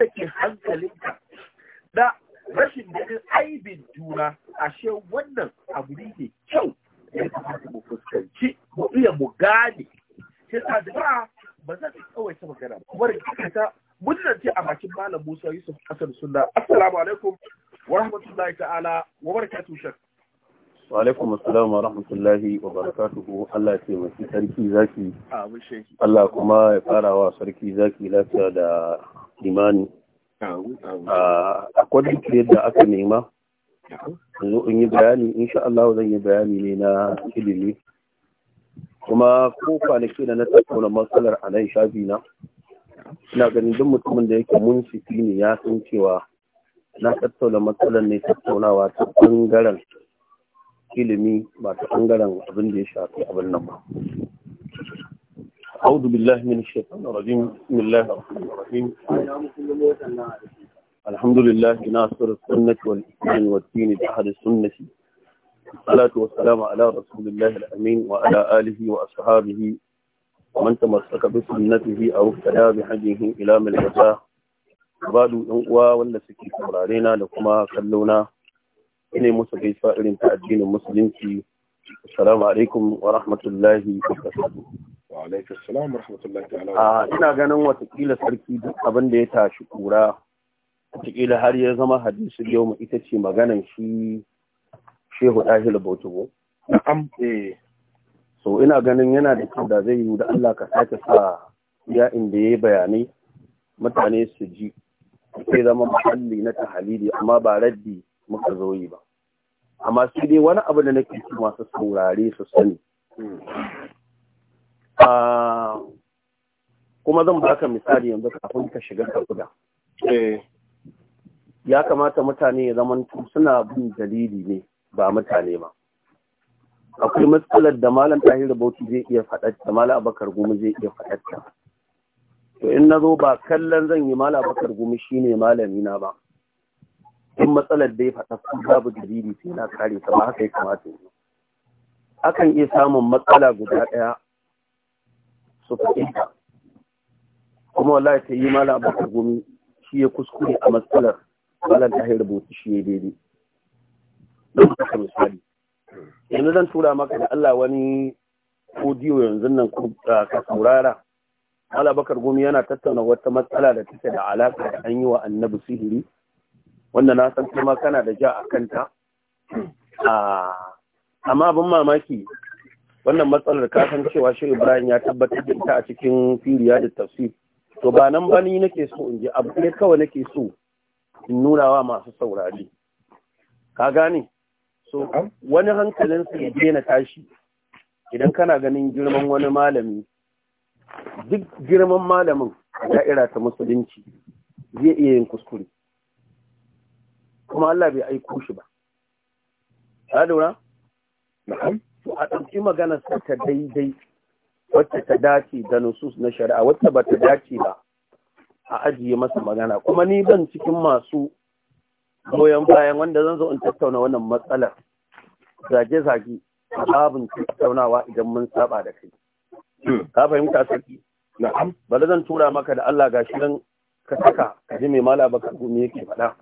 sake hankalinka na rashin ganin aibin juna ashe wannan abu ne mai kyau ya kamata mu fuskanci mu iya mu gane sai sa da ba ba zan kawai ta magana ba kuma da ta ce a bakin malam Musa Yusuf hasan Sunna assalamu alaikum wa rahmatullahi ta'ala wa barakatuhu shakka Wa'alaikum assalam wa rahmatullahi wa barakatuhu Allah ce masu sarki zaki Allah kuma ya fara wa sarki zaki lafiya da imani a kwadin da aka nema yanzu in yi bayani insha Allah zan yi bayani ne na ilimi kuma ko kwanaki da na tattauna matsalar a nan shafi na ina ganin duk mutumin da yake mun ne ya san cewa na tattauna matsalar ne tattaunawa ta bangaren ilimi ba ta ɓangaren abin da ya shafi abin nan ba. أعوذ بالله من الشيطان الرجيم بسم الله الرحمن الرحيم الحمد لله ناصر السنة والإيمان والدين بأحد السنة الصلاة والسلام على رسول الله الأمين وعلى آله وأصحابه ومن تمسك بسنته أو اهتدى بهديه إلى من الفتاة وبعد أن والنسكي علينا لكما كلونا ne musu gaisuwa irin ta addinin musulunci assalamu alaikum wa rahmatullahi wa barakatuh wa alaikum assalam wa rahmatullahi ta'ala a ah, ina ganin watakila sarki duk abin da ya tashi kura watakila har ya zama hadisi yau mu ita ce maganan shi shehu dahil bautubo na'am eh so ina ganin yana da kyau da zai yi da Allah ka sake sa ya inda yayi bayanai mutane su ji sai zama muhalli na tahalili amma ba raddi muka zo yi ba amma sai dai wani abu da nake ci masu saurare su sani hmm. ah, kuma zan baka misali yanzu kafin ka shiga ka guda eh. ya kamata mutane ya zama suna bin dalili ne ba mutane ba akwai matsalar da malam tahir bauchi zai iya faɗatta malam abakar gumi zai iya faɗatta to in na zo ba kallon zan yi malam abakar gumi shine malami na ba in matsalar da ya faɗa sun babu dalili sai na kare ta ba haka ya kamata yi akan iya samun matsala guda ɗaya su faɗi ta kuma wallahi ta yi mala ta gumi shi ya kuskure a matsalar malar ta rubutu shi ya daidai don ka misali yanzu zan tura maka da Allah wani odiyo yanzu nan ka saurara Mala Bakar Gumi yana tattauna wata matsala da take da alaka da an yi wa annabi sihiri wanda na san kuma kana da ja a kanta amma abin mamaki wannan matsalar ka san cewa shi Ibrahim ya tabbatar da ita a cikin firiya da tafsir to ba nan bani nake so in ji abu ne kawai nake so in nuna wa masu saurari ka gane so wani hankalin su ya daina tashi idan kana ganin girman wani malami duk girman malamin a da'ira ta musulunci zai iya yin kuskure kuma Allah bai aiko shi ba ta lura to a ɗauki maganar sa ta daidai wacce ta dace da nusus na shari'a wacce ba ta dace ba a ajiye masa magana kuma ni ban cikin masu goyon bayan wanda zan zo in tattauna wannan matsalar zage-zage a babin tattaunawa idan mun saba da kai hmm. ka fahimta sarki. na'am bari zan tura maka da Allah gashi shirin ka saka ka ji mai mala baka gumi yake faɗa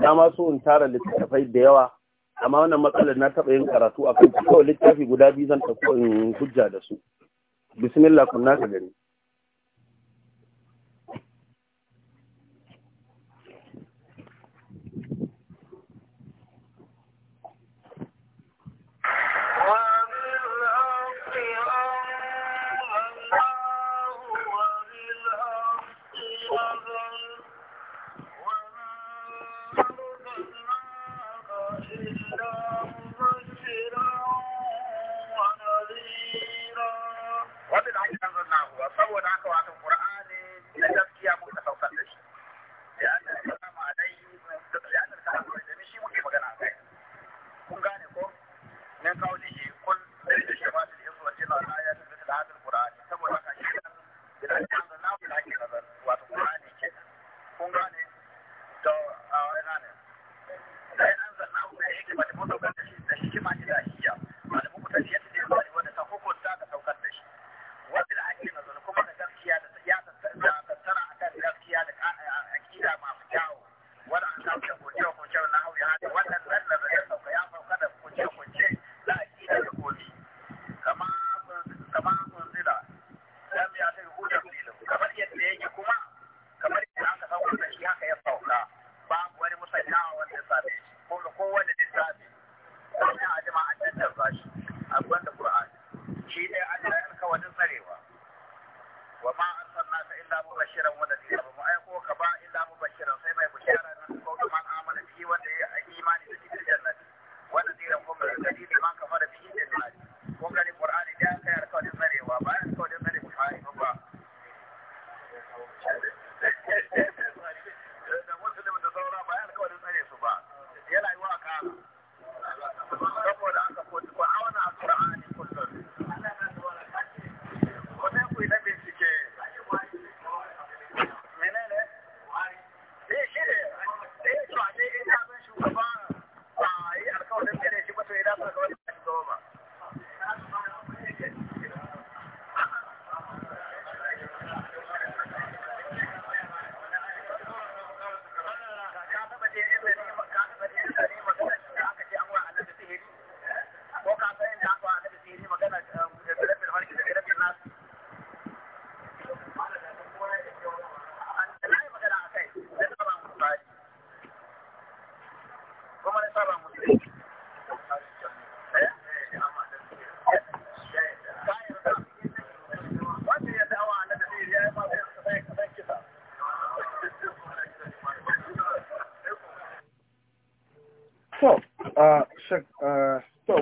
Ta ma so in tara littattafai da yawa amma wannan matsalar na taɓa yin karatu a kan kawai littafi guda biyu zan tafi in hujja da su bismillah kun naka gani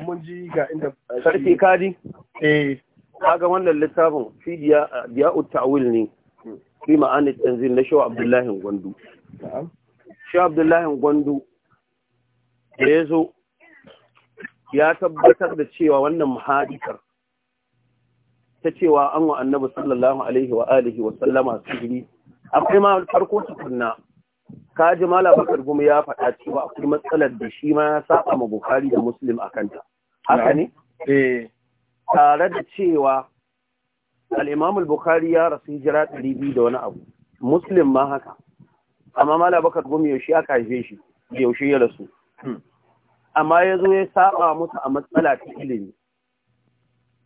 mun ji ga inda sarki kadi eh kaga wannan littafin fidiya ya utawil ne fi ma'ani tanzil na shaw abdullahi gwandu shaw abdullahi gwandu da ya zo ya tabbatar da cewa wannan muhadisar ta cewa an wa annabi sallallahu alaihi wa alihi wa sallama sihiri akwai ma farko tukunna kaji mala bakar gumi ya faɗa cewa akwai matsalar da shi ma ya saba ma bukari da muslim a kanta haka ne eh. tare da cewa al'imamul Bukhari ya rasu hijira ɗari biyu da wani abu muslim ma haka amma mala bakar gumi yaushe aka haife shi yaushe ya rasu hmm. amma ya zo ya saba musu a matsala ta ilimi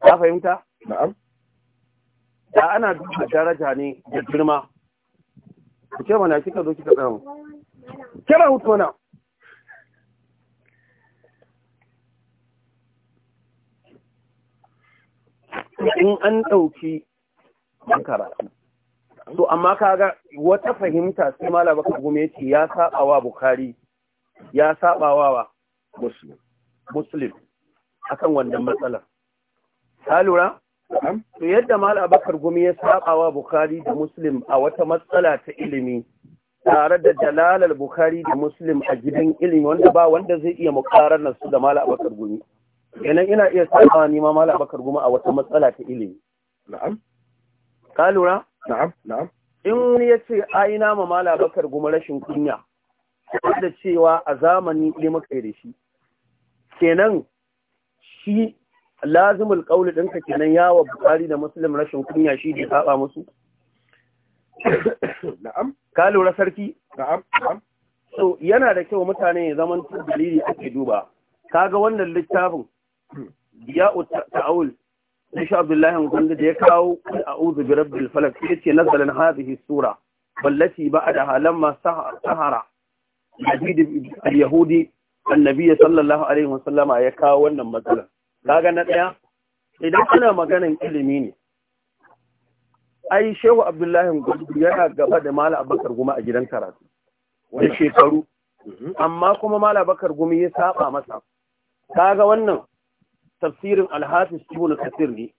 ka fahimta na'am da ana duka daraja ne da girma ku ce mana kika zo kika tsara mu hutu na. in an ɗauki an karatu to amma kaga wata fahimta sai malaba ka gume ce ya saba wa Bukhari, ya saba wa muslim a akan wannan matsalar ka lura to yadda malam abakar gumi ya saba wa Bukhari da muslim a wata matsala ta ilimi tare da dalalar Bukhari da muslim a gidan ilimi wanda ba wanda zai iya mukarar su da malam abakar gumi kenan ina iya sabawa ni ma mala bakar goma a wata matsala ta ilimi na'am ka lura na'am na'am in wani ya ce aina ma mala bakar goma rashin kunya da cewa a zamani ne muka da shi kenan shi lazimul kauli ɗinka kenan ya wa bukari da muslim rashin kunya shi da saba musu na'am ka lura sarki na'am na'am so yana da kyau mutane ya zaman dalili ake duba Ka ga wannan littafin ya ta'awul na sha Abdullahi wanda da ya kawo a'udhu bi rabbil falaq sai ce nazalan hadhihi sura ballati ba'daha lamma sahara hadid al-yahudi annabi sallallahu alaihi wasallama ya kawo wannan matsalar kaga na daya idan ana maganan ilimi ne ai shehu abdullahi gudu yana gaba da mala abakar guma a gidan karatu wani shekaru amma kuma mala abakar gumi ya saba masa kaga wannan tafsirin alhafis ibn kasir ne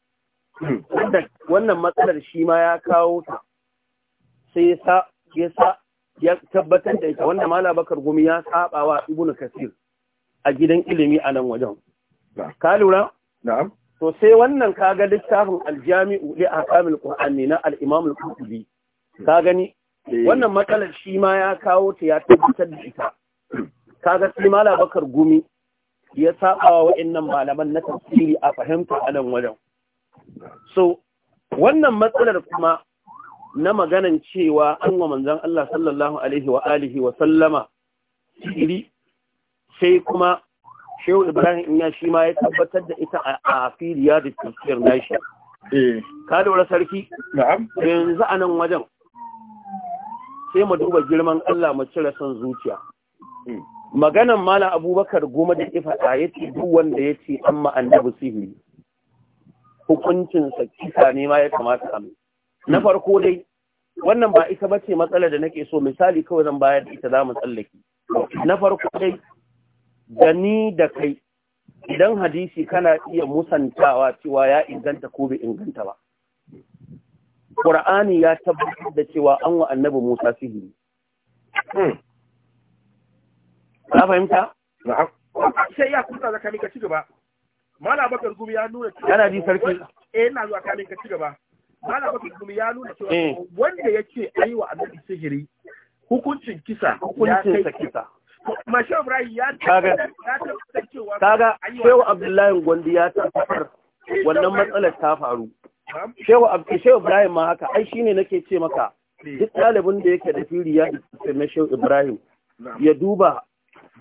wannan matsalar shi ma ya kawo ta sai ya sa ya tabbatar da ita wanda mala bakar gumi ya saba wa ibn kasir a gidan ilimi a nan wajen ka lura na'am to sai wannan kaga littafin aljami'u li ahkamil qur'ani na al-imam al-qurtubi ka gani eh. wannan matsalar shi ma ya kawo ta ya tabbatar da ita kaga sai mala bakar gumi ya saba wa malaman na tafsiri a fahimtar a nan wajen so wannan matsalar kuma na maganan cewa an wa manzon Allah sallallahu alaihi wa alihi wa sallama siri sai kuma Shehu Ibrahim in shi ma ya tabbatar da ita a filiya da tafsir nashi eh. ka lura sarki yanzu a nan wajen sai mu duba girman Allah mu cire son zuciya hmm. maganan mala abubakar goma da a ya ce duk wanda ya ce an ma'annabi sihiri hukuncinsa kisa ne ma ya kamata a mai na hmm. farko dai wannan ba ita bace matsalar da nake so misali kawai zan bayar da ita za mu tsallake na farko dai da ni da kai idan hadisi kana iya musantawa cewa ya inganta ko bai inganta ba Qur'ani ya tabbatar da cewa an wa annabi Musa sihiri hmm. Na fahimta na'am sai ya kusa zaka ka ci gaba mala bakar gumi ya nuna kana ji sarki eh ina zuwa kamin ka ci gaba mala bakar gumi ya nuna cewa eh. wanda yake aiwa wa annabi sihiri hukuncin kisa hukuncin sa kisa kuma Ibrahim ya kaga kaga Shehu Abdullahi Gondi ya tabbatar wannan matsalar ta faru Shehu Shehu Ibrahim ma haka ai shine nake ce maka eh. duk ɗalibin da yake da firiya da na Shehu Ibrahim ya duba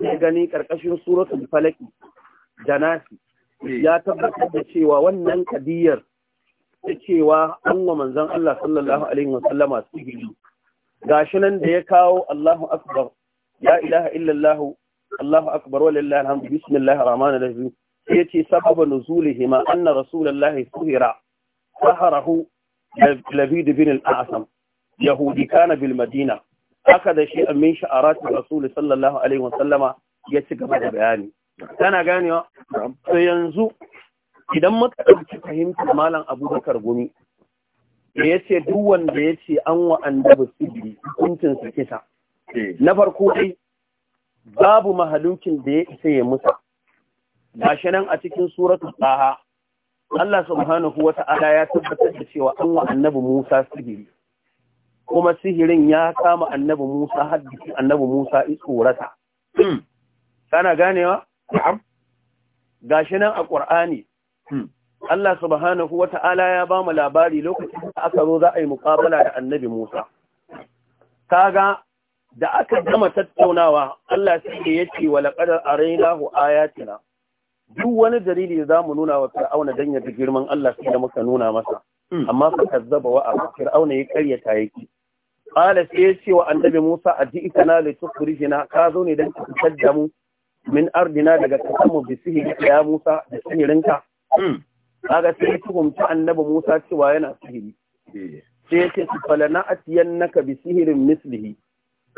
zai gani ƙarƙashin suratul falaki da nasi eh. ya tabbatar da cewa wannan kadiyar ta cewa an wa Manzan Allah sallallahu alaihi wasallama sihiri gashi nan da ya kawo Allahu akbar ya ilaha illallah Allahu akbar walillahi alhamdu bismillahir rahmanir rahim ce sababa nuzulihi ma anna rasulullahi suhira saharahu labid bin al-asam yahudi kana bil madina haka da shi amin sha'aratu rasul sallallahu alaihi wasallama ya ci gaba da bayani tana ganewa to yanzu idan muka ɗauki fahimtar malam abubakar gumi da ya ce duk wanda ya ce an wa annabi sibiri hukuncin su kisa eh. na farko dai babu mahalukin da ya isa ya musa gashi nan a cikin suratu tsaha Allah subhanahu wa ta'ala ya tabbatar da cewa an wa annabi Musa sibiri kuma sihirin ya kama annabi Musa har annabi Musa tsorata hmm. kana ganewa na'am gashi nan a ƙur'ani hmm. Allah subhanahu wata'ala ya ba mu labari lokacin da aka zo za a yi muƙabala da annabi Musa kaga da aka gama tattaunawa Allah sai ya ce wa laqad araynahu ayatina duk wani dalili za mu nuna wa fir'auna dan ya girman Allah sai da muka nuna masa hmm. amma fa kazzaba wa fir'auna ya karyata yake kala sai ya ce wa annabi Musa a aji'tana ta na ka zo ne dan ka fitar da mu min ardina daga kasanmu bi sihiri ya Musa da sihirinka hmm. kaga sai ya tuhumci annabi Musa cewa yana sihiri eh. sai ya ce na ka bi sihirin mislihi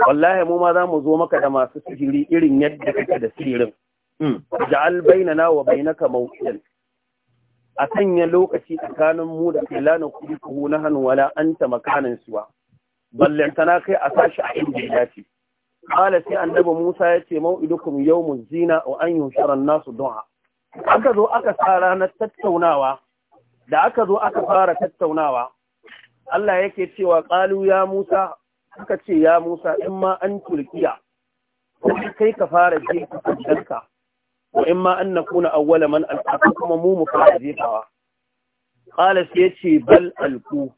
wallahi mu ma za mu zo maka da masu sihiri irin yadda kake da sihirin hmm. ja'al na wa bainaka mawqiyan a sanya lokaci tsakanin mu da kai lana kuɗi na hannu wala anta makanin suwa ballantana kai a sashi a inda ya ce. qala sai annabi Musa ya ce mau'idukum yawmuz zina wa an yushara nasu du'a aka zo aka sa ranar tattaunawa da aka zo aka fara tattaunawa Allah yake cewa qalu ya Musa suka ce ya Musa in ma an tulkiya kai ka fara jefa kanka wa in ma an nakuna awwala man alqa kuma mu mu fara jefawa qala sai ya ce bal alqu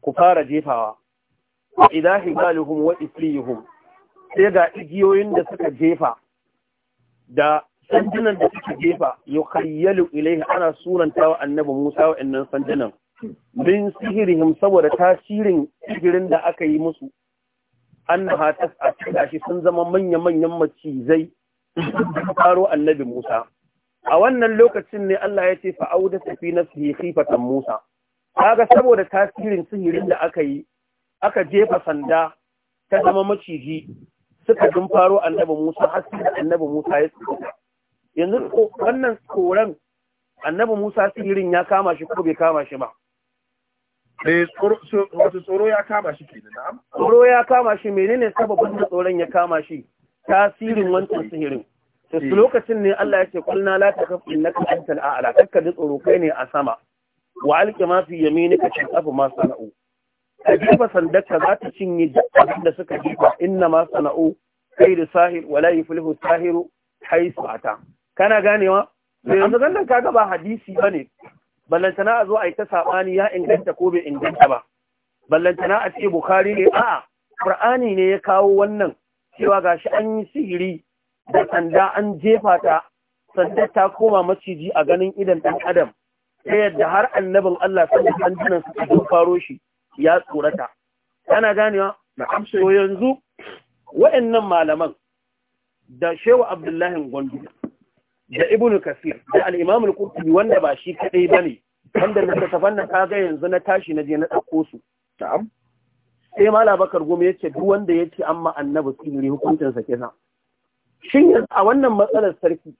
ku fara jefawa wa idha hibaluhum wa ifliyuhum sai ga igiyoyin da suka jefa da sandunan da suka jefa yukhayyalu ilayhi ana suranta wa annabi Musa wa annan sandunan min sihirihim saboda tasirin sihirin da aka yi musu annaha tas'a shi sun zama manya-manyan macizai da karo annabi Musa a wannan lokacin ne Allah ya ce fa'auda tafi na sihifatan Musa kaga saboda tasirin sihirin da aka yi aka jefa sanda ta zama maciji suka dun faro annabi Musa har sai annabi Musa ya tsira yanzu wannan tsoron annabi Musa sirrin ya kama shi ko bai kama shi ba eh tsoro ya kama shi kenan na'am tsoro ya kama shi menene sababin da tsoron ya kama shi tasirin wancan sihirin to eh. lokacin ne Allah yake kulna la takaf innaka antal a'la kakka da tsoro kai ne a sama wa alqima fi yaminika tashafu ma sana'u ka jefa sandarka za ta cinye abin da suka jefa inna ma sana'u kai da sahir wala fulhu sahiru haisu ata kana ganewa sai yanzu gannan ka ba hadisi ba ne ballantana a zo a yi ta saɓani ya inganta ko bai inganta ba ballantana a ce bukhari ne a'a qur'ani ne ya kawo wannan cewa gashi an yi sihiri da sanda an jefa ta sanda ta koma maciji a ganin idan dan adam ta yadda har annabin Allah sallallahu alaihi wasallam zo faro shi ya tsorata ana ganewa to yanzu wayannan malaman da shehu abdullahi gwandu da ibn kasir da al’imamul imam wanda ba shi kadai ne, wanda da ta fannin kaga yanzu na tashi na je na dauko su sai ma bakar gome yace duk wanda ya ce amma annabi sirri ke sa shin yanzu a wannan matsalar sarki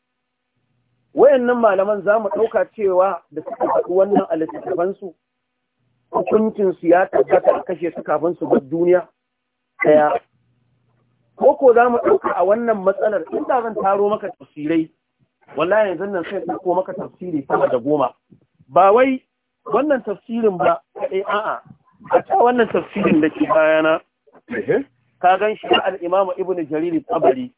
wayannan malaman za mu ɗauka cewa da suka faɗi wannan a hukuncin su ya tabbata a kashe su kafin su bar duniya ɗaya ko ko za mu ɗauka a wannan matsalar inda zan taro maka tafsirai wallahi yanzu nan sai ɗauko maka tafsiri sama da goma ba wai wannan tafsirin ba kaɗai eh, a'a a ta wannan tafsirin da ke bayana ka gan shi da al'imamu ibnu jarir tabari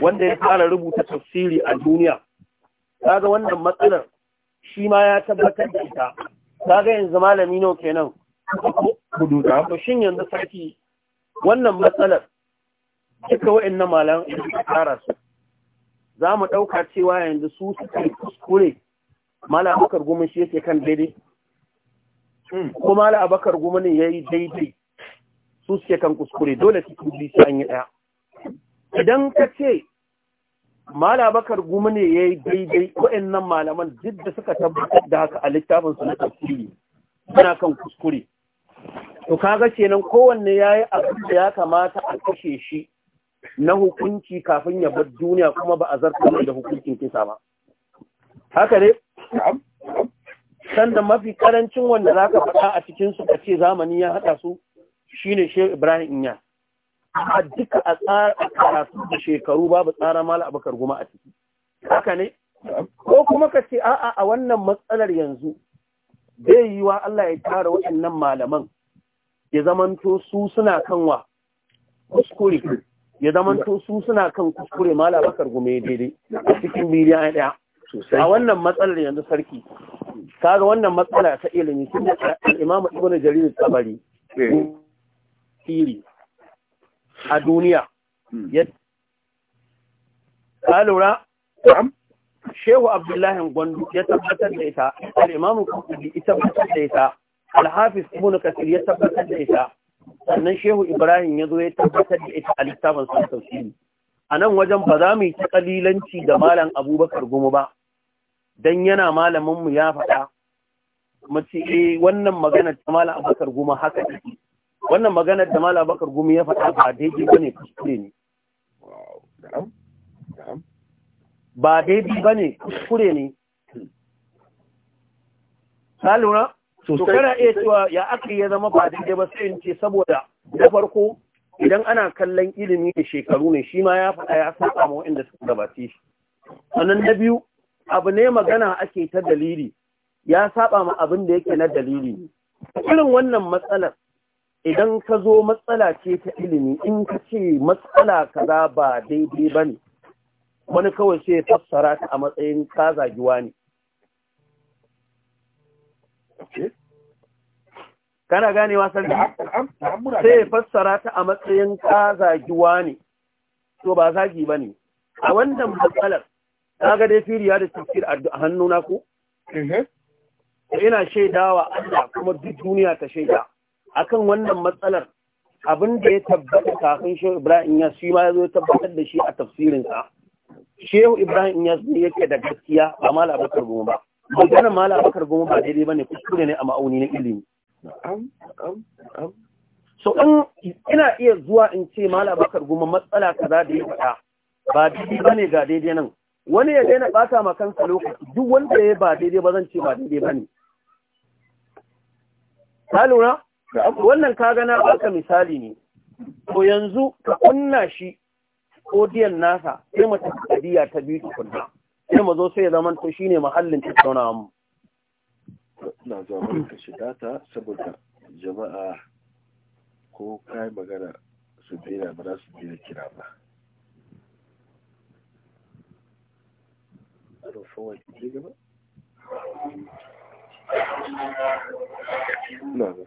wanda ya fara rubuta tafsiri a duniya ga wannan matsalar shi ma ya tabbatar da ita kaga yanzu malami nawa kenan hudu da ko shin yanzu sarki wannan matsalar duka wa'annan malaman da su za mu ɗauka cewa yanzu su suke kuskure mala abakar gumin shi yake kan daidai hmm. ko mala abakar ya yi daidai su suke kan kuskure dole su kuji su an yi ɗaya idan ka ce mala bakar gumi ne ya yi daidai waɗannan malaman duk da suka tabbatar da haka a littafin su na tafsiri suna kan kuskure to kaga kenan kowanne ya yi abin da ya kamata a kashe shi na hukunci kafin ya bar duniya kuma ba a zartar da hukuncin kisa ba haka ne sanda mafi karancin wanda za ka faɗa a cikinsu ka ce zamani ya haɗa su shine shehu ibrahim Inyar. amma duka a tsara karatu da shekaru babu tsara mala bakar goma a ciki haka ne ko kuma ka ce a'a a wannan matsalar yanzu bai yi wa Allah ya tara waɗannan malaman ya zamanto su suna kan wa kuskure ya zamanto su suna kan kuskure mala bakar ya daidai a cikin miliyan ɗaya a wannan matsalar yanzu sarki kaga wannan matsala ta ilimi sun da al-imam ibnu jarir tabari eh. siri a duniya hmm. ya lura shehu abdullahi gwandu ya tabbatar da ita al'imamun kudi ya tabbatar da ita alhafis ibn kasir ya tabbatar da ita sannan shehu ibrahim ya zo ya tabbatar da ita a littafin sa a nan wajen ba za mu yi kalilanci da malam abubakar gumu ba don yana malaminmu ya faɗa mace e! Eh, wannan magana ta malam abubakar gumu haka ne. wannan maganar da Malam Bakar Gumi ya faɗa ba daidai ne kuskure ne ba daidai ne kuskure ne Saluna, lura iya cewa ya aka ya zama ba daidai ba sai ce saboda da farko idan ana kallon ilimi da shekaru ne shi ma ya faɗa ya saba ma waɗanda suka gabace shi sannan na biyu abu ne magana ake ta dalili ya saba ma abin da yake na dalili irin wannan matsalar idan ka zo matsala ce ta ilimi in ka ce matsala kaza ba daidai ba ne wani kawai sai fassara ta a matsayin ka zagiwa ne kana ganewa sarki sai fassara ta a matsayin ka zagiwa ne to ba zagi ba ne a wannan matsalar ta ga dai firiya da tafsir a hannuna ko eh, eh. ina shaidawa Allah kuma duk duniya ta shaida akan wannan matsalar abin da ya tabbata kafin shehu ibrahim ya shi ma ya zo tabbatar da shi a tafsirinsa shehu ibrahim yas ne yake da gaskiya ba mala abakar goma ba maganar mala abakar goma ba daidai ba ne kuskure ne a ma'auni na ilimi so in ina iya zuwa in ce mala abakar goma matsala kaza da ya faɗa ba daidai ba ne ga daidai nan wani ya daina ɓata ma kansa lokaci duk wanda ya ba daidai ba zan ce ba daidai ba ne ka lura wannan kaga na baka misali ne to yanzu ka kunna shi odiyan nasa sai mata kadiya ta biyu ta kunna sai mu zo sai ya zama to shine mahallin tattaunawa mu na zuwa ka shiga ta saboda jama'a ko kai magana su daina ba su daina kira ba na zuwa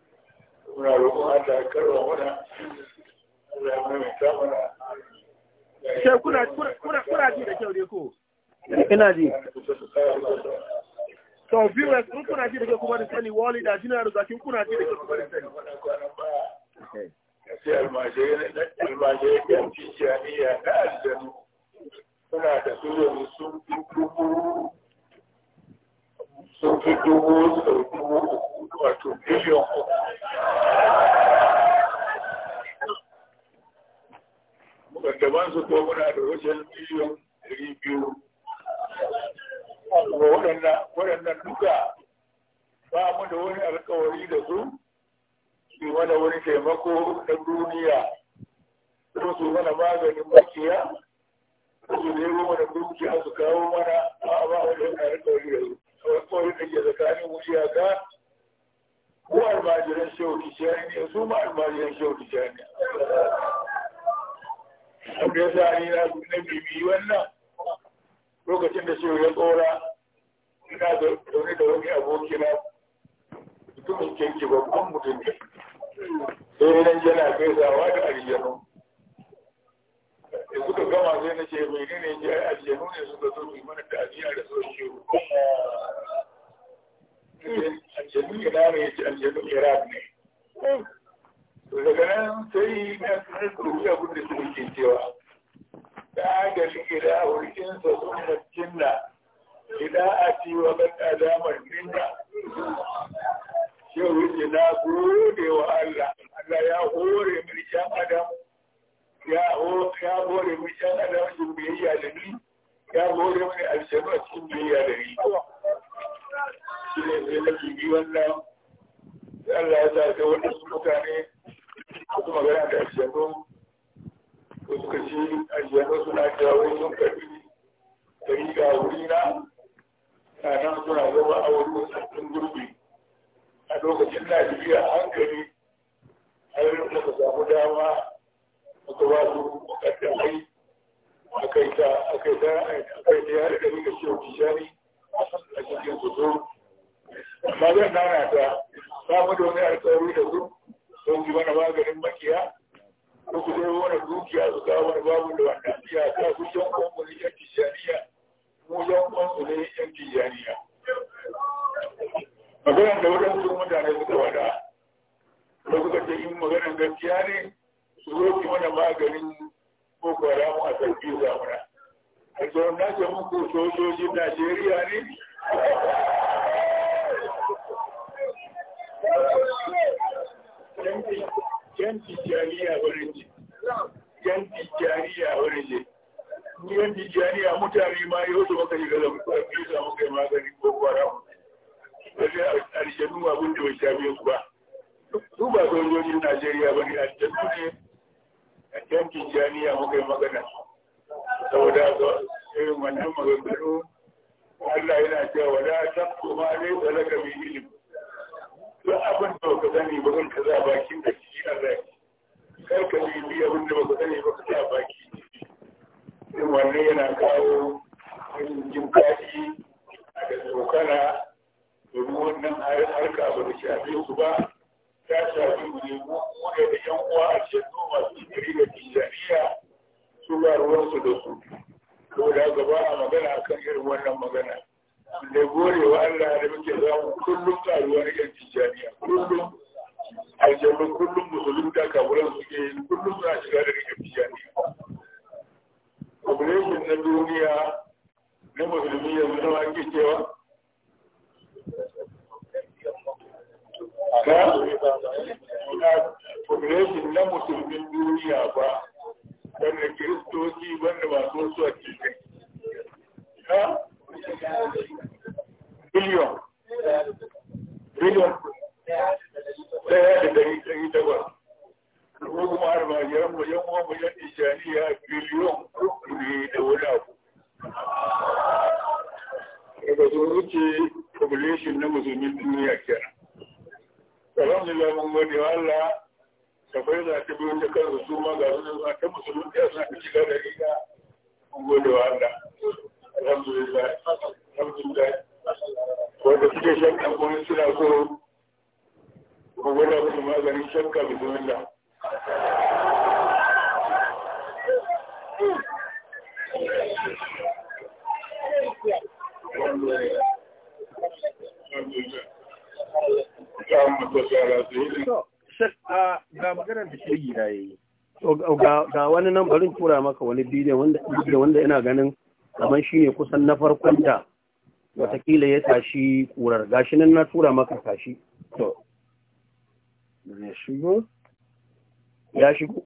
muna roƙon Allah ya karwa mana Allah ya maimaita mana sai kuna kuna kuna ji da kyau dai ko ina ji to viewers kuna ji da kyau kuma da sani wali da jina da kuna ji da kyau kuma da sani sai aljanu suna da su sun sun fi dubu sau dubu uku wato biliyan uku wanda ban su ko muna da wajen biliyan ɗari biyu waɗannan duka ba mu da wani alkawari da su su mana wani taimako na duniya ko su mana maganin makiya su nemo mana dukiya su kawo mana a ba wani alkawari da su kawai da ke tsakanin wuyaka ko almajiran shehu kishiyar ne su ma almajiran shehu kishiyar ne abu ya sa ni na na bibi wannan lokacin da shehu ya tsora ina da zaune da wani aboki na mutumin kirki babban mutum ne sai nan yana gaisawa da aljanu da suka gama sai na ce mai ne ne ya aljanu ne suka zo mai mana da ajiya da so shi aljanu ne na ne ce aljanu iraq ne daga nan sai na sanar da wuya da suka ke cewa da aga gida a wurin sa sun masjinna gida a ci wa ban adamar ninka shehu ce na gode wa Allah Allah ya hore mulkin Adamu. ya bore mu ya da rashin biyayya da ni ya bore mu aljanu a cikin biyayya da ni shi ne sai da kibi wannan Allah ya sa ta wanda su mutane su magana da aljanu ko suka ci aljanu suna jawo sun da yi tariga wurina a nan suna zama a wurin sabbin gurbi a lokacin na biya hankali har da samu dama aka ba su mukaddamai aka ta aka ta aka ta ya da ni da tijari a cikin su zo amma zan nana ta samu da wani alƙawari da su don ji mana maganin makiya ko ku zo wani dukiya su kawo wani babu da wannan iya ta ku san ko mu ne yan tijaniya mu yan kwan su ne yan tijaniya maganar da wadansu mutane suka wada da suka ce in maganar gaskiya ne su roƙi mana maganin boko haramu a sarki zamuna a tsoron na ce muku sojojin najeriya ne yan tijjaniya wurin ce yan tijjaniya wurin ce yan tijjaniya mutane ma yau da muka shiga zama sarki zamu kai maganin boko haramu wajen aljanu abin da bai shafe ku ba su ba sojojin najeriya ba ne aljanu ne a can tijjaniya muka yi magana saboda ga irin wannan maganganu Allah yana cewa wala ta kuma ne da laka bi ilim duk abin da baka sani ba kan kaza bakin da shi Allah kar ka bi bi abin da baka sani ba kaza baki din wannan yana kawo irin jin kashi da tsokana domin wannan harka ba da shafe su ba ta shafi mu ne mu da yan uwa a shekaru da su da su gaba a magana akan irin wannan magana da gorewa Allah da muke zamu kullum karuwar yan tijaniya kullum aljannu kullum kullum da na duniya musulmi cewa na musulmin duniya ba wanda kiristoci wanda masu su a cikin na biliyon biliyon daya da dari dari takwas ko kuma almajiran mu yan uwan mu yan ishaniya biliyon uku ne da wani abu daga zo wuce population na musulmin duniya kenan ta ba mu gode wa ta bai za ta biyo ta kansu su ma ga su ta musulun ta sa ta shiga da riga mun gode wa Allah alhamdulillah alhamdulillah wanda suke shakka suna so shakka bismillah Thank you. ga wani nan barin tura maka wani bidiyon wanda ina ganin kamar shi ne kusan na farkon da watakila ya tashi kurar gashi nan na tura maka tashi to ya shigo ya shigo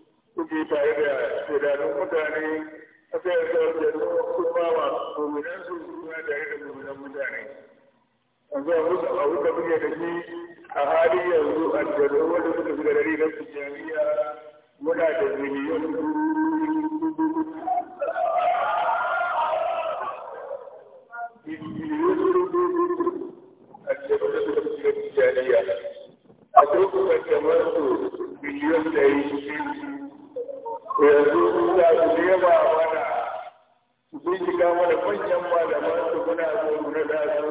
kuke tare da gudanun mutane a sayar da aljannu sun ba wa su suna tare da muminan mutane An a musu a wuta muke da shi a halin yanzu aljannu wanda suka fi dare na su jami'a muna da miliyan aljannu da suka su miliyan yanzu za su nema mana su bincika mana manyan malaman su muna zo na da su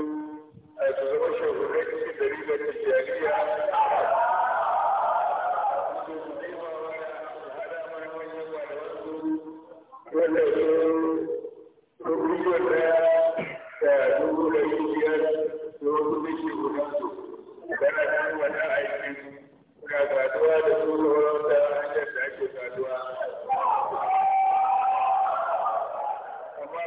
a su zama shahurai cikin da ta jariya wanda su rubuta da da biyar da su da da da da hanyar da ake gaduwa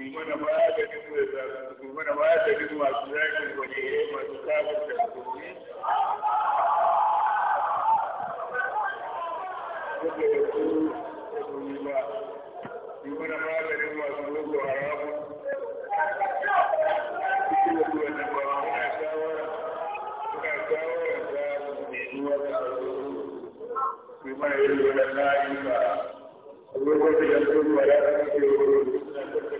su yi mana maganin mu da su mana maganin masu yakin waliyai masu sabon da kuma Saboda su da su yi ba, su mana maganin masu mutu haramu. Cikin da suwa na ba, muna shawara, muna shawara ta nemuwa da alwuru. Su mana yi wani la'ayi ba, a lokacin da su ba ya kasance wuri, suna kasance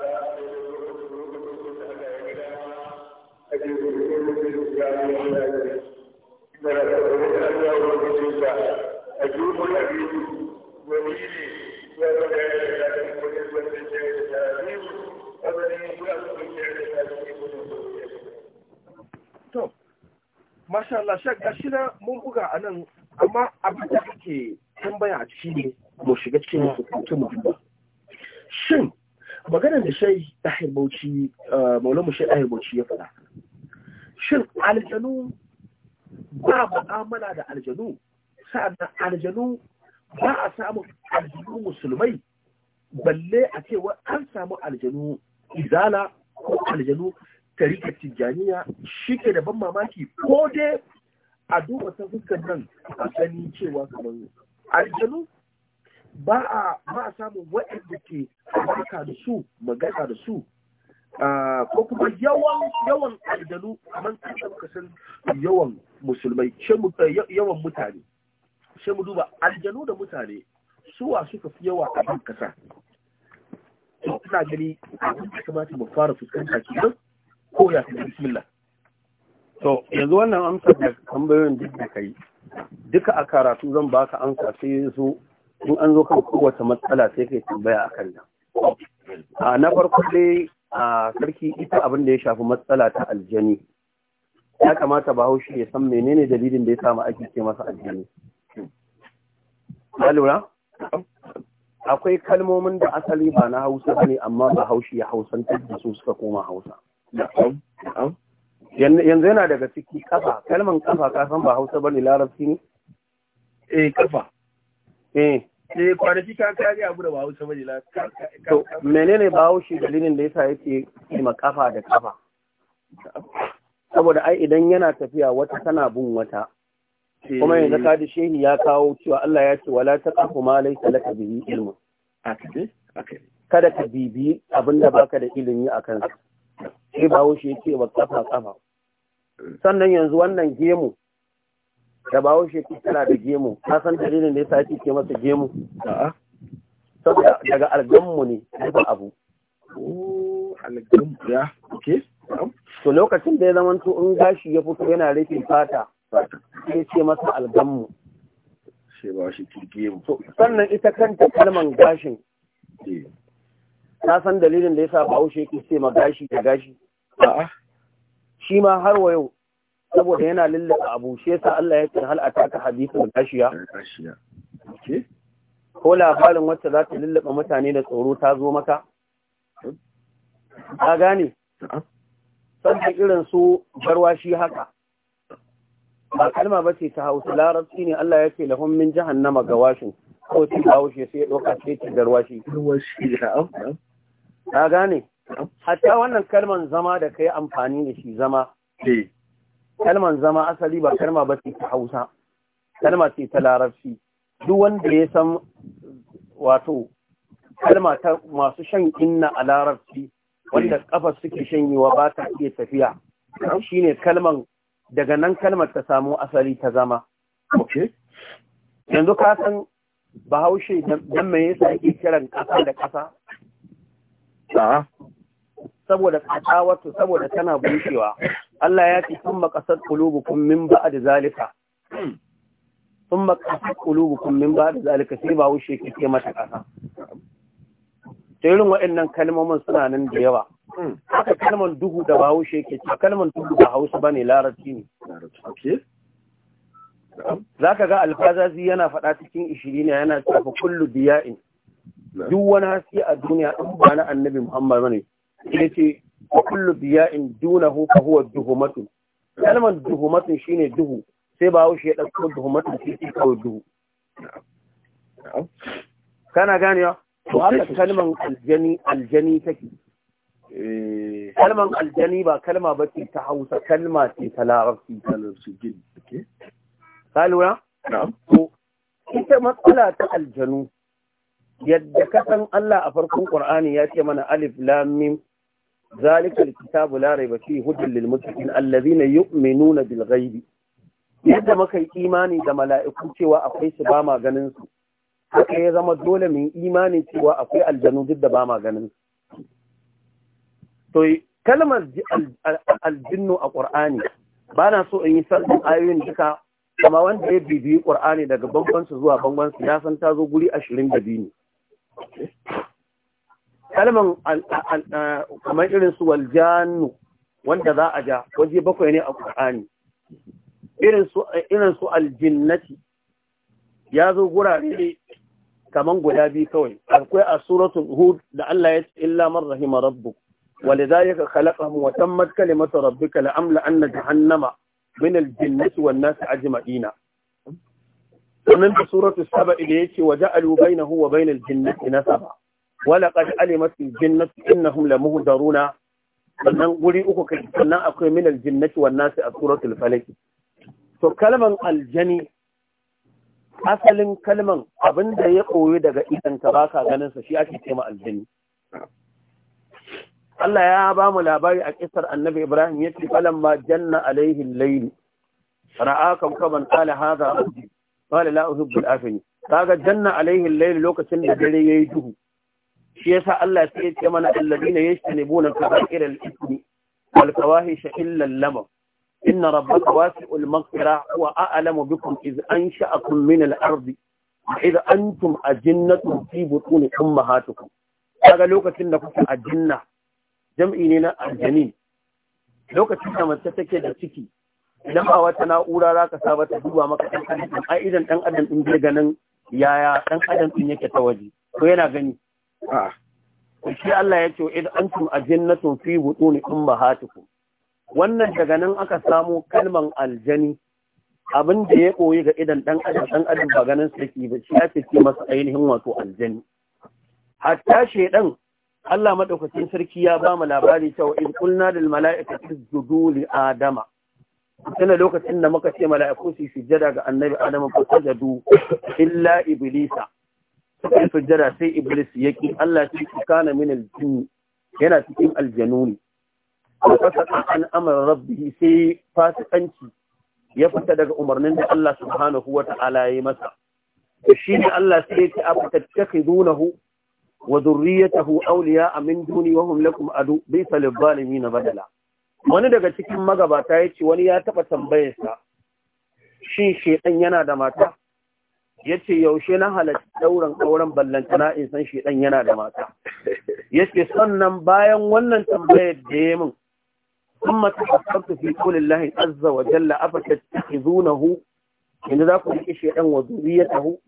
Allah gashi na mun buga a nan amma abin da ake tambaya a ciki ne mu shiga cikin hukuncin mu shin maganar da shai Tahir Bauchi eh, mu Bauchi ya faɗa shin aljanu ba mu'amala da aljanu sa'annan aljanu ba a samun aljanu musulmai balle a cewa an samu aljanu izala ko aljanu tarikar tijjaniya shi ke da ban mamaki ko dai a duba ta fuskar nan a gani cewa kamar aljanu ba a ba a samun waɗanda ke albarka da su magana da su ko kuma yawan yawan aljanu kamar kasa muka yawan musulmai eh, yawan mutane sai mu duba aljanu da mutane suwa suka fi yawa a kan kasa ina gani abin da kamata mu fara fuskanta kenan ko ya bismillah to yanzu wannan amsar da tambayoyin duk da kai duka a karatu zan baka amsa sai zo in an zo kan kowace matsala sai kai tambaya kan nan a na farko dai a sarki ita abin da ya shafi matsala ta aljani ya kamata haushi ya san menene dalilin da ya samu ake ce masa aljani lura akwai kalmomin da asali ba na hausa ne amma ba haushi ya hausantar da su suka koma hausa yanzu yana daga ciki kafa kalman kafa ka san ba hausa bane larabci ne eh kafa eh eh kwanaki ka kare abu da ba hausa bane larabci to menene ba haushi dalilin da yasa yake kima kafa da kafa saboda ai idan yana tafiya wata tana bin wata kuma yanzu eh. ka shehi ya kawo cewa Allah ya ce wala taqafu ma laysa laka bihi ilmun kada ka bibi abinda baka da ilimi akan kansa." sai shi yake wa kafa kafa sannan yanzu wannan gemu da shi ke tana da gemu Na san dalilin da ya sake ke masa gemu saboda daga algammu ne ba abu oh, ya to lokacin da ya zama to in gashi ya fito yana rufe fata sai ce masa algammu sai ba shi sannan ita kanta kalman gashin eh. ka san dalilin da ya sa Bahaushe yake ce ma gashi da gashi a'a shi ma har wa yau saboda yana a abu shi yasa Allah ya ce hal ataka da gashiya ko labarin wacce za ta lallaba mutane da tsoro ta zo maka ka gane sannan irin su barwashi haka ba kalma ba ce ta hausa larabci ne Allah ya ce lahun min jahannama washin ko ci gawashe sai ya ɗauka ce ce garwashi garwashi ya ka gane hatta wannan kalman zama da kai amfani da shi zama eh. kalman zama asali ba kalma ba ce ta hausa kalma ce ta larabci duk wanda ya san wato kalma ta masu shan inna a larabci wanda kafa eh. suke shanyewa ba ta iya tafiya shi ne kalman daga nan kalmar ta samu asali ta zama yanzu ka san bahaushe don me yasa ake kiran ƙasa da ƙasa saboda katawatu saboda tana bushewa Allah ya ce kun makasar qulubukum min ba'd zalika kun makasar qulubukum min ba'd zalika sai ba wushe kike mata kasa to irin waɗannan kalmomin suna nan da yawa haka kalmar duhu da ba wushe yake ce kalmar duhu da Hausa bane larabci ne Za ka ga alfazazi yana faɗa cikin 20 yana tafi kullu biya'in duk wani haske a duniya in ba na annabi Muhammad bane Ina ce kullu biya biya'in dunahu fa huwa duhumatu kalmar duhumatu ne duhu sai ba hau shi ya dauko duhumatu shi ke kawo duhu kana gane to haka kalman aljani aljani take eh. Kalman aljani ba kalma ba ce ta hausa kalma ce ta larabci ka lura? to ita matsala ta aljanu yadda kasan Allah a farkon Qur'ani ya ce mana alif lam mim zalikal kitabu la raiba fi hudal lil muttaqin allazina yu'minuna bil ghaibi yadda muka yi imani da mala'iku cewa akwai su ba ma ganin su haka ya zama dole mu imani cewa akwai aljanu duk da ba ma ganin su to kalmar aljinnu a Qur'ani ba na so in yi sallin ayoyin duka Kama wanda ya bibiyi ƙur'ani daga bangonsu zuwa bangonsu ya san ta zo guri ashirin da biyu ne kalman kamar irin su waljanu wanda za a ja waje bakwai ne a ƙur'ani irin su aljinnati ya zo gurare kamar guda biyu kawai akwai a suratul hud da Allah ya ce illa man rahima rabbuk ولذلك خلقهم وتمت كلمة ربك لأملأن جهنم من الجنة والناس أجمعين sannan da suratul saba'i da yake wa ja'alu bainahu wa bainal jinnati nasaba wa laqad alimat jinnatu innahum lamuhdaruna sannan guri uku kai sannan akwai minal jinnati wan nasi a suratul falaq to kalman aljani asalin kalman abinda ya koyi daga idan ka baka ganin sa shi ake cewa aljani Allah ya ba mu labari a kisar annabi Ibrahim ya ce falan ma janna alaihi layl ra'a kawkaban qala hadha rabbi qala la uhibbu al-afni kaga janna alayhi al lokacin da dare yayi duhu shi yasa Allah sai yace mana alladina yastanibuna kaba'ir al-ithmi wal-fawahish illa al-lam inna rabbaka wasi'ul maghfira wa a'lamu bikum iz ansha'akum min al-ard idha antum ajinnatun fi butun ummahatikum kaga lokacin da kuka ajinna jam'i ne na aljanin lokacin da mace take da ciki idan ba wata na'ura za ka saba ta duba maka ɗan adam ai idan ɗan adam ɗin zai ganin yaya ɗan adam ɗin yake ta waje to yana gani shi Allah ya ce idan antum ajinnatun fi butuni ummahatikum wannan daga nan aka samo kalman aljani abin da ya koyi ga idan ɗan adam ɗan adam ba ganin saki ba shi ake ce masa ainihin wato aljani hatta shedan Allah madaukakin sarki ya ba mu labari cewa in kulna lil mala'ikati isjudu li adama tana lokacin da muka ce mala'iku su sujjada ga annabi adamu fa sajadu illa iblisa suka sujjada sai iblis yake Allah shi kana min al yana cikin aljanu ne fasaka an amara rabbihi sai fasikanci ya fita daga umarnin da Allah subhanahu wa ta'ala ya masa shi ne Allah sai ya ce afatattakhidunahu wa dhurriyyatahu awliya'a min duni wa hum lakum adu bi na badala wani daga cikin magabata ya ce wani ya taɓa tambayarsa shi shedan yana da mata ya ce yaushe na halarci ɗaurin auren ballantana in san shedan yana da mata ya ce sannan bayan wannan tambayar da ya min sun mata hasabtu fi kulillahi azza wa jalla zuna hu inda za ku riƙe shedan wa hu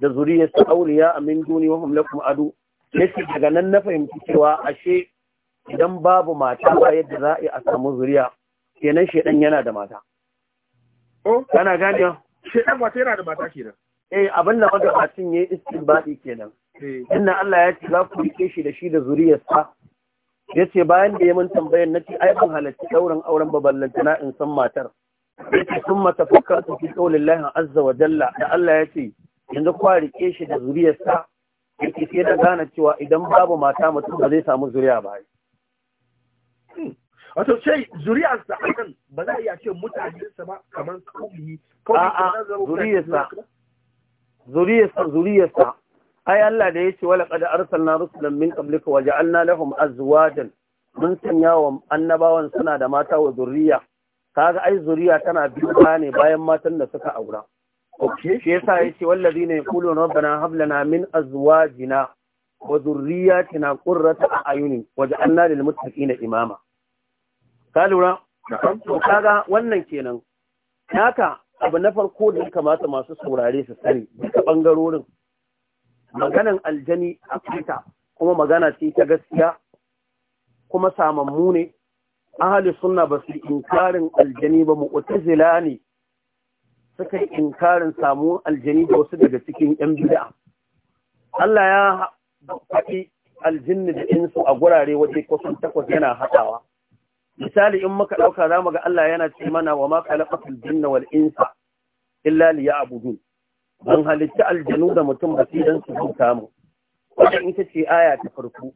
da zuriyarsa auliya amin duni wa kuma ado. Ya ce daga nan na fahimci cewa ashe idan babu mata ba yadda za a samu zuriya kenan shedan yana da mata oh. kana gani ya shedan mata yana da mata kenan eh abin da magabacin yayi istinbadi kenan eh. inna Allah ya ce za ku rike shi da shi da zuriyarsa yace bayan da yayin tambayar nace ai aikin halarci dauran auren baballanta na in san matar yace kuma tafakkartu fi qaulillahi azza wa jalla da Allah ya yace yanzu ku rike shi da zuriyarsa ce sai da gane cewa idan babu mata mutum ba zai samu zuriya ba Hmm. wato sai zuriyarsa a nan ba za a iya ce mutanensa ba kamar kauyi a'a zuriyarsa zuriyarsa ai Allah da yace wala qad arsalna rusulan min qablika wa ja'alna lahum azwajan mun sanya wa annabawan suna da mata wa zuriya kaga ai zuriya tana biyu ne bayan matan da suka aura okay shi yasa yace wallazina yaquluna rabbana hab lana min azwajina wa dhurriyyatina qurrata a'yunin waj'alna lil muttaqina imama ka lura to kaga wannan kenan haka abu na farko da ya kamata masu saurare su sani duka bangarorin maganan aljani a fita kuma magana ce ta gaskiya kuma samammu ne Ahali sunna ba su inkarin aljani ba mu, mu'tazila ne suka yi inkarin samu aljani da wasu daga cikin yan bid'a Allah ya faɗi aljinni da insu a gurare waje kusan takwas yana haɗawa misali in muka ɗauka za mu ga Allah yana ce mana wa ma khalaqatul jinna wal insa illa liya'budun ban halitta aljanu da mutum ba sai dan su bauta mu wannan ita ce aya ta farko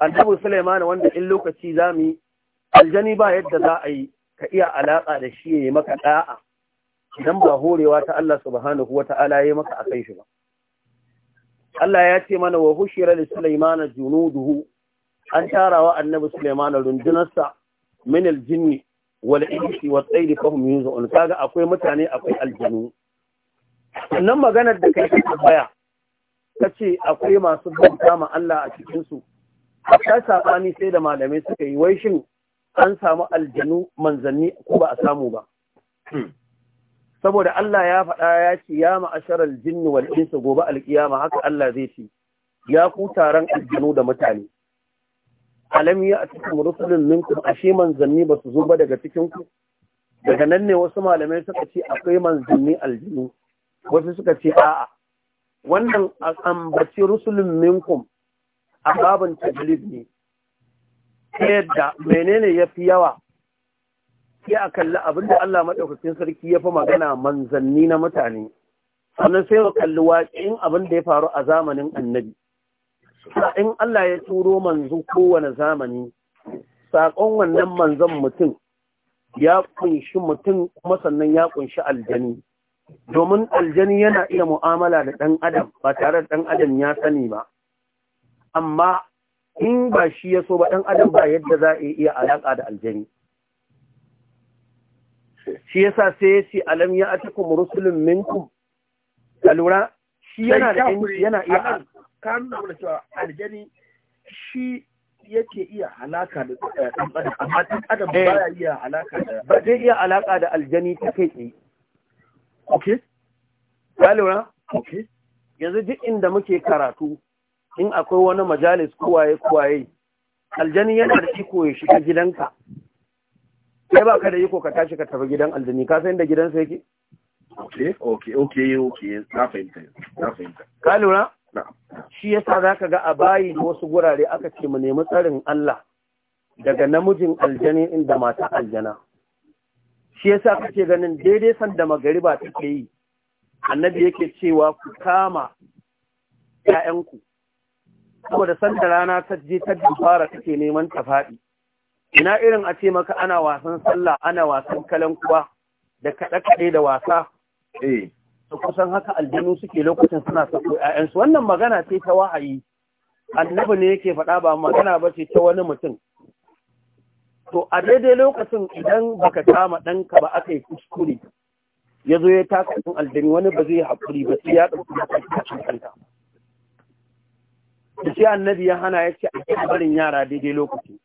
annabi Sulaiman wanda in lokaci zamu yi aljani ba yadda za a yi ka iya alaka da shi yayi maka da'a idan ba horewa ta Allah subhanahu wata'ala yayi maka akai shi ba Allah ya ce mana wa hushira li Sulaiman junuduhu an tarawa annabi Sulaiman rundunarsa min aljinni wal insi wat tayri fahum yuzun kaga akwai mutane akwai aljinu nan maganar da kai ka baya kace akwai masu bauta ma Allah a cikin su hatta sabani sai da malamai suka yi wai shin an samu aljinu manzanni ko ba a samu ba saboda Allah ya faɗa ya ce ya ma'ashar aljin wal insa gobe alƙiyama haka Allah zai ce ya ku taron aljinu da mutane alam ya atikum rusulun minkum ashe manzanni ba su zo ba daga cikin ku daga nan ne wasu malamai suka ce akwai manzanni aljinu wasu suka ce a'a wannan ambaci rusulun minkum a babin tajlib ne ta yadda menene ya fi yawa sai a kalli abinda Allah maɗaukacin sarki ya fi magana manzanni na mutane sannan sai ka kalli waƙin abin da ya faru a zamanin annabi in Allah ya turo manzo kowane zamani saƙon wannan manzon mutum ya kunshi mutum kuma sannan ya kunshi aljani domin aljani yana iya mu'amala da ɗan adam ba tare da ɗan adam ya sani ba amma in ba shi ya so ba ɗan adam ba yadda za a iya alaƙa da aljani shi yasa sai ya ce alam ya atikum rusulun minkum ka lura shi yana da yana iya ka nuna mana cewa aljani shi yake iya alaka da ɗan eh, adam amma ɗan adam eh. ba ya iya halaka da ba zai iya halaka da aljani ta kai tsaye okay ya lura okay yanzu duk inda muke karatu in akwai wani majalis kuwaye-kuwaye. aljani yana da iko ya shiga gidanka sai ba ka da iko ka tashi ka tafi gidan aljani ka san da gidansa yake okay okay okay okay na fahimta na fahimta ka lura shi yasa ka ga a bayi wasu gurare aka ce mu nemi tsarin Allah daga namijin aljani inda mata aljana shi yasa kake ganin daidai sanda magariba take yi annabi yake cewa ku kama ƴaƴanku saboda sanda rana ta je ta fara take neman ta faɗi ina irin a ce maka ana wasan sallah ana wasan kalankuwa da kaɗe-kaɗe da wasa eh kusan haka aljanu suke lokacin suna sako ƴaƴansu wannan magana ce ta wahayi annabi ne yake faɗa ba magana ba ce ta wani mutum to a daidai lokacin idan baka kama ɗanka ba aka yi kuskure ya zo ya taka sun aljanu wani ba zai haƙuri ba sai ya ɗauki matakin kanta da shi annabi ya hana ya ce a barin yara daidai lokaci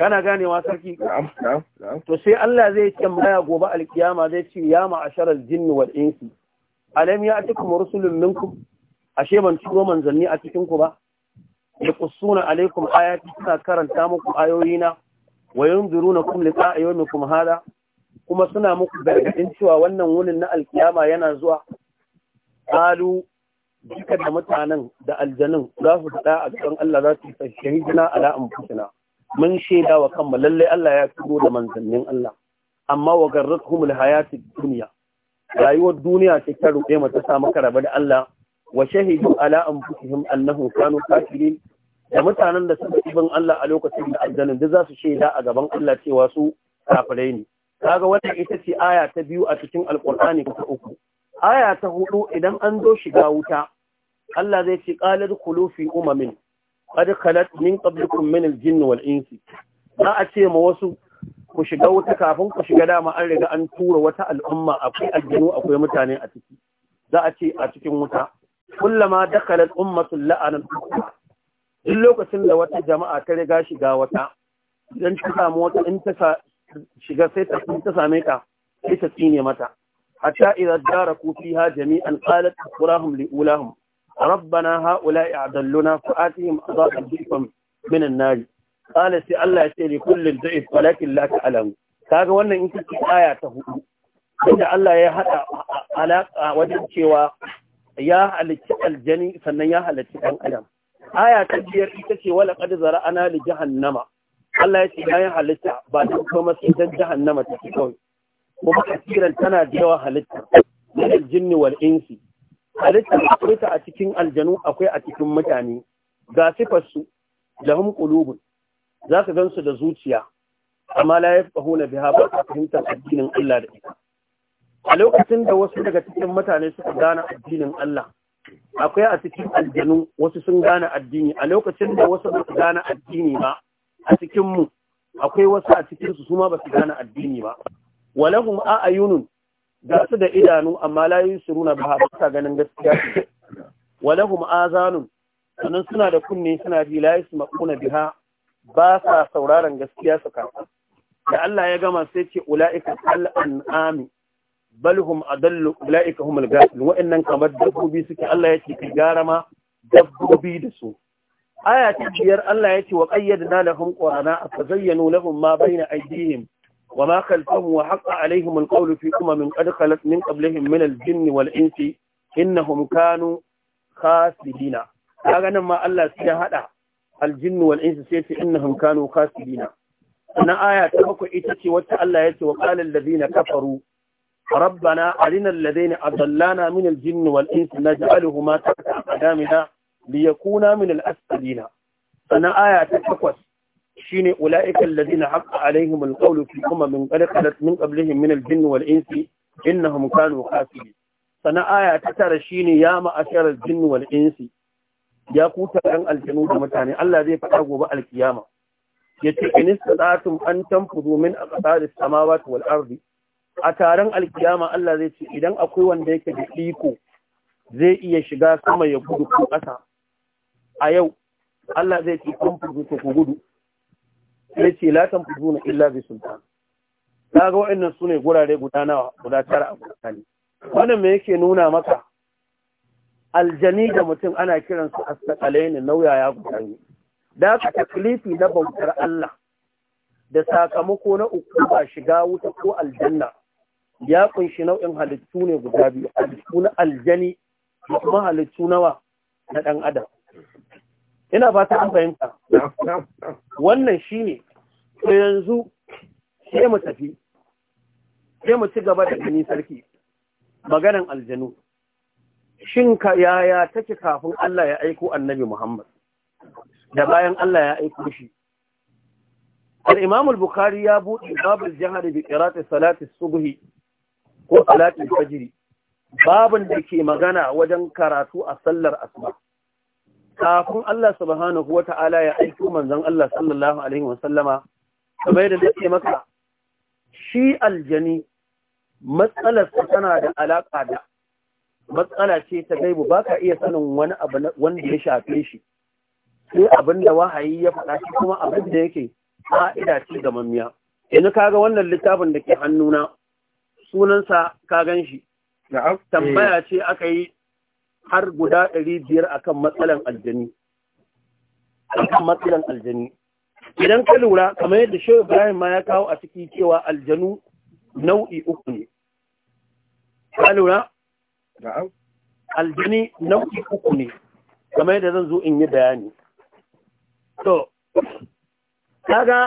kana ganewa sarki to sai Allah zai tambaya gobe alkiyama zai ce ya ma'asharal jinni wal insi alam ya'tikum rusulun minkum ashe ban turo manzanni a cikin ku ba yaqussuna alaikum ayati suna karanta muku ayoyina wa yunzirunakum liqa'a yawmikum hada kuma suna muku gargadin cewa wannan wunin na alkiyama yana zuwa qalu duka da mutanen da aljanun za su faɗa a gaban Allah za su yi shahidina ala anfusina mun shaida wa kanmu lallai Allah ya turo da manzannin Allah amma wa humul hayati duniya. rayuwar duniya ce ta ruɗe mu ta samu karaba da Allah wa shahidu ala anfusihim annahum kanu kafirin da mutanen da suka ibin Allah a lokacin da aljannin da za su shaida a gaban Allah cewa su kafirai ne kaga wannan ita ce aya ta biyu a cikin alqur'ani ta uku aya ta hudu idan an zo shiga wuta Allah zai ce ƙalar khulufi umamin qad khalat min qablikum min al-jinn wal insi za a ce ma wasu ku shiga wuta kafin ku shiga dama an riga an tura wata al'umma akwai aljinu akwai mutane a ciki za a ce a cikin wuta kullama dakhalat ummatun la'anan duk lokacin da wata jama'a ta riga shiga wata idan ta samu wata in ta shiga sai ta ta same ka sai ta tsine mata hatta idza daraku fiha jami'an qalat qurahum liulahum ربنا هؤلاء أعدلنا فآتهم أضاء ضيفا من النار قال سي الله يسي لكل ضعف ولكن لا تعلم kaga wannan in kike aya ta hudu inda Allah ya hada alaka wajen cewa ya halicci aljani sannan ya halicci dan adam aya ta biyar ita ce wala qad zara'ana li jahannama Allah ya ce ya halitta ba ta kuma sai dan jahannama take kawai kuma tana da yawan halitta min aljinni insi halitta akwai a cikin aljanu akwai a cikin mutane ga sifarsu da hum za ka gansu da zuciya amma la na biha ba fahimtar addinin Allah da ita a lokacin da wasu daga cikin mutane suka gane addinin Allah akwai a cikin aljanu wasu sun gane addini a lokacin da wasu ba su gane addini ba a cikin mu akwai wasu a cikin su suma ba su gane addini ba walahum a'ayunun ga su da idanu amma su runa ba ba ganin gaskiya walahum azanun sannan suna da kunne suna ji su makuna biha ba sa sauraron gaskiya su ka. da Allah ya gama sai ce ula'ika ami balhum adallu ula'ika humul gafil wa'annan kamar dabbobi suke Allah ya ce kai gara ma dabbobi da su aya ta biyar Allah ya ce wa qayyadna lahum qurana fa zayyanu lahum ma bayna aydihim وما خلفهم وحق عليهم القول في أمم قد خلت من قبلهم من الجن والإنس إنهم كانوا خاسدين أغنى ما الله سيهدى الجن والإنس سيتي إنهم كانوا خاسدين أنا آية تبقى إتتي وتا الله يتي وقال الذين كفروا ربنا أرنا الذين أضلانا من الجن والإنس نجعلهما تحت أقدامنا ليكونا من الأسفلين أنا آية تتكوث shine ulaika allazina haqqa alaihim alqawlu fi umamin qad khalat min qablihim min aljinn wal insi innahum kanu khasirin sana aya ta tara shine ya ma'ashar aljinn wal insi ya kuta taron aljanu da mutane Allah zai faɗa gobe alkiyama yace in istatatum an tanfudu min da samawati wal ardi a taron alkiyama Allah zai ce idan akwai wanda yake da iko zai iya shiga sama ya gudu ko ƙasa a yau Allah zai ce tanfudu ku gudu ya ce la tanfuzuna illa bi sultan kaga wa'annan sune gurare guda guda tara a Qur'ani wannan me yake nuna maka aljani da mutum ana kiransu as-saqalain nauyaya guda ne da aka taklifi na bautar Allah da sakamako na uku ba shiga wuta ko aljanna ya kunshi nau'in halittu ne guda biyu halittu na aljani da kuma halittu nawa na ɗan adam ina ba ta fahimta wannan shi ne yanzu sai mu tafi sai mu ci gaba da gani sarki maganan aljanu shin ka yaya take kafin Allah ya aiko annabi Muhammad da bayan Allah ya aiko shi al-Imam al-Bukhari ya buɗe babul jihar bi qira'ati salati subhi ko salati fajr Babun da ke magana wajen karatu a sallar asuba kafin Allah subhanahu wa ta'ala ya aiko manzon Allah sallallahu alaihi wa sallama kamar da yake maka shi aljani matsalar tana da alaka da matsala ce ta gaibu baka iya sanin wani abu wanda ya shafe shi sai abinda wahayi ya faɗa shi kuma abin da yake ka'ida ce ga mamiya yanzu kaga wannan littafin da ke hannuna sunansa ka gan shi tambaya ce aka yi har guda ɗari biyar akan matsalan aljani akan matsalan aljani idan ka lura kamar yadda shehu ibrahim ma ya kawo a ciki cewa aljanu nau'i uku ne ka lura aljani nau'i uku ne kamar yadda zan zo in yi bayani to kaga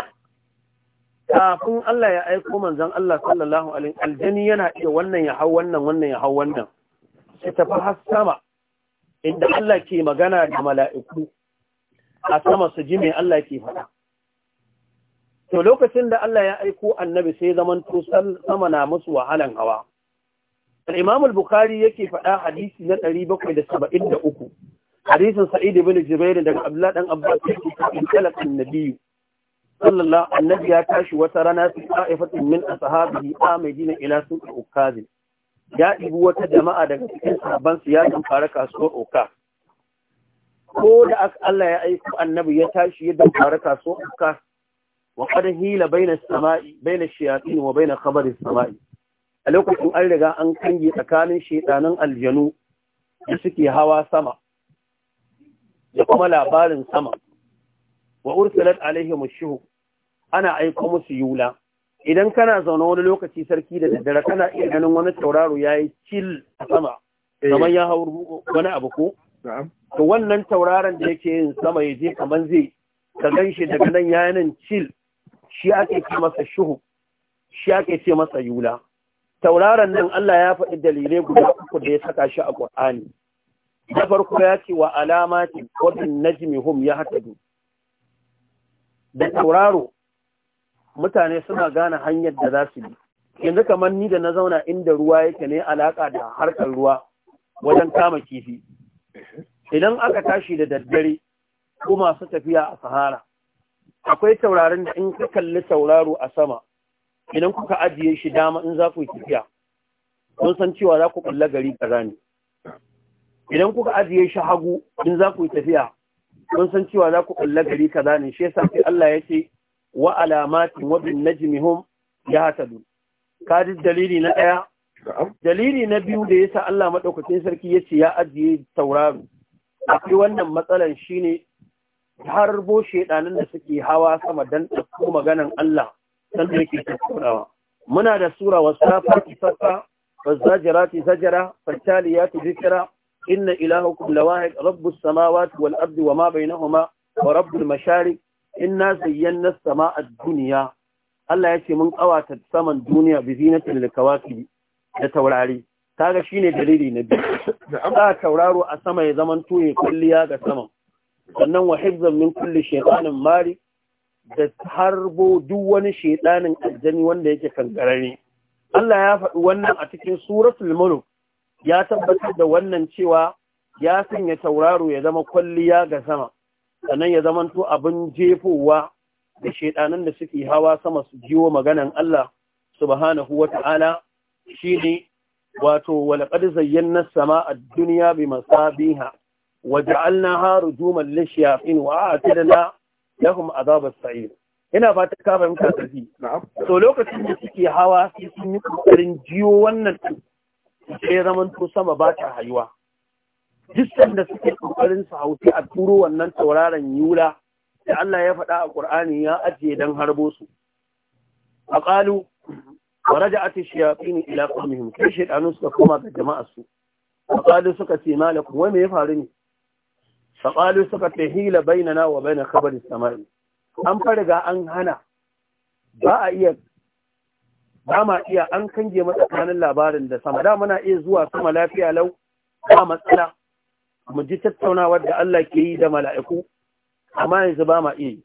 kafin Allah ya aiko manzan Allah sallallahu alaihi aljani yana iya wannan ya hau wannan wannan ya hau wannan ta tafi sama inda Allah ke magana da mala'iku a sama su ji mai Allah ke faɗa. To lokacin da Allah ya aiko annabi sai zaman tusar sama na musu wahalan hawa. imamul Bukhari yake faɗa hadisi na ɗari bakwai da saba'in da uku, hadisin Sa'id bin Jibril daga Abdullah ɗan Abbas yake cikin talakan nabiyu. Sallallahu annabi ya tashi wata rana su ta'ifatin min ashabihi amidina ila suqi ukazi. ya ɗibi wata jama'a daga cikin sabansu ya fara kasuwar oka ko da aka Allah ya aiko annabi ya tashi ya fara kasuwar oka wa qad hila baina samai baina shayatin wa baina khabari samai a lokacin an riga an kange tsakanin shedanan aljanu da suke hawa sama da kuma labarin sama wa ursalat alaihim shuhu ana aiko musu yula idan kana zaune wani lokaci sarki da daddare kana iya ganin wani tauraro ya yi cil a sama eh. kamar ya hau wani abu ko to wannan tauraron da yake yin sama ya je kamar zai ka gan shi daga nan ya yanin cil shi ake ce masa shuhu shi ake ce masa yula tauraron nan Allah ya faɗi dalilai guda uku da ya saka shi a Qur'ani na farko ya ce wa alamati wa bin najmi hum da tauraro mutane suna gane hanyar da za su bi yanzu kamar ni da na zauna inda ruwa yake ne alaƙa da harkar ruwa wajen kama kifi idan aka tashi da daddare ko masu tafiya a sahara akwai taurarin da in ka kalli sauraro a sama idan kuka ajiye shi dama in za ku yi tafiya kun san cewa za ku kulla gari kaza ne idan kuka ajiye shi hagu in za ku yi tafiya kun san cewa za ku kulla gari kaza ne shi yasa sai Allah ya ce wa alamatin wa bin najmi hum yahtadun kaji dalili na daya dalili na biyu da yasa Allah madaukakin sarki yace ya ajiye tauraro akwai wannan matsalan shine harbo nan da suke hawa sama dan dauko maganan Allah san da yake muna da sura wasafati safa والزاجرات زجرا فالتاليات ذكرا إن إلهكم لواحد رب wa ma bainahuma wa rabbul Masharik. in na zayyana sama a duniya Allah ya ce mun kawata saman duniya bi zinatin likawaki da taurari kaga shine dalili na biyu da tauraro a sama ya zaman tuye kulliya ga sama. sannan wa hifzan min kulli shaytanin mari da harbo duk wani shaytanin aljani wanda yake kankarare Allah ya faɗi wannan a cikin suratul mulk ya tabbatar da wannan cewa ya sanya tauraro ya zama kulliya ga sama sannan ya zamanto abin jefowa da shaidanan da suke hawa sama su jiwo maganan Allah subhanahu wata'ala shine wato walaqad zayyana as-samaa ad-dunya bimasabiha waja'alnaha rujuman lishyatin wa a'tadna lahum adhab as-sa'ir ina fata ka fahimta kaji to lokacin da suke hawa sai sun yi kokarin jiwo wannan sai zaman to sama ba ta hayuwa Duk da suke kokarin su hauti a turo wannan tauraron yula da Allah ya faɗa a Qur'ani ya ajiye dan harbo su. A ƙalu wa raja'at ash-shayatin ila qawmihim kai shaytanu suka koma ga jama'a su. A ƙalu suka ce malakum wai me ya faru ne? A suka ce hila bainana wa baina khabari samai. An farga an hana ba a iya ba ma iya an kange matsakanin labarin da sama da muna iya zuwa sama lafiya lau ba matsala mu ji tattaunawa da Allah ke yi da mala'iku amma yanzu ba ma iya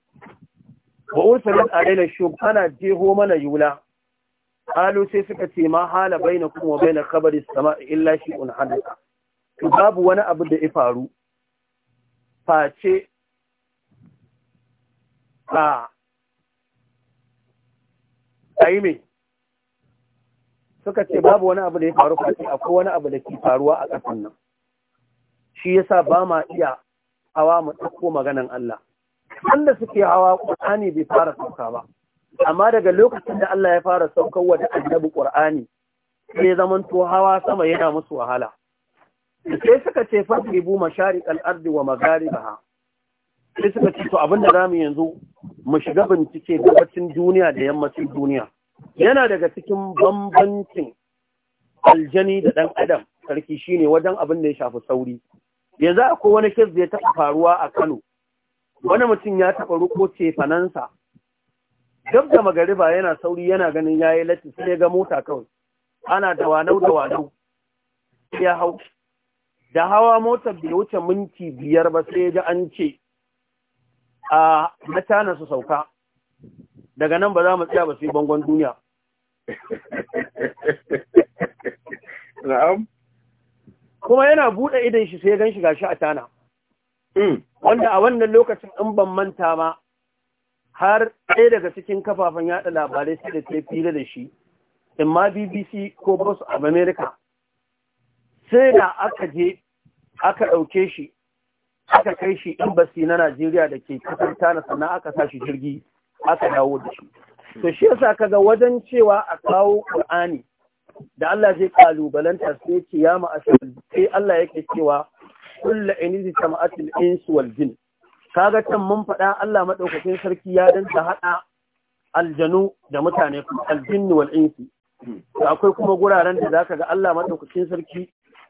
wa ursalat alaina shub ana jeho mana yula halu sai suka ce ma hala bainakum wa bainal khabari sama'i illa shi'un hadatha to babu wani abu da ya faru face a ayi me suka ce babu wani abu da ya faru face akwai wani abu da ke faruwa a ƙasar nan shi yasa ba ma iya hawa mu ɗauko maganan Allah wanda suke hawa ƙur'ani bai fara sauka ba amma daga lokacin da Allah ya fara saukar wa da annabi kur'ani sai zaman to hawa sama yana musu wahala sai suka ce fadribu bu mashari ardi wa ba sai suka ce to abin da mu yanzu mu shiga bincike gabacin duniya da yammacin duniya yana daga cikin bambancin aljani da ɗan adam sarki shine wajen abin da ya shafi sauri yanzu akwai wani kes da ya taɓa faruwa a Kano wani mutum ya taɓa ruko cefanansa, fanansa gab da magariba yana sauri yana ganin yayi latti sai ga mota kawai ana dawanau dawanau ya hau da hawa motar bai wuce minti biyar ba sai ga an ce a matana su sauka daga nan ba za mu tsaya ba sai bangon duniya na'am kuma yana buɗe idan shi sai gan shi gashi a tana hmm. wanda a wannan lokacin in ban manta ma har ɗaya daga cikin kafafen yaɗa labarai sai da sai fila da shi in ma bbc ko Bus of america sai da aka je aka ɗauke shi aka kai shi in basi na Najeriya da ke kasar Tana sannan aka sa shi jirgi aka dawo da shi. To shi yasa kaga wajen cewa a kawo ƙur'ani da Allah zai kalubalanta sai ce ya ma'ashar sai Allah yake cewa kullu inzi jama'atul insu wal jin kaga can mun faɗa Allah madaukakin sarki ya danta hada aljanu da mutane aljinni wal insi akwai kuma guraren da zaka ga Allah madaukakin sarki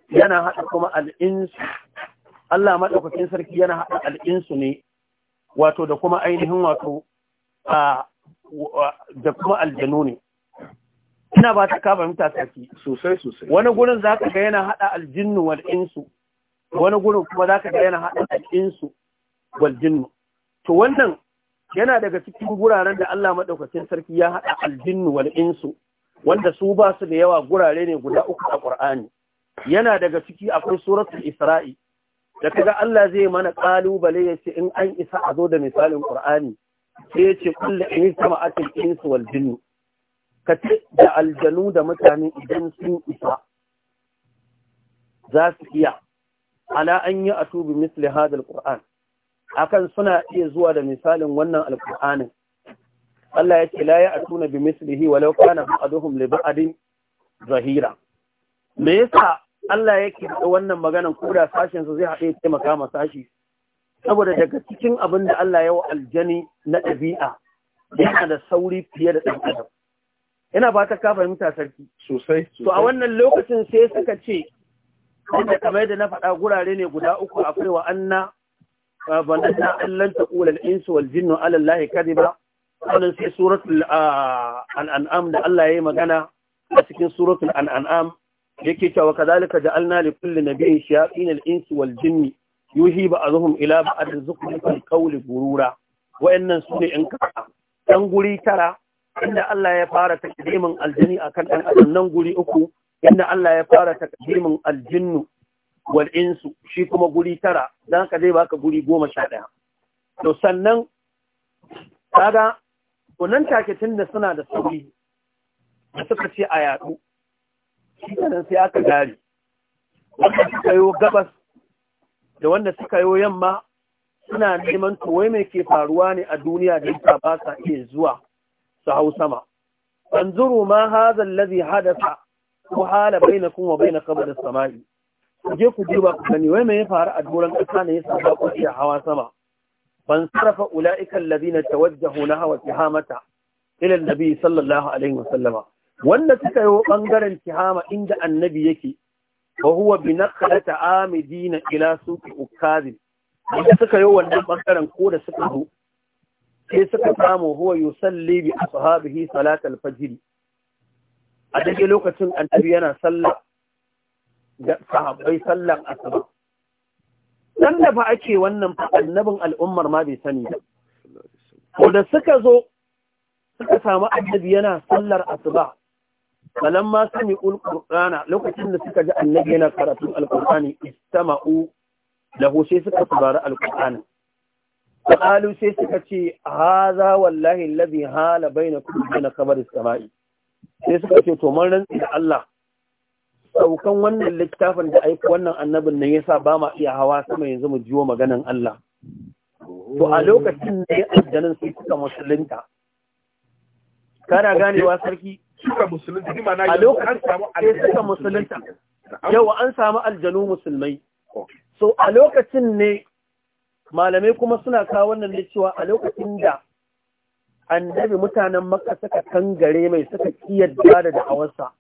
yana hada kuma al insu Allah madaukakin sarki yana hada al insu ne wato da kuma ainihin wato da kuma aljanu ne ina ba ta kama mita saki sosai sosai wani gurin zaka ga yana hada aljinnu wal insu wani gurin kuma zaka ga yana hada insu wal jinnu to wannan yana daga cikin guraren da Allah madaukakin sarki ya haɗa aljinnu wal insu wanda su ba su da yawa gurare ne guda uku a Qur'ani yana daga ciki akwai suratul Isra'i da kaga Allah zai mana kalubale ya ce in an isa a zo da misalin Qur'ani sai yace ce kullu in sama'atil insu wal jinnu ka ce da aljanu da mutane idan sun isa za su iya ala an yi atubi misli hadal qur'an akan suna iya zuwa da misalin wannan Alƙur'anin. Allah ya ce la ya atuna bi mislihi walau kana ba'duhum li ba'din zahira me yasa Allah yake da wannan maganan koda sashin su zai haɗe taimaka ma sashi saboda daga cikin abin da Allah ya wa aljani na ɗabi'a yana da sauri fiye da ɗan adam ina ba ta ka fahimta sarki sosai to a wannan lokacin sai suka ce inda kamar da na faɗa gurare ne guda uku akwai wa anna bananna ta taqula da insu wal jinnu ala allahi kadiba wannan sai suratul an'am da Allah yayi magana a cikin suratul an'am yake cewa kadhalika ja'alna li kulli nabiyyin shayatin al-insi wal jinni yuhi ba'dhum ila ba'd zukhrifal qawli gurura wa'annan sune in ka dan guri tara inda Allah ya fara takdimin aljini akan dan adam nan guri uku inda Allah ya fara takdimin aljinnu wal insu shi kuma guri tara dan ka zai baka guri goma sha ɗaya to sannan kaga wannan taketin da suna da sauri da suka ce a yaɗu shi kanan sai aka gari wanda suka yi gabas da wanda suka yi yamma suna neman to wai mai ke faruwa ne a duniya da yasa ba sa iya zuwa su sama anzuru ma hadha alladhi hadatha ko hala bainakum wa bain qabr as-sama'i je ku duba ku gani wai mai ya faru a doron ƙasa ne yasa ba hawa sama ban sarrafa ula'ikan lazi na tawajjahu na hawa tihamata ila nabi sallallahu alaihi wa sallama wanda suka yi bangaren tihama inda annabi yake wa huwa bi naqlata amidina ila suqi ukazib wanda suka yi wannan bangaren ko da suka zo sai suka samu huwa yusalli bi ashabihi salatal fajr a dake lokacin annabi yana sallah da sahabbai sallan asuba dan da fa ake wannan fa annabin al'ummar ma bai sani ba ko da suka zo suka samu annabi yana sallar asuba falamma sami alqur'ana lokacin da suka ji annabi yana karatun alqur'ani istama'u lahu sai suka saurari alqur'ani qalu sai suka ce hadha wallahi alladhi hala bai na bain na kamar samai sai suka ce to mun rantsi da Allah saukan wannan littafin da aiki wannan annabin nan yasa ba ma iya hawa sama yanzu mu jiwo maganan Allah to a lokacin ne aljanin sai suka musulunta kana ganewa sarki suka musulunta a lokacin sai suka musulunta Yau an samu aljanu musulmai so a lokacin ne malamai kuma suna kawo wannan cewa a lokacin da annabi mutanen makka suka kangare mai suka kiyarda da da'awarsa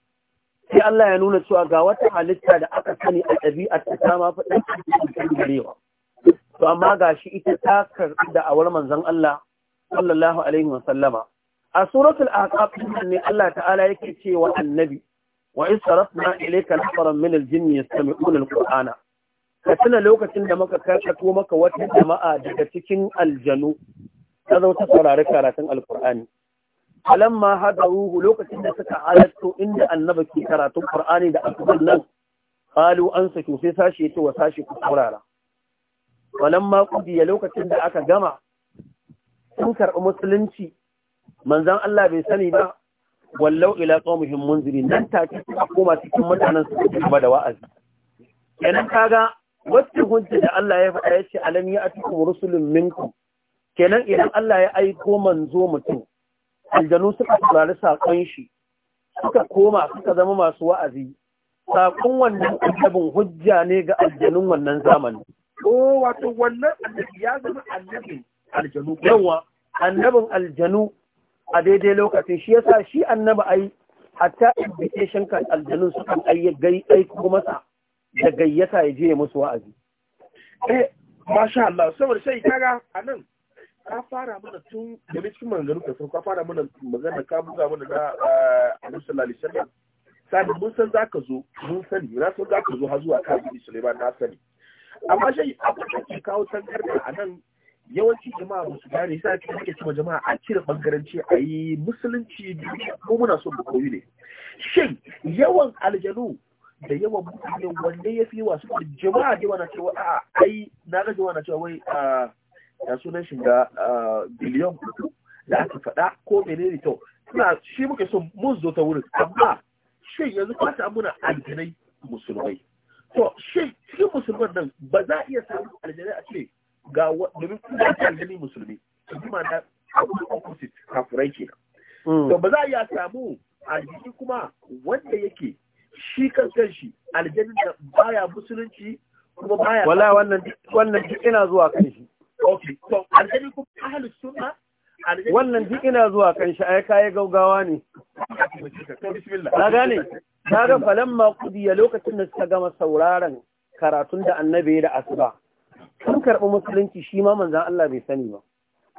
sai Allah ya nuna cewa ga wata halitta da aka sani a ɗabi'ar ta ta mafi ɗan kangarewa to amma ga shi ita ta karɓi da'awar manzon Allah sallallahu alaihi wa sallama a suratul ahqaf ne Allah ta'ala yake cewa annabi wa in sarafna ilayka nafaran min al-jinni yastami'una al-qur'ana ka tuna lokacin da muka karkato maka wata jama'a daga cikin aljanu ta zauta saurari karatun alkur'ani falamma ruhu lokacin da suka halatto inda annaba ke karatun qur'ani da asubar nan qalu an saku sai sashi ce wa sashi ku saurara falamma lokacin da aka gama sun karɓi musulunci manzan Allah bai sani ba wallau ila qaumihim munzirin nan take a koma cikin mutanen su gaba da wa'azi kenan kaga wacce hujja da Allah ya faɗa ya ce alam ya atikum rusulun minkum kenan idan Allah ya aiko manzo mutum aljanu suka saurari saƙon shi suka koma suka zama masu wa'azi saƙon wannan annabin hujja ne ga aljanun wannan zamanin ko wato wannan annabi ya zama annabin aljanu yawa annabin aljanu a daidai lokacin shi yasa shi annabi ai hatta invitation kan aljanun suka ayyai aiko masa da gayyata ya je musu wa'azi eh masha Allah saboda sai kaga nan, ka fara mana tun da cikin maganganu ka farko ka fara mana magana ka buga mana da eh, Annabi sallallahu alaihi mun san za ka zo mun sani na san za ka zo har zuwa ka bi Sulaiman na sani amma shi abin da ke kawo a nan yawanci jama'a musu su gane sai ake ake cewa jama'a a cire bangaranci a yi musulunci ko muna son mu koyi ne shin yawan aljanu da yawan mutane wanda ya fi wasu jama'a da wana cewa a ai na gaji wana cewa wai a ya sunan shi shiga biliyan kudu da aka faɗa ko menene to suna shi muke son mun zo ta wurin amma shin yanzu ka ta muna aljinai musulmai to shin shi musulman nan ba za a iya samun aljinai a ce ga domin kuma aljinai musulmi su kuma na opposite kafurai kenan hmm. to ba za a iya samu aljini kuma wanda yake shi kankan shi aljanna da baya musulunci kuma baya wala wannan wannan duk ina zuwa kan shi okay so aljanna ku ahlus sunna wannan duk ina zuwa kan shi ai kai gaugawa ne to bismillah na gane kaga falamma qudiya lokacin da suka gama sauraron karatun da annabi da asuba sun karɓi musulunci shi ma manzon Allah bai sani ba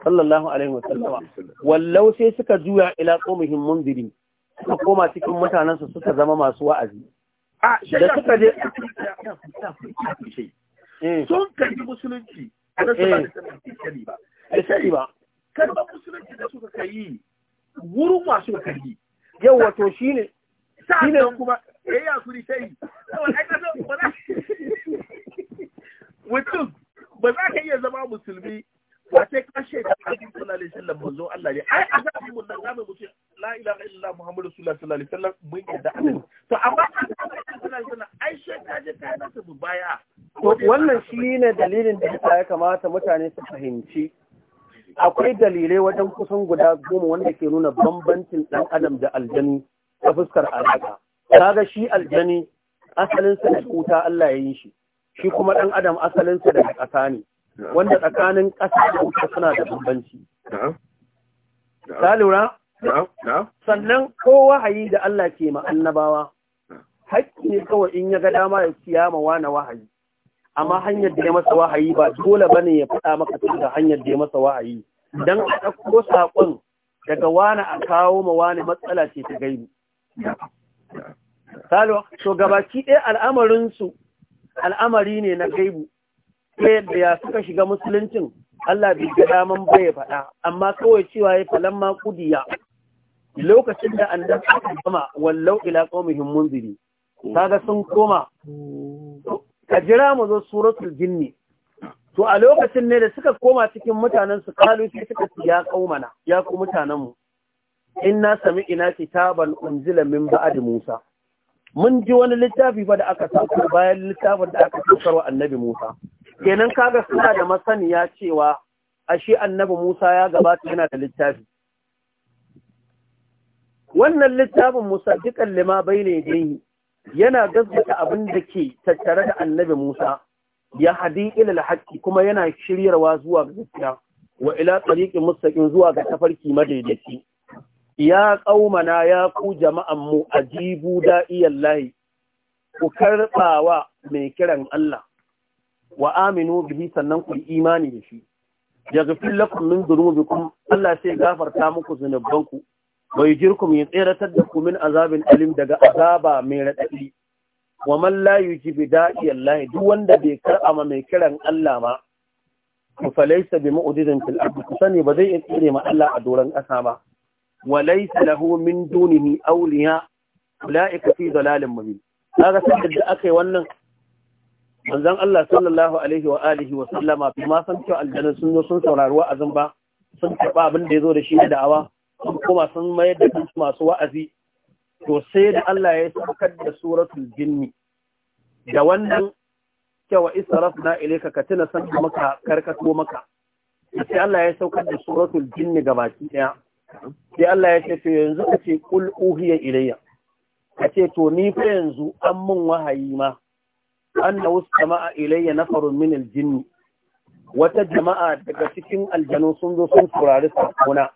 sallallahu alaihi wa wallau sai suka juya ila qaumihim mundirin suka koma cikin mutanensu suka zama masu wa'azi da suka je eh. sun karbi musulunci a nan sani ba sani eh, ba karban musulunci da suka kai wurin masu karbi yau wato shi shine shine kuma yayi hakuri sai mutum ba za ka iya zama musulmi ba sai kashe da hadin sallallahu alaihi wasallam manzo Allah ne ai azabi mun nan zamu mutum la ilaha illallah muhammadu rasulullah sallallahu alaihi wasallam mun yadda annabi to amma je nasa baya wannan shine dalilin da ya kamata mutane su fahimci akwai dalilai wajen kusan guda goma wanda ke nuna bambancin ɗan adam da aljani ta fuskar alaƙa kaga shi aljani asalinsa da kuta Allah ya yi shi shi kuma ɗan adam asalinsa daga ƙasa ne wanda tsakanin ƙasa da wuta suna da bambanci. Ta lura? sannan ko wahayi da Allah ke ma annabawa haƙƙi ne kawai in ya ga dama ya kiyama wani wahayi amma hanyar da ya masa wahayi ba dole bane ya faɗa maka tun da hanyar da ya masa wahayi dan a ɗauko saƙon daga wani a kawo ma wani matsala ce ta gaibi Salo, gabaki ɗaya al'amarinsu al'amari ne na gaibu, ta yadda ya suka shiga musuluncin Allah bai ga daman bai faɗa, amma kawai cewa ya falan ma kudiya lokacin da an dan aka gama wallau ila qaumihim munziri kaga sun koma ka jira mu zo suratul jinni to a lokacin ne da suka koma cikin mutanen su kalu sai suka ci ya qaumana ya ku mutanen mu inna sami'ina kitaban unzila min ba'd Musa mun ji wani littafi ba da aka saukar bayan littafin da aka saukar wa annabi Musa kenan kaga suna da masaniya cewa ashe annabi Musa ya gabata yana da littafi wannan littafin Musa musaddiqan lima ne yadayhi yana gaskata abin da ke tattare da annabi Musa ya hadi ila alhaqi kuma yana shiryarwa zuwa ga gaskiya wa ila tariqin mustaqim zuwa ga tafarki madaidaici ya qaumana ya ku jama'an mu ajibu da'iyallahi ku karbawa mai kiran Allah wa aminu bihi sannan ku imani da shi yaghfir lakum min dhunubikum Allah sai gafarta muku zunubanku bai jirkum ya tseratar da kumin azabin alim daga azaba mai raɗaɗi wa man ji bi daɗi Allah duk wanda bai karama mai kiran Allah ma Ku falaisa bi mu'jizin fil ku sani ba zai tsere ma Allah a doron ƙasa ba wa laisa lahu min dunihi awliya ulaika fi mu mubin kaga sai da aka yi wannan manzon Allah sallallahu alaihi wa alihi wa sallama bi ma san cewa aljanna sun zo sun saurari wa'azin ba sun taɓa abin da ya zo da shi da da'awa kuma sun mayar da kansu masu wa'azi to sai da Allah ya saukar da suratul jinni da wannan cewa israfna ilayka ka tuna san maka karkato maka sai Allah ya saukar da suratul jinni gabaki ɗaya. sai Allah ya ce to yanzu ka ce kul uhiya ilayya ka ce to ni fa yanzu an mun wahayi ma jama'a sama'a ilayya farun min aljinni wata jama'a daga cikin aljanu sun zo sun turari sakona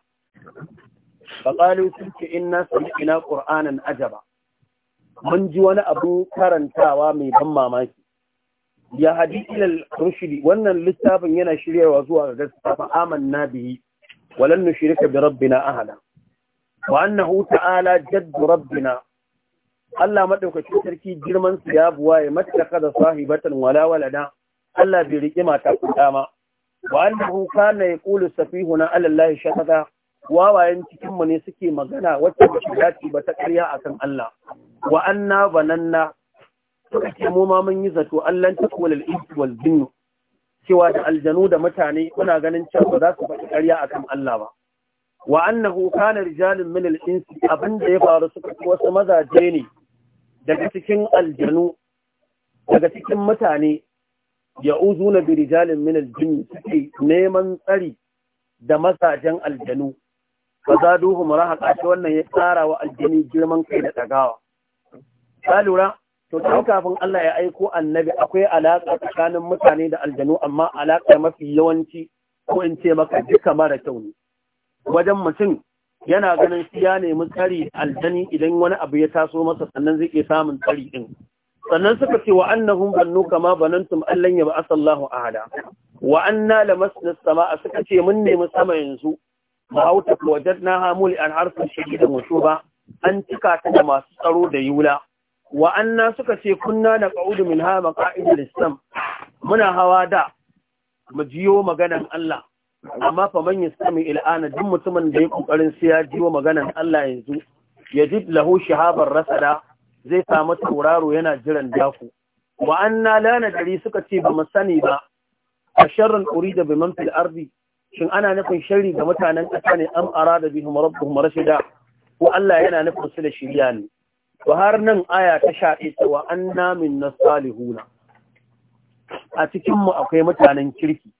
faƙalin suke ce ina ina ƙur'anin ajaba mun ji wani abu karantawa mai ban mamaki ya hadi ilal wannan littafin yana shiryawa zuwa ga gaskiya fa amanna bihi walan nushrika bi rabbina ahada wa annahu ta'ala jadd rabbina Allah madaukakin sarki girman sa ya buwaye mattaka da sahibatan wala walada Allah bai rike mata kuda ma wa annahu kana yaqulu safihuna ala Allah shataka wawayen cikinmu ne suke magana wacce ba dace ba ta ƙarya akan Allah wa anna bananna suka ce mu ma mun yi zato Allah ta kula al wal cewa da aljanu da mutane kuna ganin cewa ba za su faɗi ƙarya akan Allah ba wa annahu kana rijalun min al-insi abinda ya faru suka wasu mazaje ne daga cikin aljanu daga cikin mutane ya'uzuna bi rijalin min al-jinni suke neman tsari da mazajen aljanu ba za duhu murahaka wannan ya tsara wa aljini girman kai da tsagawa Ta lura, to tun kafin Allah ya aiko annabi akwai alaƙa tsakanin mutane da aljanu amma alaƙa mafi yawanci ko in ce maka duka mara kyau ne. Wajen mutum yana ganin shi ya nemi tsari aljani idan wani abu ya taso masa sannan zai iya samun tsari din. Sannan suka ce wa annahum bannu kama banantum allan ya ba'asallahu ahada. Wa anna lamasna sama'a suka ce mun nemi sama yanzu na hamuli an harfin da wa ba, an cika ta da masu tsaro da yula wa na suka ce kunna na ƙaudu min hama maqa'id islam muna hawa da majiyo maganan Allah amma fa manyan sami il'ana duk mutumin da ya ƙoƙarin sai ya jiyo maganan Allah yanzu yajid lahu shihabar rasada zai samu tauraro yana jiran daku wa na lana suka ce ba mu sani ba a sharrin urida bi man fil arzi, shin ana nufin shari ga mutanen ƙasa ne an da arada bihum mara shida ko Allah yana nufin su da shirya ne to har nan aya ta 11 cewa anna minna salihuna a cikin akwai mutanen kirki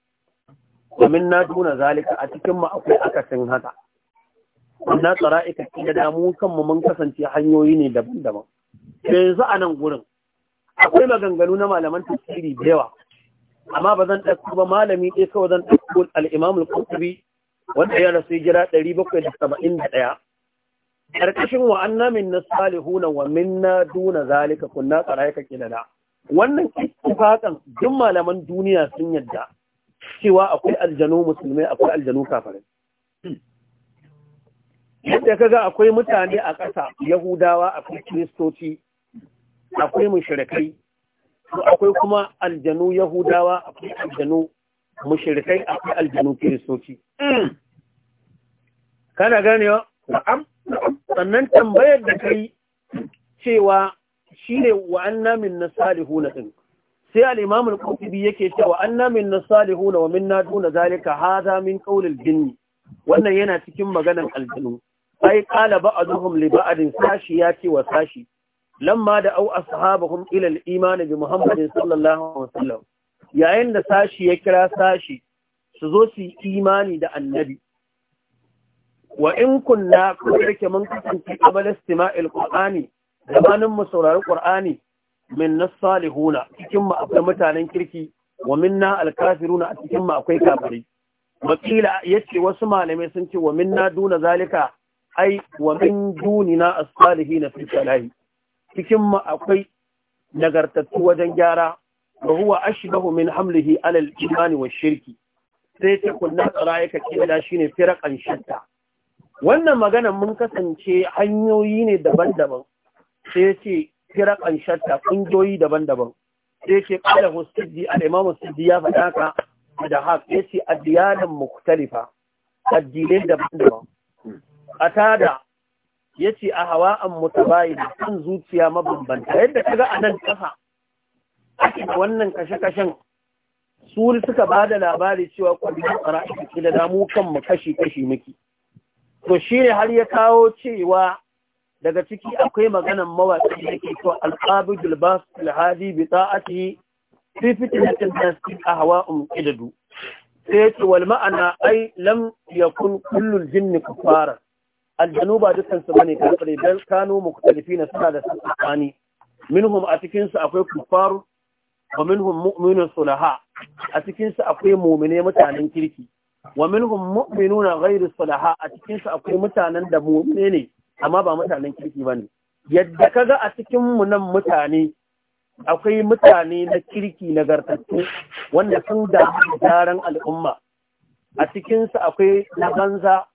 domin na tuna zalika a cikin mu akwai akasin haka na tsara'ika da damu kanmu mun kasance hanyoyi ne daban-daban yanzu a nan gurin akwai maganganu na malaman tafsiri da yawa amma ba zan ɗauko ba malami ɗaya kawai zan ɗauko al'imam al wanda ya rasu jira ɗari bakwai da saba'in da ɗaya ƙarƙashin wa na min na salihuna wa min minna duna zalika kunna yaka kinana wannan ittifaqan duk malaman duniya sun yadda cewa akwai aljanu musulmai akwai aljanu kafare yadda kaga akwai mutane a ƙasa yahudawa akwai kiristoci akwai mushrikai akwai kuma aljanu yahudawa akwai aljanu mushirikai akwai aljanu kiristoci hmm. kana ganewa na'am sannan tambayar da kai cewa shine wa anna min nasalihuna din sai al-imam al-qurtubi yake cewa anna Salihu na wa minna duna zalika hadha min qawl al wannan yana cikin maganar aljanu sai qala ba'duhum li ba'din sashi ce wa sashi lamma da au ashabahum ila al-iman bi Muhammadin sallallahu alaihi wasallam yayin da sashi ya kira sashi su zo su imani da annabi wa in kunna kullake mun kasance qabala istima'il qur'ani zamanin mu saurari qur'ani min nasalihuna cikin mu akwai mutanen kirki wa minna alkafiruna a cikin mu akwai kafirai wakila yace wasu malamai sun ce wa minna duna zalika ai wa min dunina as-salihina fi salahi cikin mu akwai nagartattu wajen gyara wa huwa ashbahu min hamlihi alal al wa shirki sai ta kunna tsara'ika kila shine firqan shatta wannan magana mun kasance hanyoyi ne daban-daban sai ce firqan shatta kungiyoyi daban-daban sai ce qala husiddi al-imam husiddi ya faɗa ka da sai yace adiyanan mukhtalifa addinai daban-daban atada ya ce a hawa an mutabayi da kan zuciya mabambanta yadda ka ga a nan ƙasa ake da wannan kashe-kashen su suka ba da labari cewa kwallon tsara ake da damu kanmu kashi-kashi muke to shi ne har ya kawo cewa daga ciki akwai maganan mawaƙi da ke to al'abidul gilbas alhaji bi ta'ati fi fitnatin nas fi ahwa'um qidadu sai ce wal ma'ana ai lam yakun kullun jinni kafara aljanu ba dukkan su bane kafare bal kanu mukhtalifina suna da sabani minhum a cikin su akwai kufar wa minhum mu'minun sulaha a cikin su akwai mu'mine mutanen kirki wa minhum mu'minuna ghairu sulaha a cikin su akwai mutanen da mu'mine ne amma ba mutanen kirki bane yadda kaga a cikin mu nan mutane akwai mutane na kirki nagartattu wanda sun da daren al'umma a cikinsu akwai na banza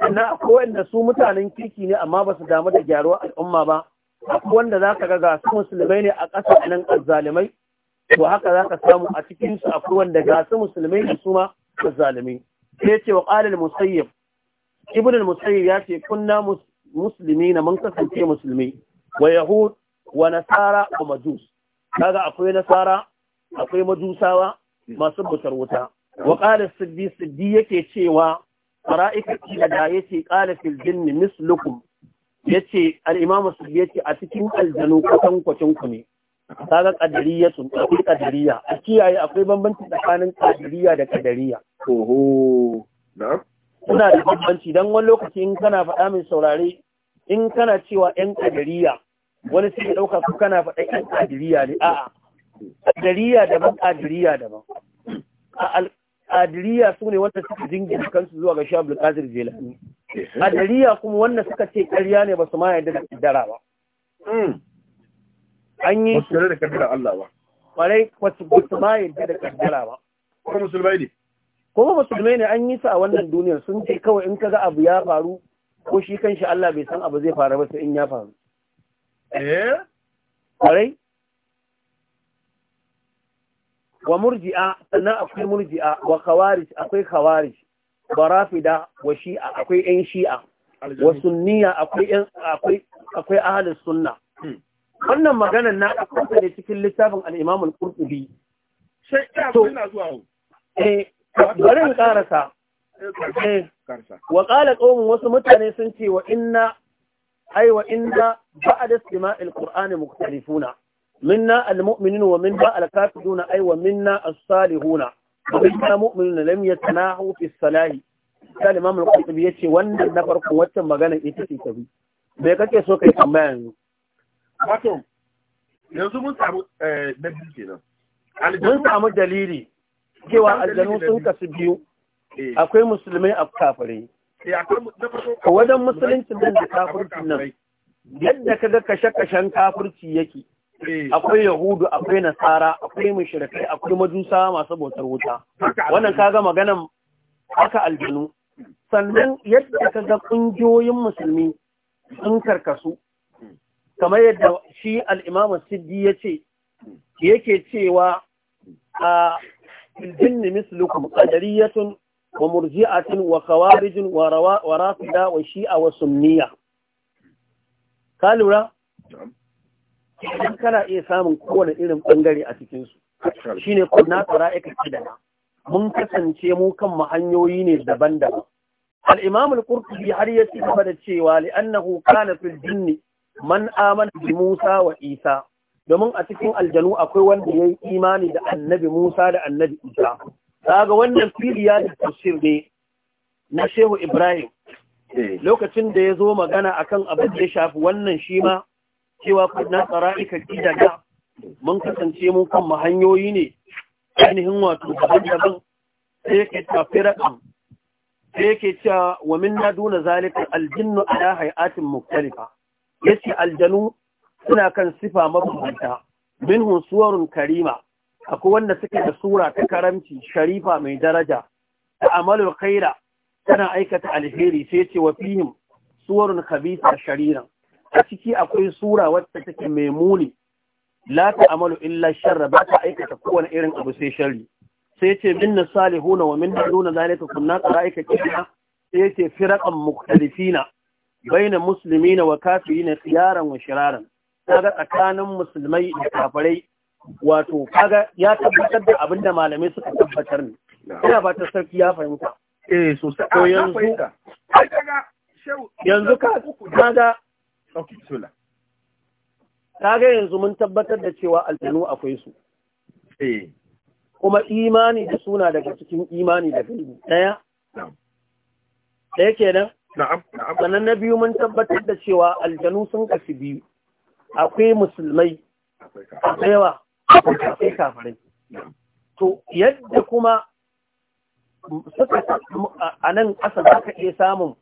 sannan akwai wanda su mutanen kirki ne amma ba su damu da gyaruwar al'umma ba akwai wanda za ka ga ga su musulmai ne a ƙasa nan azzalimai to haka za ka samu a cikinsu su akwai wanda ga su musulmai ne su ma azzalimai sai ce wa qalil musayyib ibn al-musayyib ya ce kunna musulmi na mun kasance musulmi wa yahud wa nasara wa majus kaga akwai nasara akwai majusawa masu butar wuta wa qala siddi siddi yake cewa fara'ika kila da ya ce ƙala fil jinni mislukum ya ce al'imamu su ya ce a cikin aljanu kusan kwacin ku ne ta ga ƙadariya sun ɗauki ƙadariya a kiyaye akwai bambanci tsakanin ƙadariya da ƙadariya. Oho, na? Suna da bambanci don wani lokaci in kana faɗa mai saurare in kana cewa ‘yan ƙadariya wani sai ya ɗauka ku kana faɗa ‘yan ƙadariya ne a'a ƙadariya daban ƙadariya daban qadiriya su ne wanda suka jingina kansu zuwa ga Shehu Abdul jelani Jilani kuma wanda suka ce ƙarya ne ba su ma yarda da kaddara ba hmm. an yi su da kaddara Allah ba kwarai wasu ba ma yarda da kaddara ba ko musulmai ne kuma musulmai ne an yi su a wannan duniyar sun ce kawai in kaga abu ya faru ko shi kan shi Allah bai san abu zai faru ba sai in ya faru eh kwarai wa murji'a sannan akwai murji'a wa khawarij akwai khawarij wa rafida wa shi'a akwai yan shi'a wa sunniya akwai yan akwai akwai ahlus sunna hmm. wannan maganar na ɗauka da cikin littafin al-Imam al-Qurtubi sai ina zuwa eh bari in eh, karasa eh wa qala qawmun wasu mutane sun ce wa inna ai wa inna ba'da istima'il qur'ani mukhtalifuna minna almu'minun wa min minna alkafiruna ay wa minna as-salihuna minna mu'minun lam yatanahu fi salahi sai imam al-qurtubi yace wannan na farkon waccan magana ita ce tabi me kake so kai tambaya yanzu wato yanzu mun samu eh, na biyu kenan mun samu dalili cewa aljanu sun kasu biyu eh. akwai musulmai a kafirai eh, wajen musulunci nan da kafircin nan yadda ka kaga kashe-kashen kafirci yake Eh. akwai yahudu akwai nasara akwai mushrikai akwai majusa masu bautar wuta wannan ka ga maganan haka aljanu sannan yadda ka ga kungiyoyin musulmi sun karkasu kamar yadda shi al siddi ya ce yake cewa a jinni mislukum qadariyatun wa murji'atun wa khawarijun wa rawa wa rafida wa shi'a wa sunniya ka lura idan kana iya samun kowane irin bangare a cikinsu, su shine kun na tsara da na. mun kasance mu kan mu hanyoyi ne daban-daban al-imam al-qurtubi har ya ci gaba da cewa li'annahu kana fil jinni man amana bi Musa wa Isa domin a cikin aljanu akwai wanda yayi imani da annabi Musa da annabi Isa kaga wannan fili ya da tafsir ne na Shehu Ibrahim eh. lokacin da ya zo magana akan abin da ya shafi wannan shi ma cewa kudna da gidaga mun kasance mun kan hanyoyi ne ainihin wato daban-daban sai yake tafi raƙam sai yake cewa wa min na duna zalika aljinnu ala hay'atin muktalifa yace aljanu suna kan sifa mabambanta Binhu suwarun karima akwai wanda suke da sura ta karamci sharifa mai daraja ta amalul khaira tana aikata alheri sai ce wa fihim suwarun khabisa shariran a ciki akwai sura wacce take mai muni la amalu illa sharra ba ta aikata kowane irin abu sai sharri sai yace minna salihuna wa minna duna zalika kunna qara'ika kina sai yace firaqan mukhtalifina baina muslimina wa kafirina khiyaran wa shiraran kaga tsakanin musulmai da kafirai wato kaga ya tabbatar da abinda malamai suka tabbatar ne ina ba ta sarki ya fahimta eh sosai to ah, yanzu yanzu kaga Ta bismillah. yanzu mun tabbatar da cewa aljanu akwai su. Eh. Kuma imani da suna daga cikin imani da gaibi. ɗaya? Ɗaya ke nan? Sannan na biyu mun tabbatar da cewa aljanu sun kashi biyu. Akwai musulmai. Akwai yawa. Akwai kafirai. To, yadda kuma suka a nan ƙasa za ka iya samun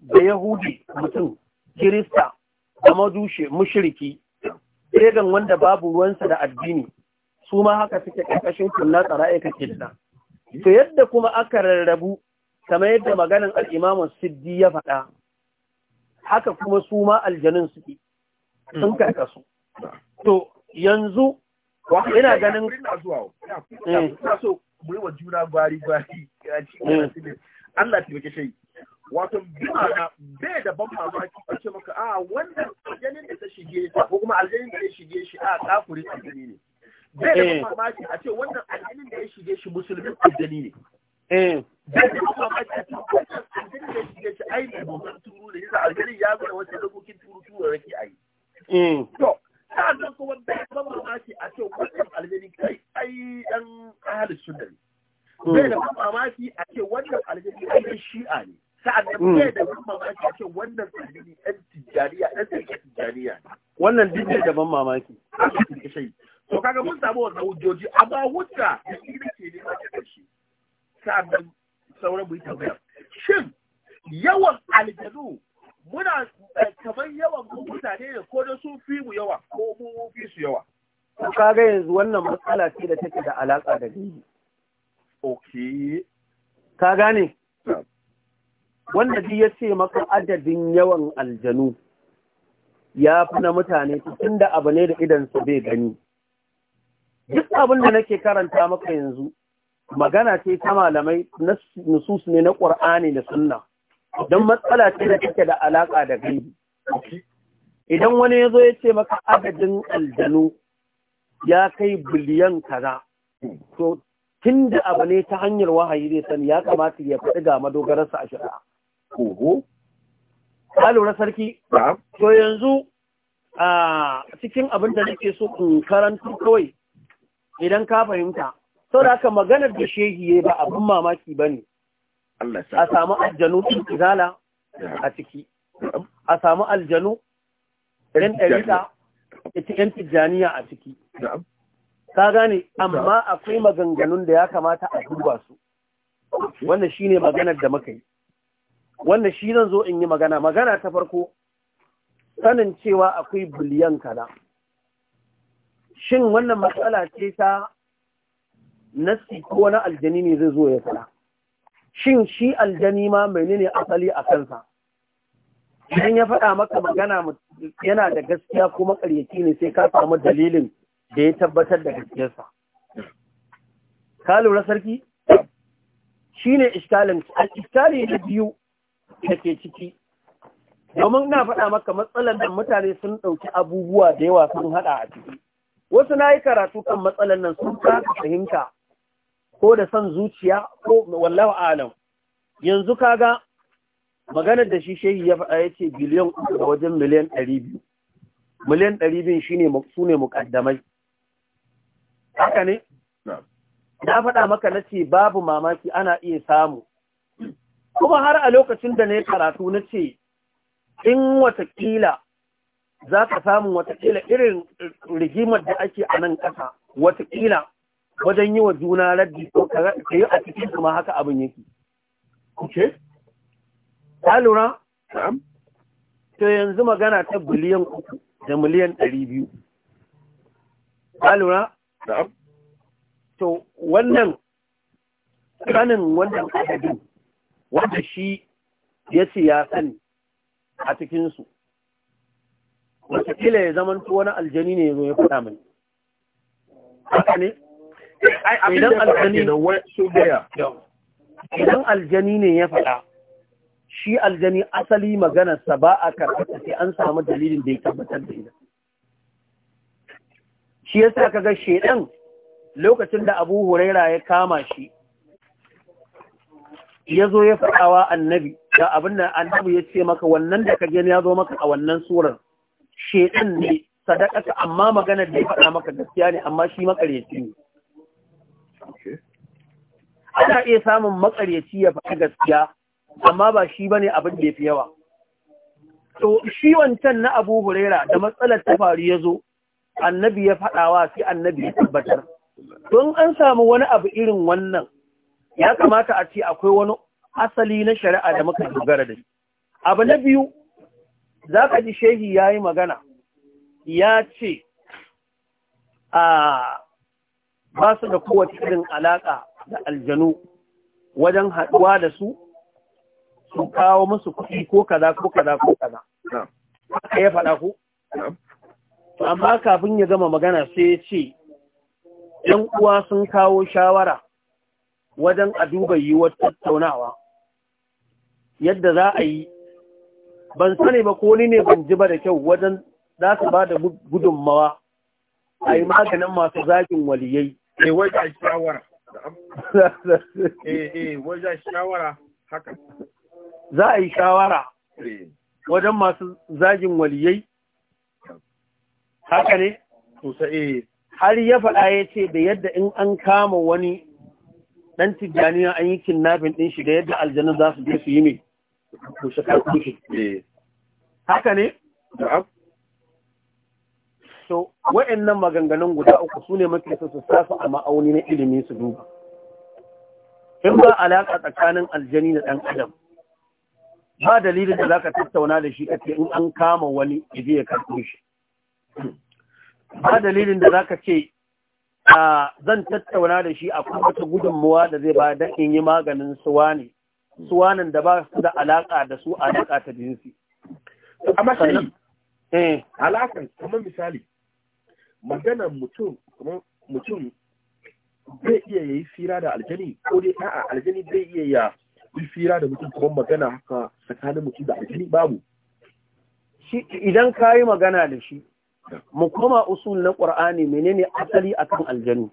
da Yahudi mutum, Kirista, zama dushe mushiriki. regan wanda babu ruwansa da addini su ma haka suke ƙarƙashin tsara aika kidda to yadda kuma aka rarrabu kamar yadda maganin al'imamu siddi ya faɗa haka kuma su ma aljanun suke sun karkasu to yanzu ina ganin ina so mu yi juna gwari gwari Allah shi wato bimana bai da ban mamaki a ce maka a ah, wannan aljanin da ta shige ta ko kuma aljanin da ya shige shi a ah, kafuri aljani ne bai da ban eh. mamaki a ce wannan aljanin da ya shige shi musulmin aljani ne eh. bai da ban mamaki a ce wannan aljanin da ya shige shi ai ne dogon turu da yasa aljanin ya gwada wasu dokokin turu turu rake a yi eh. to sa'annan kuma bai da ban mamaki a ce wannan aljanin kai ai dan ahalin sunna hmm. bai da ban mamaki a ce wannan aljanin ai shi'a ne da wannan tsanani wannan dinne da ban mamaki to kaga mun samu wannan hujjoji amma hujja da shi da ke nema ta kashi sa'annan sauran mu tabbaya. shin yawan aljanu muna eh, kamar yawan mutane ne ko da sun fi mu yawa ko mu fi su yawa kaga yanzu wannan matsala ce da take da alaka da gani ok ka gane wanda ji ya ce maka adadin yawan aljanu ya fi na mutane tun da abu ne da idansa bai gani duk abin da nake karanta maka yanzu magana ce ta malamai nusus ne na ƙur'ani da sunna don matsala ce da take da alaƙa da gani. idan wani ya zo ya ce maka adadin aljanu ya kai biliyan kaza to tun da abu ne ta hanyar wahayi zai sani ya kamata ya faɗi ga madogararsa a shari'a Ka lura sarki? To yanzu a cikin abin da nake so in karantu kawai idan ka fahimta. Sau da haka maganar da shehi ya ba abin mamaki ba ne. A samu aljanu izala a ciki. A samu aljanu ɗan ɗarita ita tijjaniya a ciki. Ka gane, amma akwai maganganun da ya kamata a duba su. Wannan shine maganar da muka yi. wanda shi zan zo in yi magana magana ta farko sanin cewa akwai biliyan kaza shin wannan matsala ce ta nasi ko na aljani ne zai zo ya faɗa? shin shi aljani ma menene asali a kansa idan ya faɗa maka magana yana da gaskiya ko makaryaki ne sai ka samu dalilin da ya tabbatar da gaskiyarsa ka lura sarki Shi ne iskalin iskali na biyu Dake ciki domin na faɗa maka matsalar da mutane sun ɗauki abubuwa da yawa sun haɗa a ciki wasu na yi karatu kan matsalar nan sun ka fahimta ko da son zuciya ko wallawa alam yanzu kaga maganar da shi shehi ya faɗa ya ce biliyan uku da wajen miliyan ɗari biyu miliyan ɗari biyu shi ne su ne muƙaddamai haka ne na faɗa maka na ce babu mamaki ana iya samu kuma har a lokacin da na yi karatu na ce in watakila za ka samu watakila irin rigimar da ake a nan ƙasa watakila wajen yi wa juna raddi ko ka yi a cikin kuma haka abin yake. Kuke? Ta lura? To yanzu magana ta biliyan uku da miliyan ɗari biyu. Ta lura? To wannan kanin wannan adadin wanda shi ya ce ya sani a cikinsu kila ya ko wani aljani ne ya zo faɗa mai haka ne idan aljani ne ya faɗa shi aljani asali maganarsa ba a karfata sai an samu dalilin da ya tabbatar da ita shi ya yasa kaga shedan lokacin da abu huraira ya kama shi ya zo ya faɗawa annabi da abin da annabi ya ce maka wannan da ka gani ya zo maka a wannan surar shedan ne sadaka amma magana da ya faɗa maka gaskiya ne amma shi makaryaci ne ana iya samun makaryaci ya faɗi gaskiya amma ba shi bane abin da ya fi yawa to shi wancan na Abu Huraira da matsalar ta faru ya zo annabi ya faɗawa sai annabi ya tabbatar don an samu wani abu irin wannan ya kamata a ce akwai wani asali na shari'a da muka dogara da shi abu na biyu za ka ji shehi ya yi magana ya ce a ba su da kowace irin alaƙa da aljanu wajen haɗuwa da su su kawo musu kuɗi ko kaza ko kaza ko kaza Aka ya faɗa ku amma kafin ya gama magana sai ya ce ‘yan uwa sun kawo shawara wajen a duba yiwuwar tattaunawa yadda za a yi ban sani ba ko ne ban ji ba da kyau wajen za su ba da gudunmawa a yi maganin masu zakin waliyai. E eh, wajen shawara. E eh, eh, wajen shawara haka. Za a yi shawara wajen masu zagin waliyai. Haka ne? Har ya faɗa ya ce da yadda in an kama wani dan tijjaniya an yi kidnapping din shi da yadda aljanu za su je su yi mai kushe karkushi haka ne so wa'annan maganganun guda uku su ne mafi su sasu a ma'auni na ilimi su duba in ba alaƙa tsakanin aljani da ɗan adam ba dalilin da za ka tattauna da shi kace in an kama wani ije ya karɓo shi ba dalilin da za ka ce a zan tattauna da shi a wata gudunmuwa da zai ba da in yi maganin suwani suwanin da ba su da alaƙa da su alaƙa ta jinsi A matsayi, eh alaƙa kamar misali maganar mutum mutum zai iya yi fira da aljani ko dai a aljani zai iya ya yi fira da mutum kuma magana haka tsakanin mutum da aljani babu idan ka yi magana da shi mu koma usul na ƙur'ani menene asali akan aljanu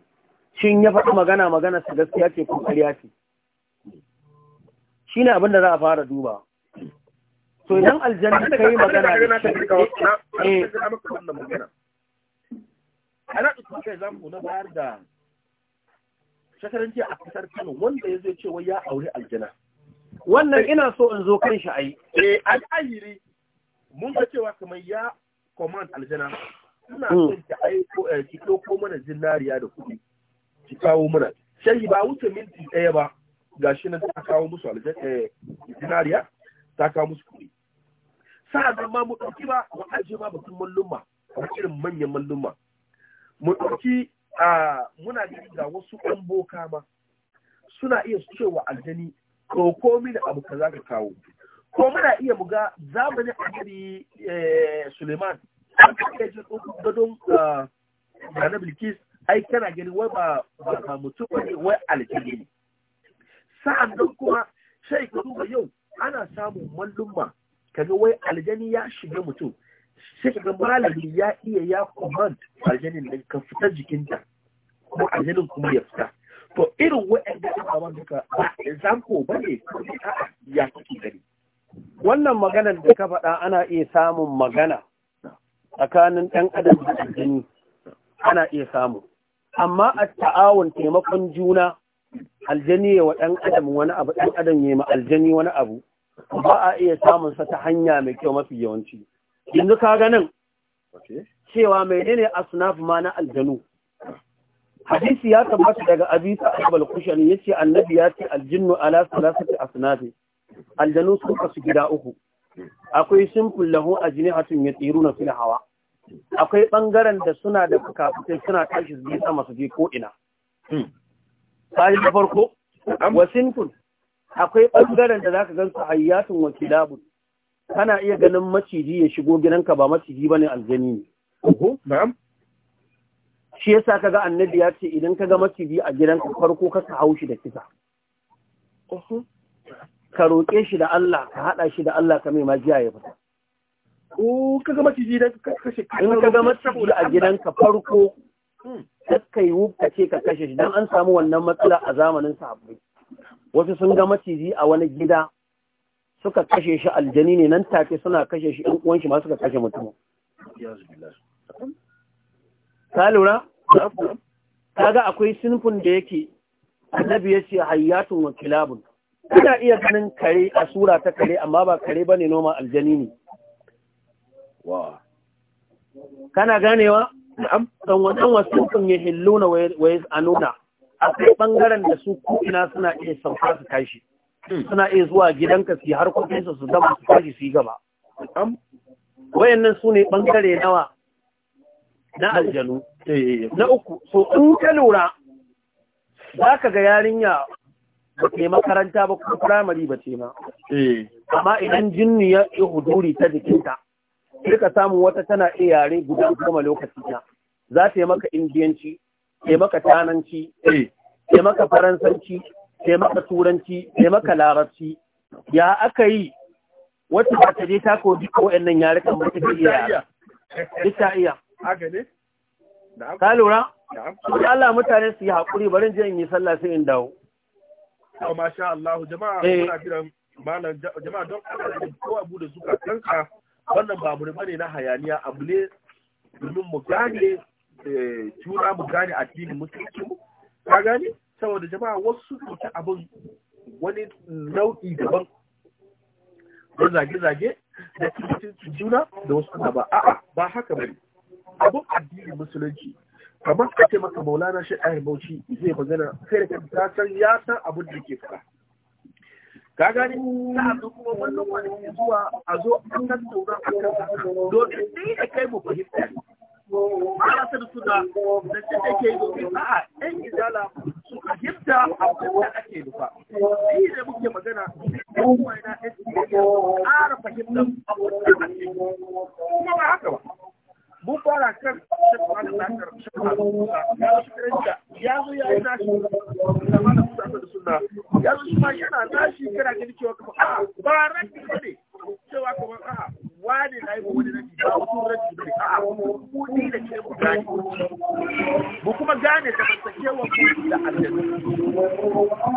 shin ya faɗi magana magana su gaskiya ce ko ƙarya ce shine abin da za a fara duba to idan aljanu ka yi magana da shi eh, eh. ana na bayar da a kasar Kano wanda ya zai cewa ya aure aljana wannan ina so in zo kan shi ai eh a zahiri mun ga cewa kamar ya command aljana muna hmm. so ki aiko eh, ki ɗauko mana zinariya da kuɗi ki kawo mana shayi ba wuce minti ɗaya ba gashi nan ta kawo musu aljana eh, zinariya ta kawo musu kuɗi sa'an ma mu ɗauki ba mu ajiye ma batun mallumma a irin manyan mallumma mu ɗauki a muna gani ga wasu ɗan boka ma suna iya cewa aljani ko mini abu kaza ka kawo ko muna iya muga zamanin annabi eh, Suleiman an kake jin gadon ah, Nana Bilkis ai kana gani wai ba ba mutum ne wai aljini ne sa'an nan kuma sai ka duba yau ana samun mallumma kaga wai aljani ya shiga mutum sai kaga malami ya iya ya command aljanin nan ka fita jikinta ko aljanin kuma ya fita to irin wa'anda ababen duka ba example bane ko ya kike gani wannan maganar da ka faɗa ana iya samun magana tsakanin ɗan adam da jini ana iya samu amma a ta'awun taimakon juna aljani ya wa ɗan adam wani abu ɗan adam ya ma aljani wani abu ba a iya samun sa ta hanya mai kyau mafi yawanci yanzu ka ga nan cewa menene asnaf ma na aljanu hadisi ya tabbata daga abisa abal kushani yace annabi ya ce aljinnu ala salasati asnafi aljanu sun kasu gida uku akwai simple lahu tsiru na fil hawa akwai bangaren da suna da fukafukai suna tashi su sama su je ko ina sai hmm. da farko wa simple akwai bangaren da zaka gansu hayyatun Wakilabu. kana iya ganin maciji ya shigo gidanka ba maciji bane aljani ne na'am shi yasa kaga annabi ya ce idan ka ga maciji a gidanka farko ka haushi da kisa ka roƙe shi da Allah ka haɗa shi da Allah ka mai majiya ya fita. O ka ga maciji da ka kashe in ka maciji a gidanka farko hmm. ka yi wuka ce ka kashe shi don an samu wannan matsala a zamanin sahabbai. Wasu sun ga maciji a wani gida suka kashe shi aljani ne nan take suna kashe shi ɗan uwan shi ma suka kashe mutum. Ka lura? Ka ga akwai sinfin da yake annabi ya ce hayyatun wa kilabun. kuna iya ganin kare a sura ta kare amma ba kare ba ne noma aljani ne kana ganewa ɗan waɗan wasu kun yi na waye a nuna a kai ɓangaren da su ko'ina suna iya sauka su tashi hmm. suna iya zuwa gidanka su yi harkokinsa su zama su tashi su yi gaba wayannan su ne ɓangare nawa na aljanu eh, eh, eh. na uku so in ka lura za ka ga yarinya ba ke makaranta ba ko firamare ba ce ma. Eh. Amma idan jinni ya yi huduri ta jikinta, sai ka samu wata tana iya yare guda goma lokaci ta. Za ta yi maka Indiyanci, ta yi maka Tananci, ta eh. yi maka Faransanci, ta yi maka Turanci, ta yi maka Larabci. Ya aka yi wata ba ta je ta koyi ko nan yare kan ba ta iya yare. Ita iya. Ka lura? Allah mutane su yi haƙuri barin jiyan yi sallah sai in dawo. to oh, masha Allah jama'a kuna eh. jiran malam jama'a don Allah ko abu da suka kanka wannan ba abu bane na hayaniya abu ne domin mu gane tura eh, mu gane addinin musulunci ka gane saboda jama'a wasu ta abin wani nau'i daban don zage-zage da cikin juna da wasu ba a'a ba haka bane abin addinin musulunci kamar ka ce maka maulana shi a zai magana sai da ta san ya san abin da ke fara ka gani na zo kuma wannan wani zuwa a zo an kan tsoron a domin sai da kai mu fahimta ana sa da suna da ce da ke domin a'a ɗan izala su fahimta abin da ake nufa Ni da muke magana ɗan kuma yana ɗan ƙara fahimtar abin da ake kuma ba haka ba mun fara kan shekwa da zakar shekwa ya zo ya zo ya yi da mana da suna ya zo shi ma yana nashi kana cewa kuma ah, ba ba ne cewa kuma a ah, wani na yi ba wani rabi ba mu ni ah, da ke gane mu kuma gane da bantakewar mu da aljanu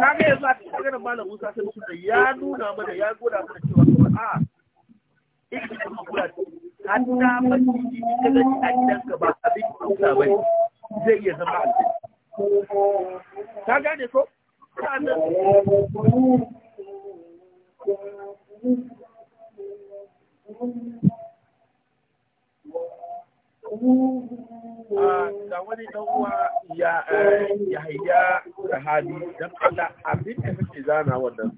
kaga yanzu a cikin maganar malam musa da suna ya nuna mana ya gwada mana cewa a ilimin kuma hatta maciji in ka gani a ba abin kusa ba zai iya zama aljanna ta gane ko sa'annan Thank you. Ah, ga wani dan uwa ya eh, ya da sahabi don Allah abin da kake zana wannan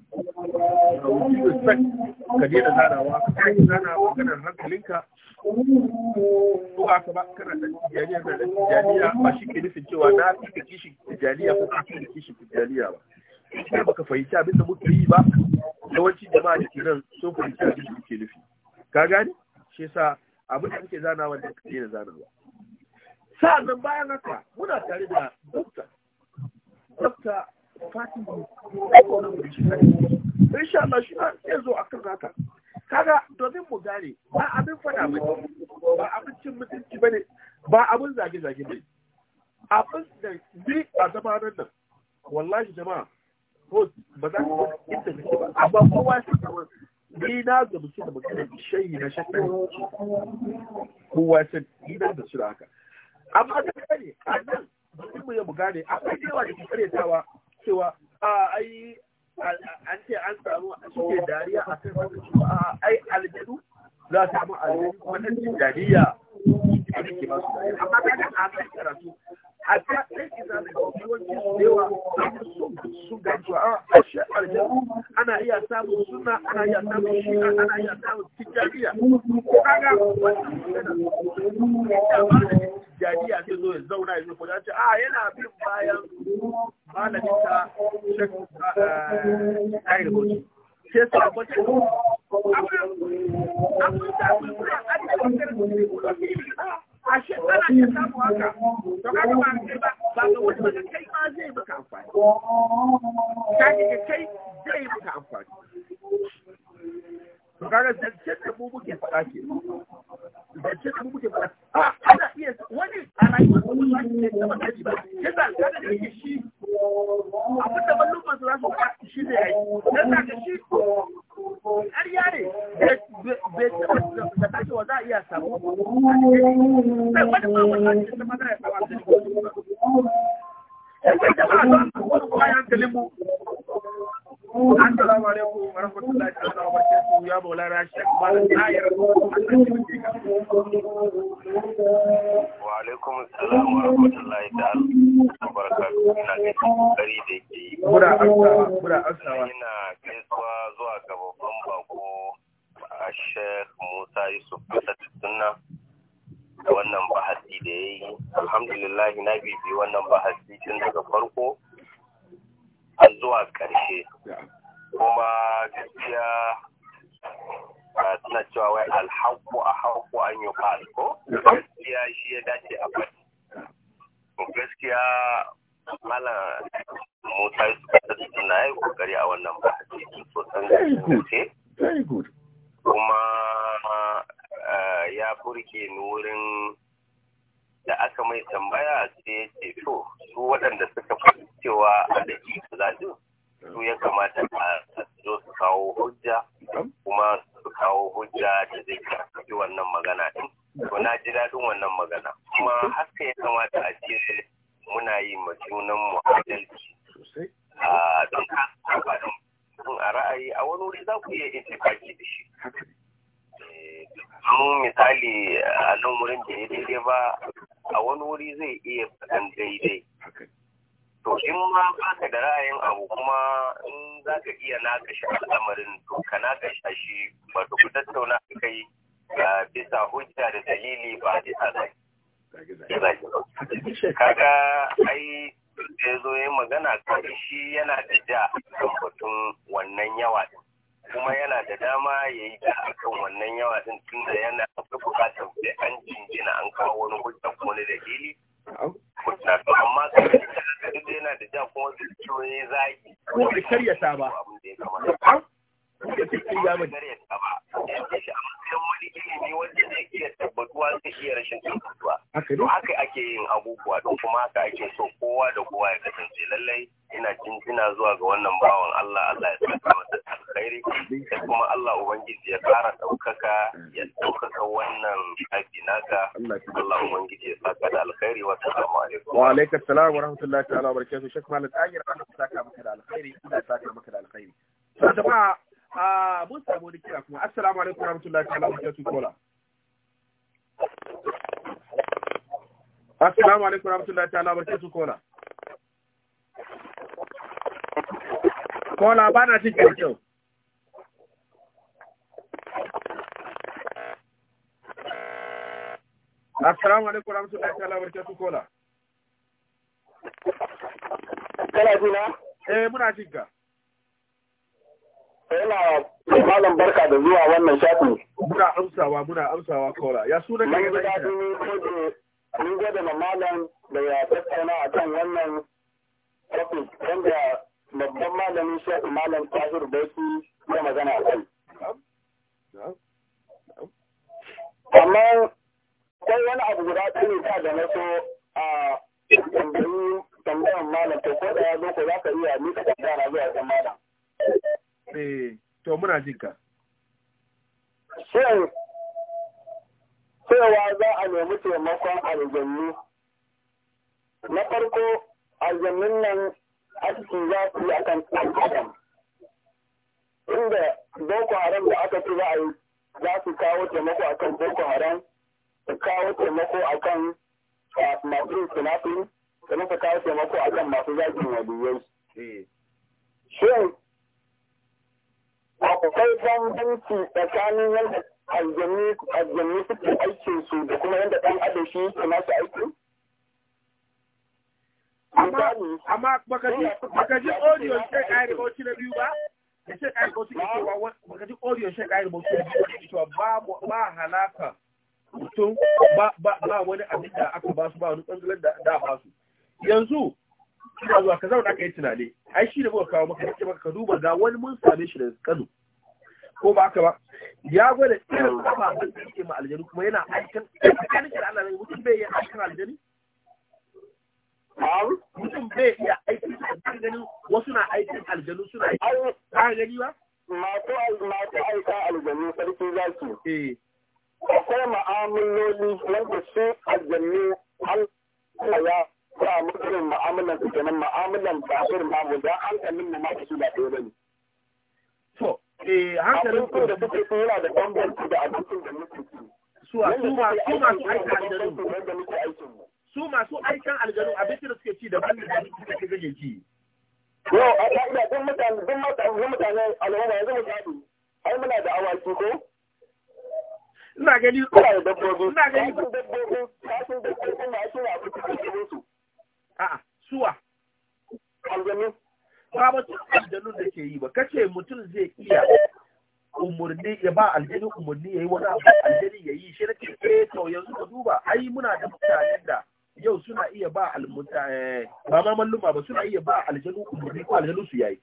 ka daina zanawa ka kai zana maganar hankalinka ko aka ba kana da tijaniya da jariya. ba shi ke nufin cewa na fi da kishin tijaniya ko ka fi da kishin tijaniya ba kai baka fahimci abin da muke yi ba Yawancin jama'a da ke nan sun fahimci abin da muke nufi ka gani? shi yasa abin da muke zana wanda da daina zanawa sa'annan bayan haka muna tare da dokta dokta fatima insha Allah shi ya zo a kan haka kaga domin mu gane ba abin fada ba ba abin cin mutunci ba ne ba abin zage-zage ne abin da ni a zamanin nan wallahi jama'a ba za ku inda kake ba amma kowa shi kamar ni na gamsu da maganar shayi na shakar kowa sun ni na su da haka amma da kare a nan mutum mu ya mu gane akwai yawa da kare tawa cewa a ai an ce an samu a suke dariya a kan lokaci cewa a ai aljanu za su samu aljanu kuma nan jariya a ke masu dariya amma kaga a kan karatu a da ɗan da yawa sun gaji a ana iya suna ana iya samun shi'a ana iya yana bayan ta a shi tana samu haka to kaga ba kai ba ba ga wani ba kai ma zai maka amfani ka kai zai maka amfani to kaga zancen da mu muke faɗa ke zancen da mu muke faɗa a ana iya wani a rayuwar da mutum ne da matsayi ba ya sa da yake shi abin da ballon ba su za su faɗa shi ne yayi ya sa ga shi ƙarya ne bai taɓa da tashi wa za a iya samu bai wani ma wani da ma za a samu da shi ba. Bai wani kwayan mu Assalamu alaikum wa rahmatullahi wa barakatuhu ya Maulana Sheikh Malam Tahir da yake zuwa ga babban bako Sheikh Musa Yusuf Asad Sunna da wannan bahasi da yayi. Alhamdulillah na bibi wannan bahasi tun daga farko. har zuwa ƙarshe kuma gaskiya suna cewa wai alhaku a hauku an yi ko gaskiya shi ya dace a faɗi gaskiya mala mota su kasa suna yi kokari a wannan ba a cikin sosan gaske kuma eh, ya burge ni wurin da aka mai tambaya sai ya ce to su waɗanda suka fi cewa a da zaɓi su ya kamata a zo su kawo hujja kuma su kawo hujja da zai karfi wannan magana din to na ji daɗin wannan magana kuma haka ya kamata a ce muna yi ma junan mu adalci a don ka a ra'ayi a wani wuri za ku iya intifaki da shi don misali a nan wurin da ya daidai ba a wani wuri zai iya faɗan daidai to in ma baka da ra'ayin abu kuma in za ka iya shi al'amarin to ka naka shi ba ku tattauna kai bisa hujja da dalili ba da alai kaga ai da zo ya magana kan shi yana da ja kan batun wannan yawa din kuma yana da dama ya yi da akan wannan yawa din tun da yana da bukatar da an jinjina an kawo wani hujja ko wani dalili amma kan da yana da ja kuma zai ciwo ya zaki. Ko da karyata ba. da cikin zamani. Yanke shi a matsayin wani ilimi wanda zai iya tabbatuwa zai iya rashin tabbatuwa. To haka ake yin abubuwa don kuma haka ake so kowa da kowa ya kasance lallai ina jinjina zuwa ga wannan bawan Allah Allah ya saka masa alkhairi sai kuma Allah ubangiji ya kara ɗaukaka ya ɗaukaka wannan aiki naka Allah ubangiji ya saka da alkhairi wa salamu alaikum. Wa alaikum salam wa rahmatullahi ta'ala wa barakatuh. Shek Malam Tahir Allah ya saka maka da alkhairi. Allah ya saka maka da alkhairi. jama'a a mun samu wani kira kuma assalamu alaikum warahmatullahi ta'ala wa barakatuh kola assalamu alaikum warahmatullahi ta'ala wa barakatuh kola kola bana jin ka kyau assalamu alaikum warahmatullahi ta'ala wa barakatuh kola Kala jina eh muna jin ka Yana malam barka da zuwa wannan shafin. Muna amsawa muna amsawa kola. Ya sunan ka yana ita. Mun gwada ma malam da ya tattauna a kan wannan topic wanda babban malamin shafi malam Tahir Bauchi ya magana a kai. Amma kai wani abu guda ɗaya ta da na so a tambayi tambayan malam ta ko da ya zo ko za ka iya mika tambaya na zuwa kan malam. Eh, to muna jin ka shin cewa za a nemi taimakon aljanni, na farko aljannin nan aiki za su yi akan adam inda boko haram da aka ci za za su kawo taimako akan boko haram su kawo taimako akan masu sinafin sannan su kawo taimako akan masu zagin wadiyai eh. shin akwai bambanci tsakanin yadda aljanni suke aikin su da kuma yadda ɗan adam shi yake masa aiki? Amma baka ji audio shek ayar bauchi na biyu ba? Da shek ayar bauchi ke cewa baka ji audio shek ayar bauchi na biyu ba halaka mutum ba wani abin da aka ba su ba wani tsangilar da ba su. Yanzu ina zuwa ka zauna ka yi tunani ai shi da muka kawo maka yake maka ka duba ga wani mun same shi daga Kano ko ba haka ba ya gwada irin kafa da yake ma aljanu kuma yana aikin aikin da Allah ne mutum bai yi aikin aljanu mutum bai iya aikin aljanu wasu na aikin aljanu suna aikin gani ba masu aika aljanu sarki zaki eh. akwai ma'amuloli wanda su aljanu an ya ba a irin mu'amalan su kenan mu'amalan kafir ma mu da hankalin mu ma su da ɗaya bane to eh hankalin ku da suke su yana da bambanci da abincin da muke su a su ma su ma su aika su ma su aikan abincin da suke ci da abincin da kake ci Yo, a ta'ida duk mutane duk mutane mutane al'umma yanzu misali ai muna da awaki ko ina gani ina gani dabbobin dabbobin kashin ina gani, suna cikin su a'a suwa aljanu ba ba aljanun da ke yi ba kace mutum zai iya umurni ya ba aljani umarni ya yi wani abu aljani ya yi shi na ke eh, to yanzu ka duba ai muna da mutane da yau suna iya ba almuta eh, ba ma malluma ba suna iya ba aljanu umarni ko aljanu su yayi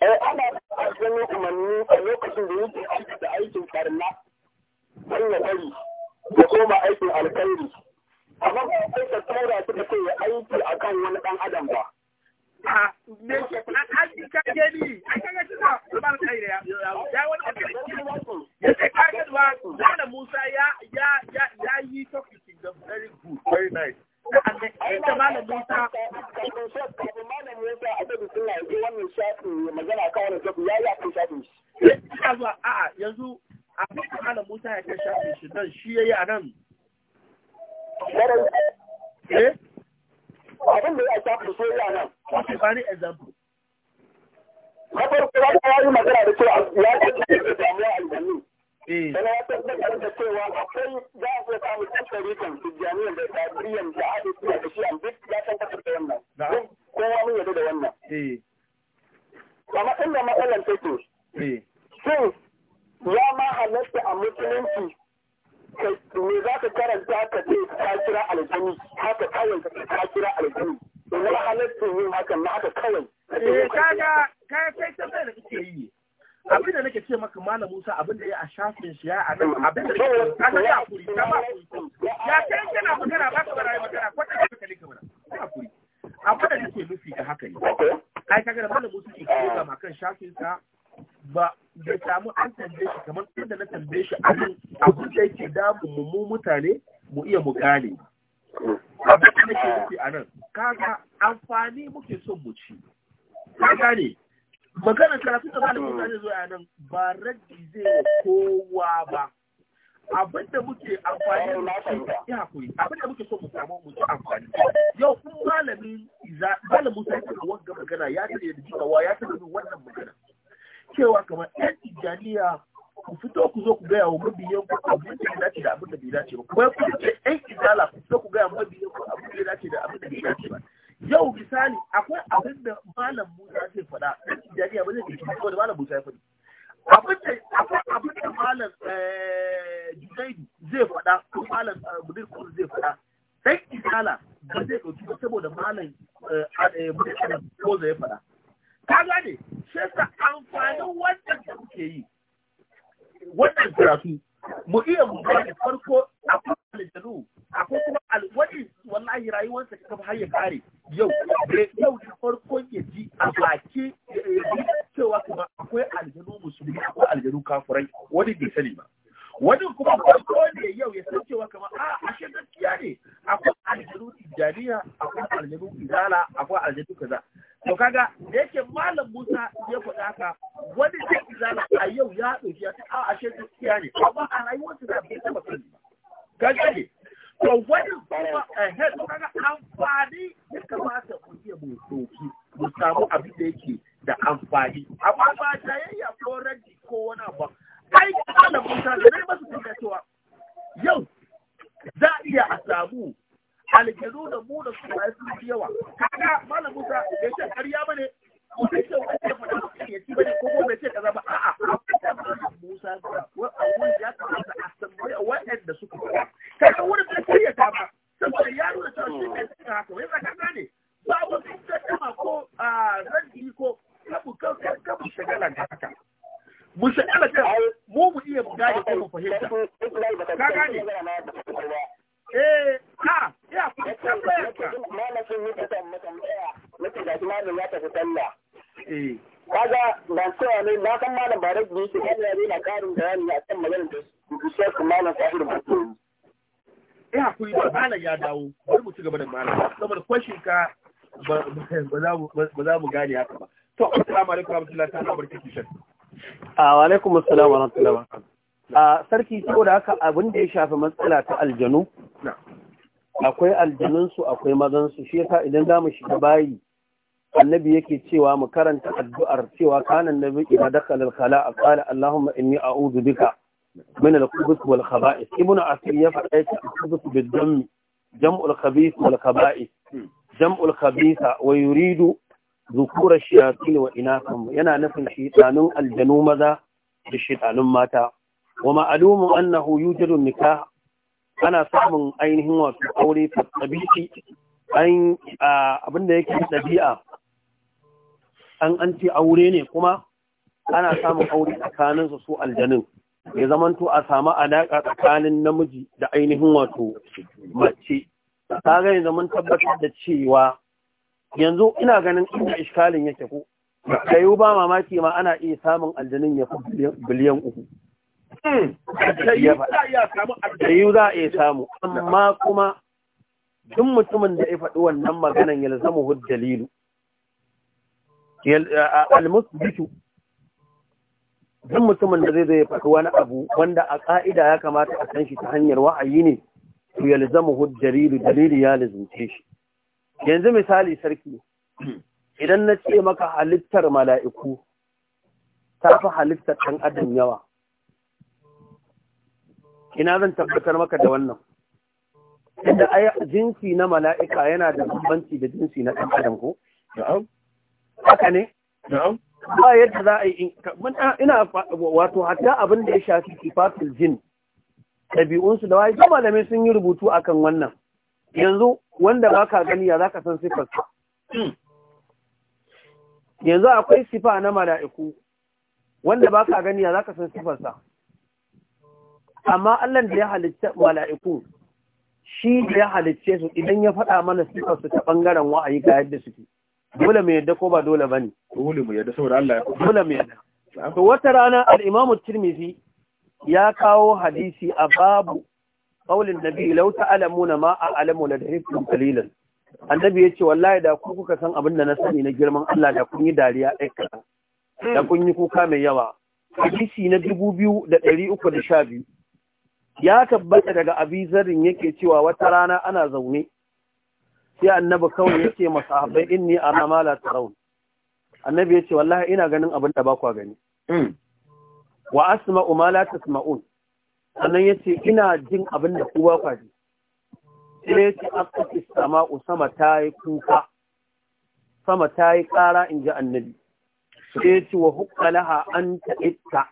eh ana aljanu umarni a lokacin da yake aiki da aikin karna wannan bari ya koma aikin alkhairi amma ba sai ta tsora su da ke aiki akan wani dan adam ba ha me ke kuma aiki ka ni ai kaga shi ba ba kai da ya wani ya ce kaga ba da Musa ya ya ya ya yi topic da very good very nice da eh, malam Musa kafin Musa a tabi suna yi wannan ya magana kan wannan tabi ya yi akan shafin shi ina zuwa a'a yanzu abin da malam Musa ya kai shafin shi dan shi yayi a nan Eh? Na farko ya yi magana da ya ce da eh. ya da cewa akwai za a iya samun ɗan tarikan tijjaniyar da da da shi a duk ya da wannan. Kowa mun yarda da wannan. inda eh. matsalar take. Eh. Shin ya ma halatta a musulunci me za ka karanta ka ce ka kira aljani haka kawai ka kira aljani ina halattun yin hakan na haka kawai eh kaga ka kai ta da kike yi abin da nake ce maka malam Musa abin da ya a shafin shi ya a nan abin da nake ka ga ya kuri ka ba ya kai na magana ba ka bara magana ko ta ka ka bara ya kuri abin da nake nufi da haka ne ai kaga malam Musa ke kira ma kan shafin sa ba da samu an tambaye shi kamar inda na tambaye shi abin abin da yake damu mu mutane mu iya mu gane abin da nake nufi a nan kaga amfani muke son mu ci ka gane magana karatu da malamin mutane zo a nan ba raddi zai yi kowa ba abin da muke amfani da shi ya hakuri abin da muke so mu samu mu ci amfani yau kun malamin malamin sai ka wanga magana ya tare da jikawa ya tare da wannan magana cewa kamar yan tijjaniya ku fito ku zo ku gaya wa mabiyan ku abin da ya dace da abin da bai dace ba kuma ku ce yan izala ku fito ku gaya wa mabiyan ku abin da ya dace da abin da bai dace ba yau misali akwai abin da malam Musa zai faɗa yan tijjaniya ba zai ce da malam Musa ya faɗi abin da akwai abin da malam eh, Junaidu zai faɗa ko malam eh, Mudir Kuru zai faɗa dan izala ba zai ɗauki ba saboda malam eh, Mudir Kuru ko zai faɗa ka gane shi sa amfanin wannan da muke yi wannan karatu mu iya mu gane farko akwai aljanu akwai kuma alwadi wallahi rayuwarsa ka har ya kare yau yau da farko ya ji a baki cewa kuma akwai aljanu musulmi akwai aljanu kafurai wani bai sani ba wani kuma farko ne yau ya san cewa kamar a ah, ashe gaskiya ne akwai aljanu tijjaniya akwai aljanu izala akwai aljanu kaza to kaga da yake malam Musa ya faɗa ka wani zai izala a yau ya ɗauki ya a ashe gaskiya ne amma a su da bai taɓa sani ba kaga ne to wani kuma head eh, to kaga amfani ya kamata mu iya mu ɗauki mu samu abin da yake da amfani amma ba jayayya ko raji ko wani abu ai malam Musa da aljanu da mu da su yi su yawa kaga malam Musa bai ce ƙarya ne? ko bai ce wani ya faɗa ya ci ba ne, ko kuma bai ce kaza ba bin su yana yana karin bayani a kan maganar da shek malam sahir mutum eh hakuri da malam ya dawo bari mu ci gaba da malam saboda kwashin ka ba za mu gane haka ba to assalamu alaikum warahmatullahi ta'ala barkatu shek a ah, wa alaikum assalam warahmatullahi wabarakatuh a ah, sarki saboda haka abin da ya shafi matsala ta aljanu akwai aljanunsu akwai mazansu shi yasa idan za mu shiga bayi annabi yake cewa mu karanta addu'ar cewa kana annabi idza dakhala al a qala allahumma inni a'udhu bika min al-khubuth wal khaba'ith ibnu asir ya faɗa shi al-khubuth bid-damm jam'u al-khabith wal khaba'ith jam'u al-khabitha wa yuridu dhukura ash-shayatin wa inathum yana nufin shaytanun aljanu maza da shaytanun mata wa ma'lumu annahu yujadu nikah ana samun ainihin wasu aure fa yake ɗabi'a an an ce aure ne kuma ana samun aure tsakanin su su aljanin ya zamanto a samu alaƙa tsakanin namiji da ainihin wato mace ta ga yanzu tabbatar da cewa yanzu ina ganin inda iskalin yake ko kai ba mamaki ma ana iya samun aljanin ya fi biliyan uku kayu za a iya samu amma kuma duk mutumin da ya faɗi wannan maganan ya zama dalilu almusbitu musbitu duk mutumin da zai zai faɗi wani abu wanda a ƙa'ida ya kamata a san shi ta hanyar wa'ayi ne to ya lizama hujjariru dalili ya lizunce shi yanzu misali sarki idan na ce maka halittar mala'iku ta fi halittar ɗan adam yawa ina zan tabbatar maka da wannan inda jinsi na mala'ika yana da bambanci da jinsi na ɗan adam ko haka ne na'am ba yadda za a yi ah, ina wato hatta abin da ya shafi kifatul jin ɗabi'unsu da waye kuma da sun yi rubutu akan wannan yanzu wanda ba ka gani ya za ka san sifarsa yanzu akwai sifa na mala'iku wanda ba ka gani ya za ka san sifarsa amma Allah da ya halitta mala'iku shi da ya halicce su idan ya faɗa mana sifarsu ta ɓangaren wa'ayi ga yadda suke dole mu yadda ko ba dole ne. dole mu yadda saboda Allah ya kuma dole mu yadda to wata rana al’imamu Tirmizi ya kawo hadisi a babu qaulin nabi law na ma a'lamu da dharikum kalilan. annabi ya ce, wallahi da ku kuka san abin da na sani na girman Allah da kun yi dariya ɗaya kaɗan da kun yi kuka mai yawa hadisi na dubu biyu da ɗari uku da sha biyu ya tabbata daga abizarin yake cewa wata rana ana zaune sai annabi kawai ya ce yace masahabai inni a ramala ta tarawun annabi ya ce wallahi ina ganin abin da ba kwa gani hmm. wa asma'u ma ta sma'un sannan ce ina jin abin da ku ba kwa ji sai ce aqtis sama'u sama yi kuka sama tayi kara ji annabi sai ce wa an ta itta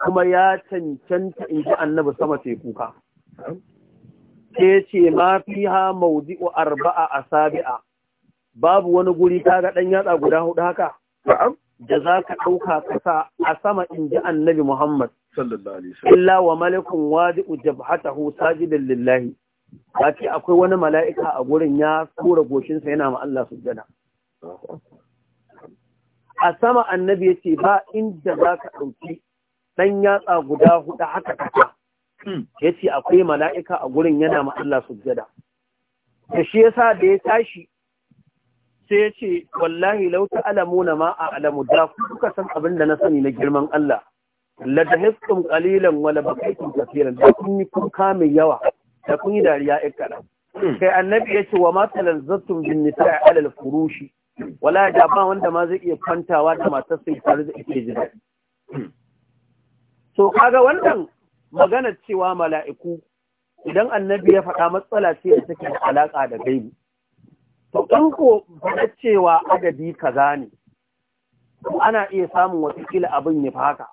kuma ya cancanta ji annabi sama yi kuka sai ce ma fiha mawdi'u arba'a Sabi'a babu wani guri ta ga ɗan yatsa guda hudu haka da za ka ɗauka kasa a sama in ji annabi Muhammad illa wa malakun wadi'u jabhatahu ji lillahi ba ce akwai wani mala'ika a gurin ya tura goshinsa yana ma Allah su jana. a sama annabi ya ce ba inda za ka ɗauki ɗan yatsa guda hudu haka kasa ya ce akwai mala'ika a gurin yana ma Allah sujjada. Da shi ya sa da ya tashi sai ya ce, Wallahi lauta alamu na ma a alamu da kuka san abin da na sani na girman Allah, lada hifkin kalilan wala bakaikin kafiran da kun yi kuka mai yawa da kun yi dariya ya Kai hmm. annabi ya ce wa matalan zattun bin nisa a alal furushi, wala da ba wanda ma zai iya kwantawa da matar sai tare da ita jira. Hmm. So kaga wannan maganar cewa mala'iku idan annabi ya faɗa matsala ce da take da alaƙa da gaibu. To, in ko faɗa cewa adadi kaza ne, ana iya samun watakila abin ya fi haka.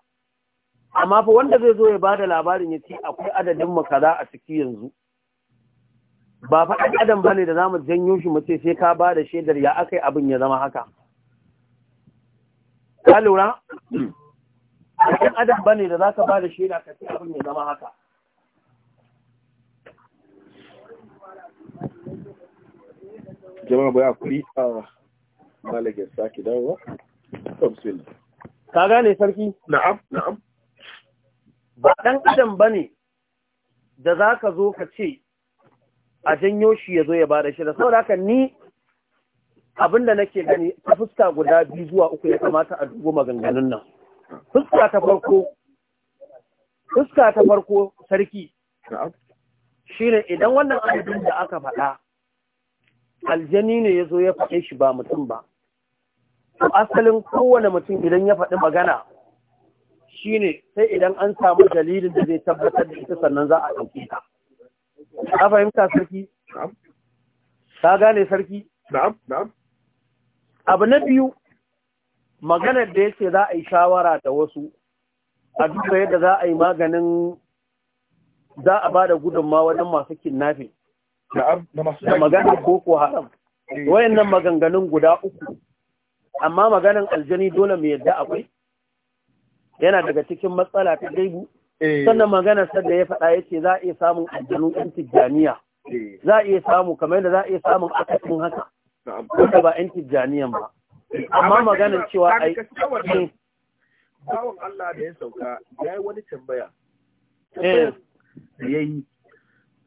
Amma fa wanda zai zo ya ba da labarin ya ce akwai adadin mu kaza a ciki yanzu. Ba faɗan adam ba ne da za mu janyo shi mu ce sai ka ba da shaidar ya aka abin ya zama haka. Ka lura? ɗan adam bane da zaka ba da shaida ka ce abin ya zama haka jama'a baya kuri a ka gane sarki na'am na'am ba dan adam bane da zaka zo ka ce a janyo shi ya zo ya bada shi da saboda haka ni abinda nake gani ta fuska guda biyu zuwa uku ya kamata a dubo maganganun nan fuska ta farko fuska ta farko sarki shine idan wannan adadin da aka faɗa aljani ne ya zo ya faɗe shi ba mutum ba asalin kowane mutum idan ya faɗi magana shine sai idan an samu dalilin da zai tabbatar da ita sannan za a ɗauke ta ka fahimta sarki ka gane sarki abu na biyu maganar da yake za a yi shawara da wasu a duka yadda za a yi maganin za a ba da gudunma wajen masu kinnafi da maganar koko haram eh. wayannan maganganun guda uku amma maganin aljani dole mai yadda akwai yana daga cikin matsala ta gaibu eh. sannan maganar sadda ya faɗa ya ce za a iya samun aljanun ɗan tijjaniya eh. za a iya samu kamar yadda za a iya samun akasin haka wanda ba 'yan tijjaniyan ba amma maganar cewa ai bawon Allah da ya sauka ya yi wani tambaya eh. da ya yi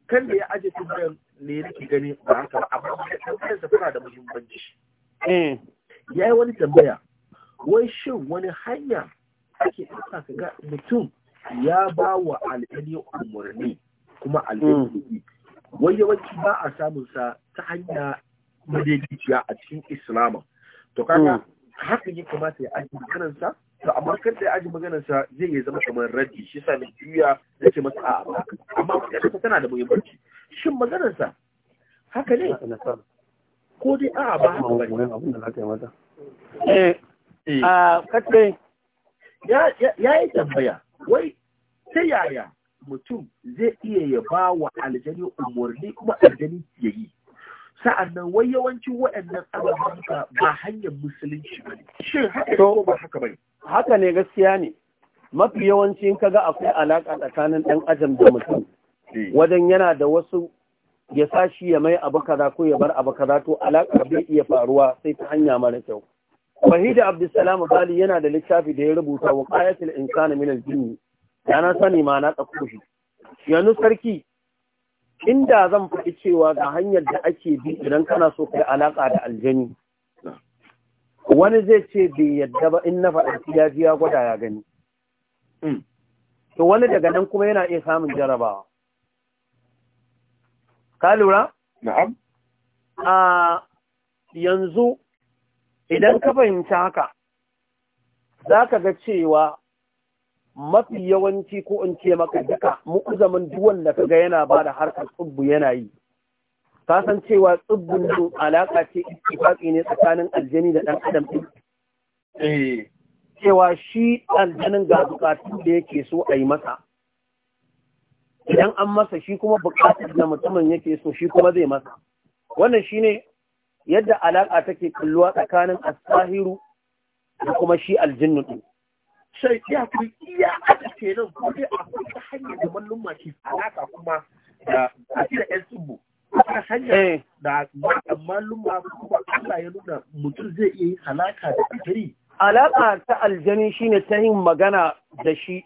kan da ya aje tambayar ne nake gani ba haka ba amma tambayar da tana da muhimmanci eh. ya yi wani tambaya wai shin wani hanya ake ɗauka ka ga mutum ya ba wa alƙali umarni kuma alƙali hmm. wai yawanci ba a samun sa ta hanya madaidaiciya a cikin islamun? to kaga mm. haka ya kamata ya aji maganarsa to amma kan da ya aji maganarsa zai yi zama kamar raddi shi sa na juya ya ce masa a'a amma maganarsa tana da muhimmanci shin maganarsa haka ne ko dai a'a ba haka ba ne a eh, eh. Ah, kace ya yi tambaya wai ta yaya mutum zai iya ya ba wa aljani umarni kuma aljani ya yi sa'annan wai yawancin waɗannan abubuwa ba hanyar musulunci ba ne shin haka ko ba haka ba ne haka ne gaskiya ne mafi yawanci kaga akwai alaƙa tsakanin ɗan ajam da mutum eh. wajen yana da wasu ya sa shi ya mai abu kaza ko ya bar abu kaza to alaƙa bai iya faruwa sai ta hanya mara kyau Wahida Abdulsalam Bali yana da littafi da ya rubuta wa qayatul insani min al-jinn na sani ma na tsakko shi yanzu sarki inda zan faɗi cewa ga hanyar da ake bi idan kana so kai alaƙa da aljani wani zai ce bai yadda ba in na faɗa ya ji ya gwada ya gani hmm. to wani daga nan kuma yana iya samun jarabawa ka lura na'am a yanzu idan ka fahimci haka za ka ga cewa mafi yawanci ko in ce maka duka mu'uzamin da ka ga yana ba da harkar tsubbu yana yi ka san cewa tsubbun su alaka ce ittifaqi ne tsakanin aljani da ɗan adam din eh. cewa shi aljanin ga bukatun da yake so a yi masa idan an masa shi kuma bukatar da mutumin yake so shi kuma zai masa wannan shine yadda alaka take kalluwa tsakanin asahiru da kuma shi aljinnu din Sai iya kuma iya aka nan, ko dai a ta hanyar da mallum ke alaka kuma da a da yan tsibbo a hanyar eh. da mallum ma kuma Allah ya nuna mutum zai iya yin alaka da aljani alaka ta aljani shine ta yin magana da shi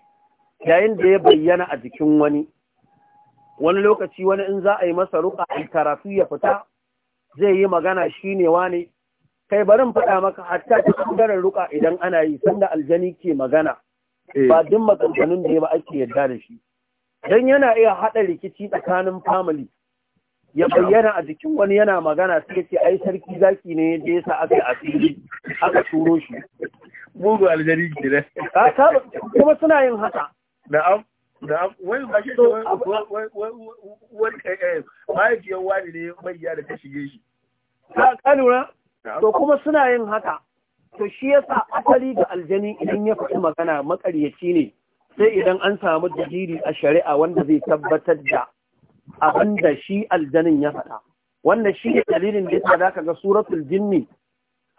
yayin da ya bayyana a jikin wani wani lokaci wani in za a yi masa ruka a karatu ya fita zai yi magana shi shine wane kai barin faɗa maka hatta ta ɓangaren ruka idan ana yi sanda aljani ke magana eh. ba duk maganganun da ya ba ake yarda da shi don yana iya haɗa rikici tsakanin family ya bayyana a jikin wani yana magana sai ce ai sarki zaki ne da yasa aka asiri aka turo shi mugu aljari gidan kuma suna yin haka na'am na'am wai ba shi wani eh, eh, ma'aikiyar wani ne mai da ta shige shi ka lura to kuma suna yin haka to shi yasa asali da aljani idan ya faɗi magana makaryaci ne sai idan an samu dalili a shari'a wanda zai tabbatar da abin da shi aljanin ya faɗa wanda shi ne dalilin da yasa zaka ga suratul jinni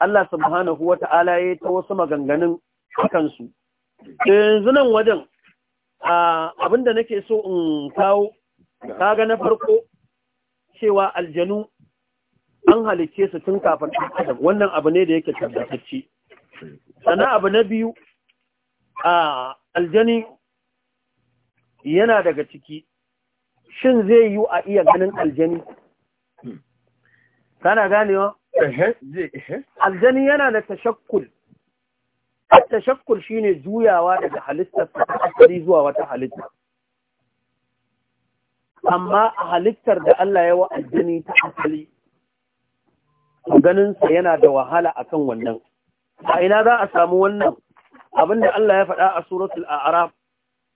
Allah subhanahu ta'ala ya ta wasu maganganun akan su yanzu nan wajen abin da nake so in kawo kaga na farko cewa aljanu an halicce su tun kafin adam wannan abu ne da yake tabbatacce sannan abu na biyu a aljani yana daga ciki shin zai yi a iya ganin aljani kana ganewa aljani yana da tashakkul tashakkul shine juyawa daga halittar asali zuwa wata halitta amma a halittar da Allah ya wa aljani ta asali ganinsa yana da wahala akan wannan a ina za a samu wannan abinda Allah ya faɗa a suratul a'raf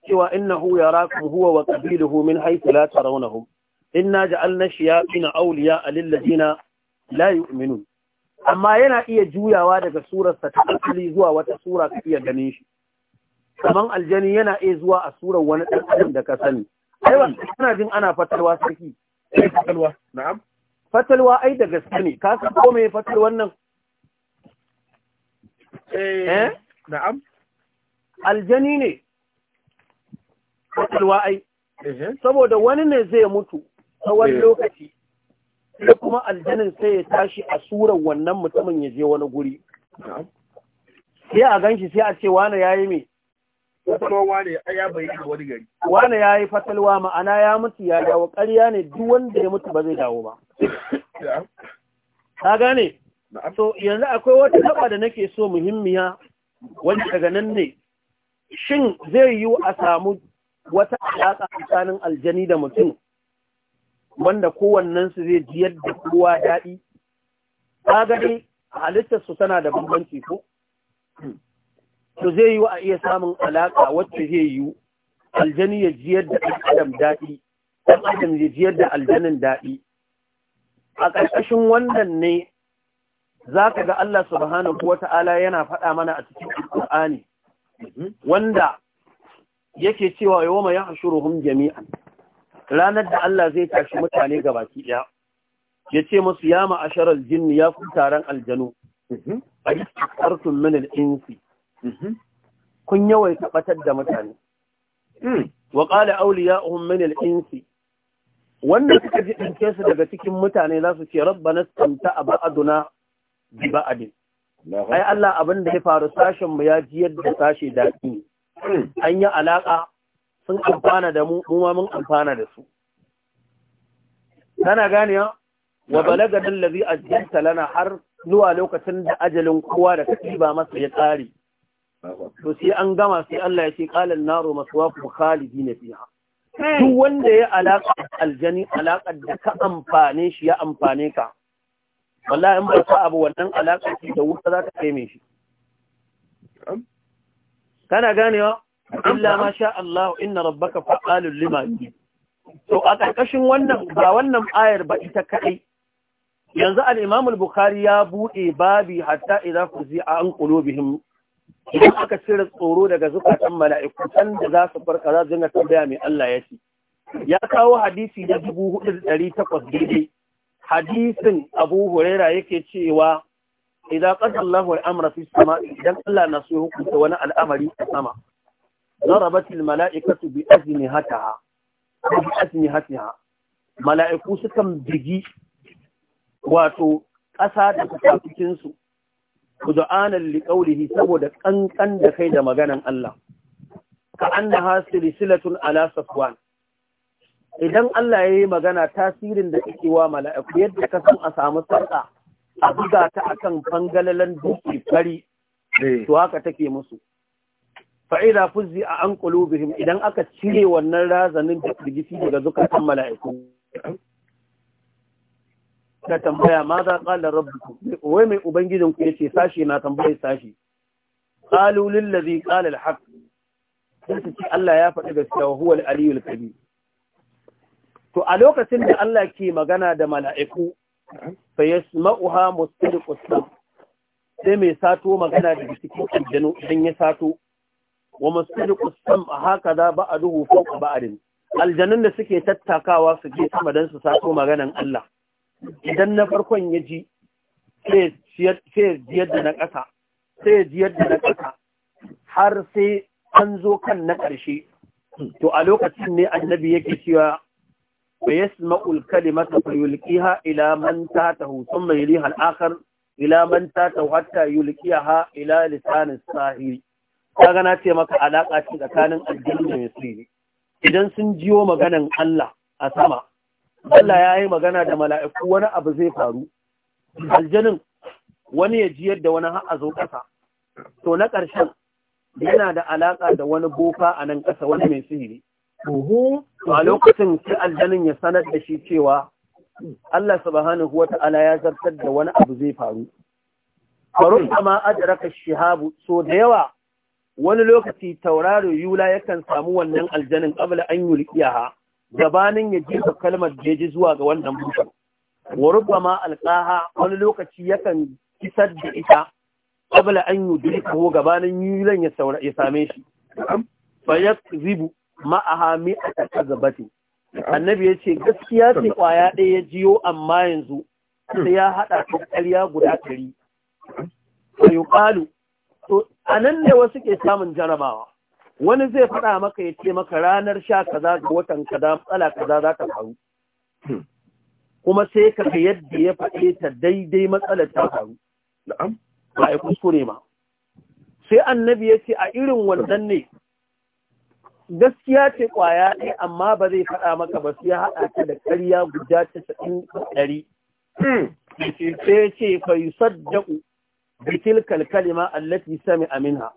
cewa innahu yarakum huwa wa qabiluhu min haythu la tarawnahum inna ja'alna shayatin awliya lil ladina la yu'minun amma yana iya juyawa daga surarsa ta asali zuwa wata sura ka iya ganin shi kaman aljani yana iya zuwa a surar wani ɗan da ka sani ai ba jin ana fatarwa sarki na'am fatalwa ai da gaske ne ka san ko me fatal wannan eh, eh na'am aljani ne fatalwa ai eh. saboda wani ne zai mutu tsawon eh. lokaci sai kuma aljanin sai ya tashi a surar wannan mutumin ya je wani guri sai a ganshi sai a ce wani yayi me wane ya wani ya yi fatalwa ma'ana ya mutu ya dawo ƙarya ne duk wanda ya mutu ba zai dawo ba ka gane so yanzu akwai wata taɓa da nake so muhimmiya wanda daga nan ne shin zai yiwu a samu wata alaƙa tsakanin aljani da mutum wanda kowannensu zai ji yadda kowa daɗi ka gani halittarsu tana da bambanci ko to zai yi wa a iya samun alaƙa wacce zai yi aljani ya jiyar da adam daɗi ɗan adam ya jiyar da aljanin daɗi a ƙarƙashin wannan ne za ka ga Allah subhanahu wa ta'ala yana faɗa mana a cikin Alƙur'ani wanda yake cewa yau mai ya hashuruhum jami'an ranar da Allah zai tashi mutane gabaki ɗaya ya ce musu ya ma'asharar jinni ya fi taron aljanu mhm. a yi tsartun min insi. Mm-hmm. kun yawaita batar da mutane mm. wa ƙala ya min al-insi Wannan suka ji dinke su daga cikin mutane za su ce rabbana samta ba'aduna bi ba'adin ai Allah abin da ya faru sashen mu ya ji yadda sashe daɗi mm. an yi alaƙa sun amfana da mu mu ma mun amfana da su kana gane wa balaga dallazi ajjalta lana har zuwa lokacin da ajalin kowa da kake ba masa ya tsari to sai an gama sai Allah ya ce qala an-naru maswaqu khalidina fiha duk wanda ya alaƙa aljani alakar da ka amfane shi ya amfane ka wallahi in ba ka abu wannan alaƙa shi da wuta za ta kai mai shi kana ganewa illa ma sha Allah inna rabbaka fa'alul lima yuri to a ƙarƙashin wannan ba wannan ayar ba ita kai yanzu al-Imam al-Bukhari ya bude babi hatta idza fuzi'a an qulubihim idan aka cire tsoro daga zukatan mala'iku san da za su farka za su dinga tambaya mai Allah ya ci. ya kawo hadisi na dubu hudu da ɗari takwas daidai hadisin Abu Huraira yake cewa idan qad Allahu al-amra fi sama idan Allah na so hukunta wani al'amari a sama zarabatil mala'ikatu bi hataha bi hataha mala'iku sukan bigi wato ƙasa da su khud'anan liqawlihi saboda kankan da kai da maganan Allah ka annaha silsilatun ala safwan idan Allah yayi magana tasirin da take wa mala'iku yadda ka san a samu sarka a buga ta akan bangalalan duki fari eh. to haka take musu fa'ida fuzzi a an idan aka cire wannan razanin da firgisi daga zukatan mala'iku Ka tambaya ma za qala rabbukum wai mai ubangijin ku yace sashi na tambaye sashi qalu lil ladhi qala al haqq sai ce Allah ya faɗi gaskiya wa huwa al aliyul kabir to a lokacin da Allah ke magana da mala'iku fa yasma'uha mustadiqus sam sai mai sato magana da cikin aljanu idan ya sato wa mustadiqus a haka da ba'aduhu fawqa ba'adin aljanun da suke tattakawa su je sama dan su sato maganan Allah idan na farkon ya ji sai ji da na ƙasa sai ji yadda na ƙasa har sai an zo kan na ƙarshe to a lokacin ne annabi yake cewa bai yasma'ul kalimata fa ha ila man ta hutu mai al halakar ila man ta hatta ha ila lisanin sahiri kaga na ce maka alaƙa ce tsakanin addini da misiri idan sun jiyo maganan Allah a sama Allah ya yi magana da mala'iku wani abu zai faru aljanin wani ya jiyar da wani ha'a a zo ƙasa to na ƙarshen yana da alaƙa da wani boka a nan ƙasa wani mai sihiri a lokacin sai aljanin ya sanar da shi cewa Allah subhanahu wa ta'ala ya zartar da wani abu zai faru farun ma adraka shihabu so da yawa wani lokaci tauraro yula yakan samu wannan aljanin qabla an yulqiyaha gabanin ya jefa kalmar da ji zuwa ga wannan mutum wa ma alƙaha wani lokaci yakan kisar da ita qabla an yudrikahu gabanin yulan ya saura ya same shi fa zibu ma'aha mi'ata kazabati annabi ce gaskiya ce ƙwaya ɗaya ya jiyo amma yanzu sai ya haɗa ta ƙarya guda ɗari fa yuqalu to nan ne wasu ke samun jarabawa wani zai faɗa maka ya ce maka ranar sha kaza ga watan kaza matsala kaza za ta faru kuma sai ka ga yadda ya faɗe ta daidai matsalar ta faru ba ya kuskure ma sai annabi ya ce a irin wannan ne gaskiya ce kwaya ne amma ba zai faɗa maka ba sai ya haɗa ta da ƙarya guda casa'in ɗari hmm. sai ce fa yusaddaqu bitil kalkalima allati sami minha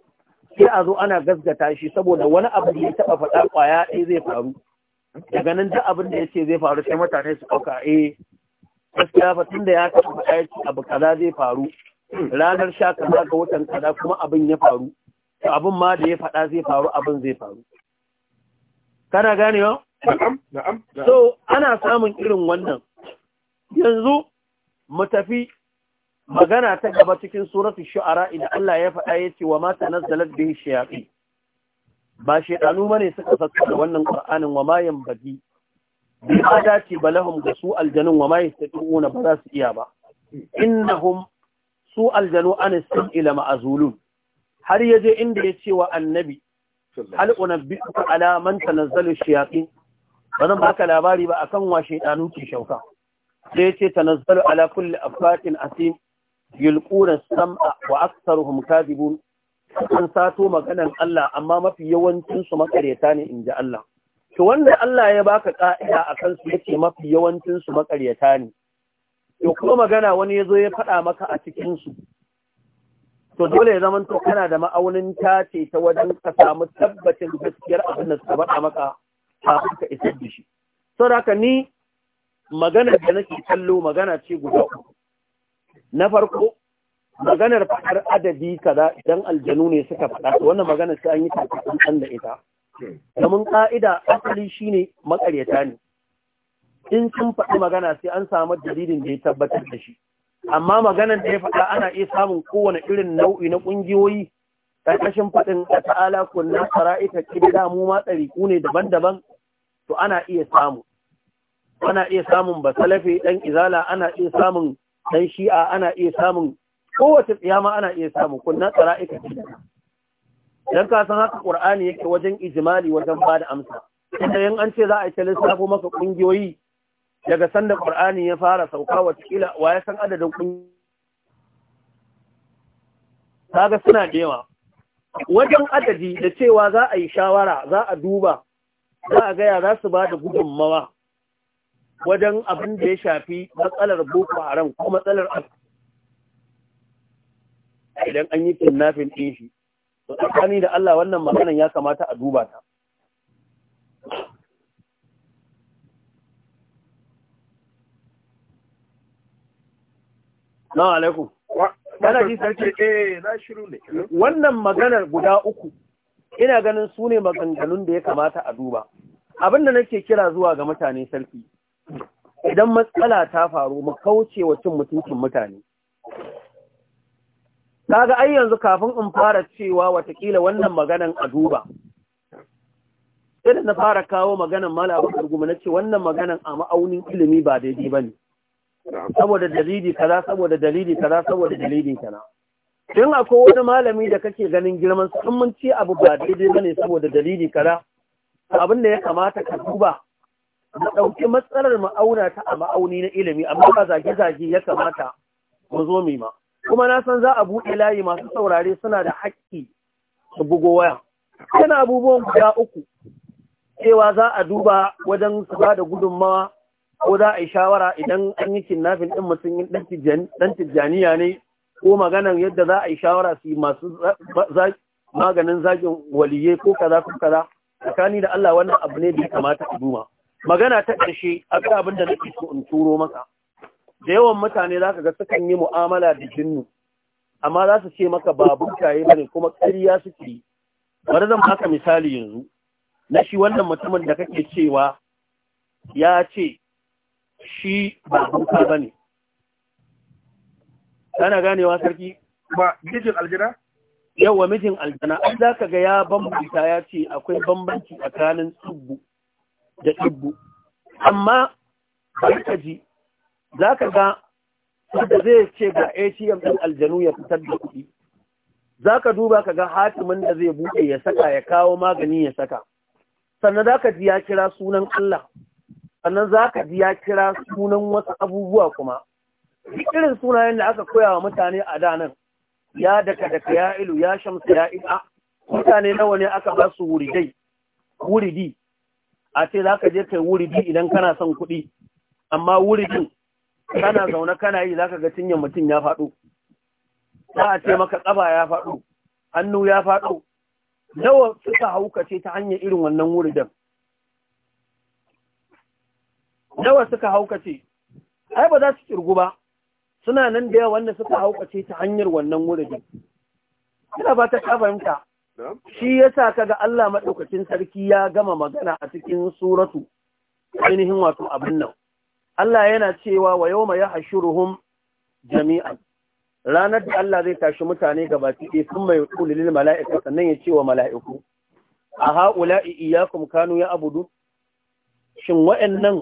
sai a zo ana gasgata shi saboda wani abu da ya taɓa faɗa ƙwaya ɗaya zai faru daga nan duk abin da ya ce zai faru sai mutane su ɗauka eh gaskiya fa tunda ya taɓa faɗa ya ce abu kaza zai faru ranar sha kaza ga watan kaza kuma abin ya faru to abin ma da ya faɗa zai faru abin zai faru kana gane wa so ana samun irin wannan yanzu mu tafi magana ta gaba cikin suratu shu'ara idan Allah ya faɗa ya ce wa ma tanazzalat bihi shayatin ba shedanu bane suka saka wannan ƙar'anin wa ma yanbaghi bi ba balahum ga su aljanun wa ma yastati'una ba za su iya ba innahum su aljanu an ila ma'azulun har ya je inda ya ce wa annabi hal unabbi'uka ala man tanazzalu shayatin ba zan baka labari ba akan wa shedanu ke shauka sai ya ce nazalu ala kulli afakin asim yulquna sam'a wa aktharuhum kadhibun an sato maganan Allah amma mafi yawancin su ne ne inji Allah to wanda Allah ya baka ka'ida akan su yake mafi yawancin su ne to kuma magana wani yazo ya faɗa maka a cikin su to dole ya zama to kana da ma'aunin tace ta wajen ka samu tabbacin gaskiyar abin da suka faɗa maka kafin ka isar da shi saboda ni magana da nake kallo magana ce guda uku na farko maganar faɗar adadi kaza idan aljanu ne suka faɗa wannan maganar sai an yi ɗan da ita domin ƙa'ida asali shine makaryata ne in sun faɗi magana sai an samu dalilin da ya tabbatar da shi amma maganar da ya faɗa ana iya samun kowane irin nau'i na ƙungiyoyi ƙarƙashin faɗin da ta'ala kunna sara'ita ƙidda mu ma ɗariƙu ne daban-daban to ana iya samu ana iya samun basalafe ɗan izala ana iya samun dan shi'a ana iya samun kowace tsiyama ana iya samun kunna tsara'ika dan ka san haka qur'ani yake wajen ijimali wajen bada amsa inda yan an ce za a yi lissafo maka ƙungiyoyi. daga sanda qur'ani ya fara sauka wa kila wa ya san adadin kungiyoyi kaga suna da yawa wajen adadi da cewa za a yi shawara za a duba za a gaya za su ba da gudunmawa wajen abin da ya shafi matsalar boko haram ko matsalar idan an yi kinnafin ɗin shi to tsakani da Allah wannan maganan ya kamata a duba ta Na alaikum. Kana ji sarki eh, na shiru ne. Wannan maganar guda uku ina ganin su ne maganganun da ya kamata a duba. Abin da nake kira zuwa ga mutane sarki idan matsala ta faru mu kauce wa cin mutuncin mutane kaga ai yanzu kafin in fara cewa watakila wannan maganan a duba sai na fara kawo maganan malamin arguma na ce wannan maganan a ma'aunin ilimi ba daidai ba ne saboda dalili kaza saboda dalili kaza saboda dalili kaza in akwai wani malami da kake ganin girman sun mun ci abu ba daidai bane saboda dalili kaza abin da ya kamata ka duba mu ɗauki matsalar ma'auna ta a ma'auni na ilimi amma ba zage-zage ya kamata mu zo mai ma kuma na san za a buɗe layi masu saurare suna da haƙƙi su bugo waya yana abubuwan guda uku cewa za a duba wajen su ba da gudunmawa ko za a yi shawara idan an yi kinnafin ɗin mutum ɗan tijjaniya ne ko maganan yadda za a yi shawara su yi masu maganin zagin waliye ko kaza ko kaza tsakani da Allah wannan abu ne da ya kamata a duba magana ta ƙarshe a ga abin da nake so in turo maka da yawan mutane za ka ga sukan yi mu'amala da jinnu amma za su ce maka ba bunkaye bane kuma ƙarya suke yi bari zan baka misali yanzu na shi wannan mutumin da kake cewa ya ce shi ba bunka bane kana ganewa sarki ba mijin aljana yawa mijin aljana an za ka ga ya bambanta ya ce akwai bambanci tsakanin tsubbu da ɗabbu amma bari ka ji za ka ga wanda zai ce ga atm ɗin aljanu ya fitar da kuɗi za ka duba ka ga hatimin da zai buɗe ya saka ya kawo magani ya saka sannan za ka ji ya kira sunan allah sannan za ka ji ya kira sunan wasu abubuwa kuma irin sunayen da aka koya wa mutane a danan ya daka daka ya ilu ya shamsa ya i'a mutane nawa ne aka ba su wuridai wuridi a ce za ka je kai wuridi idan kana son kuɗi amma wuridin kana zaune kana yi za ka ga cinye mutum ya faɗo za a ce maka ƙaba ya faɗo hannu ya faɗo nawa suka haukace ta hanyar irin wannan wuridan nawa suka haukace ai ba za su kirgu ba suna nan da yawa wanda suka haukace ta hanyar wannan wuridan ina ba ta fahimta shi ya yasa ga Allah maɗaukacin sarki ya gama magana a cikin suratu ainihin wato abin nan Allah yana cewa wa yawma ruhun jami'an ranar da Allah zai tashi mutane gabaki ɗaya sun mai ƙulilin mala'iku sannan ya ce wa mala'iku a ha'ula'i iya kanu ya abudu shin wa'annan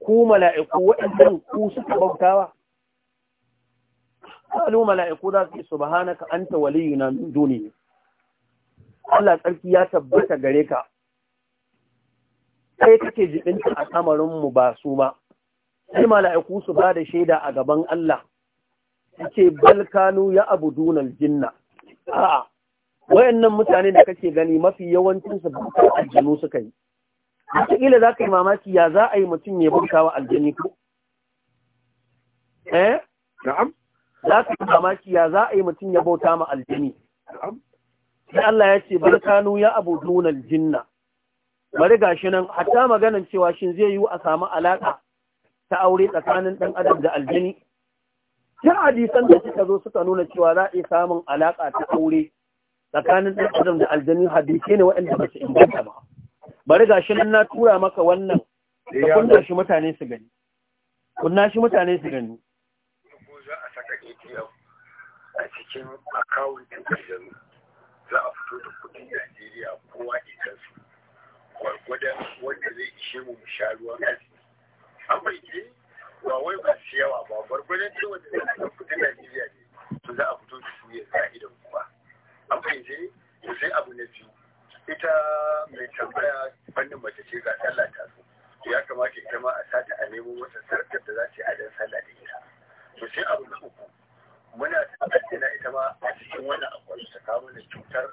ku mala'iku waɗannan ku suka bautawa qalu mala'iku za su subhanaka anta waliyuna min duniya Allah tsarki ya tabbata gare ka sai kake jibinta a samarin mu ba su ma sai mala'iku su ba da shaida a gaban Allah Suke balkanu ya abu dunan jinna a'a wayannan mutane da kake gani mafi yawancin su bautar aljanu suka yi wataƙila za ka yi mamaki ya za a yi mutum ya bauta wa aljani ko eh na'am za ka yi mamaki ya za a yi mutum ya bauta ma aljani na'am sai Allah ya ce bar kanu ya abu dunan jinna bari gashi nan hatta maganan cewa shin zai yiwu a samu alaka ta aure tsakanin dan adam da aljini ta hadisan da suka zo suka nuna cewa za a samun alaka ta aure tsakanin dan adam da aljini hadisi ne waɗanda ba su inganta ba bari gashi nan na tura maka wannan da kunna shi mutane su gani kunna shi mutane su gani za a saka a cikin akawun ɗin aljini za a fito da kudin najeriya kowa idan su gwargwadon wanda zai ishe mu mu sha ruwan amma ke ba wai ba su yawa ba gwargwadon ce wanda zai fito kudin najeriya ne to za a fito da su ya sa idan kowa amma ke to sai abu na biyu ita mai tambaya fannin mace ce ga sallah ta so ya kamata ita ma a sata a nemo wata sarkar da za ta yi a dan sallah da ita to sai abu na uku muna tattauna ita ma a cikin wani akwai ta kawo da cutar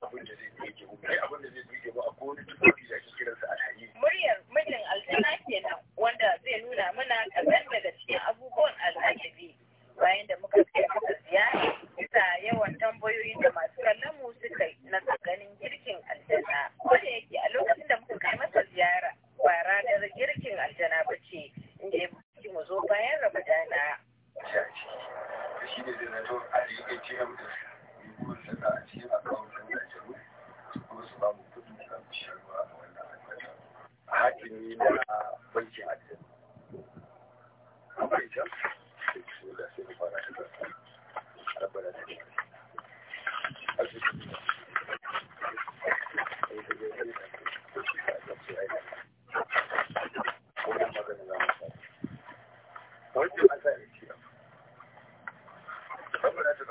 abin da zai buge mu kai abin da zai buge mu a kowane tufafi da ake kiran sa alhaji muryar mijin aljana kenan wanda zai nuna mana kaɗan daga cikin abubuwan alhaji bayan da muka kai muka ziyara bisa yawan tambayoyin da masu kallon mu suka yi na tsakanin girkin aljana wanda yake a lokacin da muka kai masa ziyara ba ranar girkin aljana ba ce inda ya mu zo bayan rabu-dana. shi ne zai zato a da a cikin akawun sun da jaru su su ba mu a wannan albata a hakimi da a can a Thank you.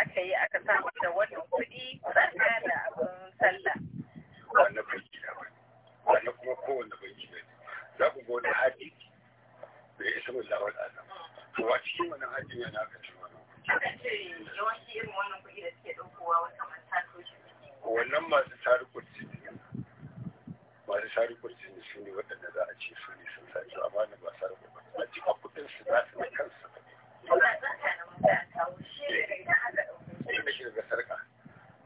aka yi aka samu da wannan kuɗi sannan abin sallah. ba kuma kuma kowanne banki ba za ku ga wani haji da ya isa mulla wani adam to a cikin wani haji yana aka ce wani yawanci wannan kuɗi wannan masu tari kurci masu tari kurci ne su ne waɗanda za a ce su ne sun sa su amma ba sa rubu a cikin kuɗin su za su na kansu. Ina zaka da mutane kawo shi eh. shi daga sarƙa.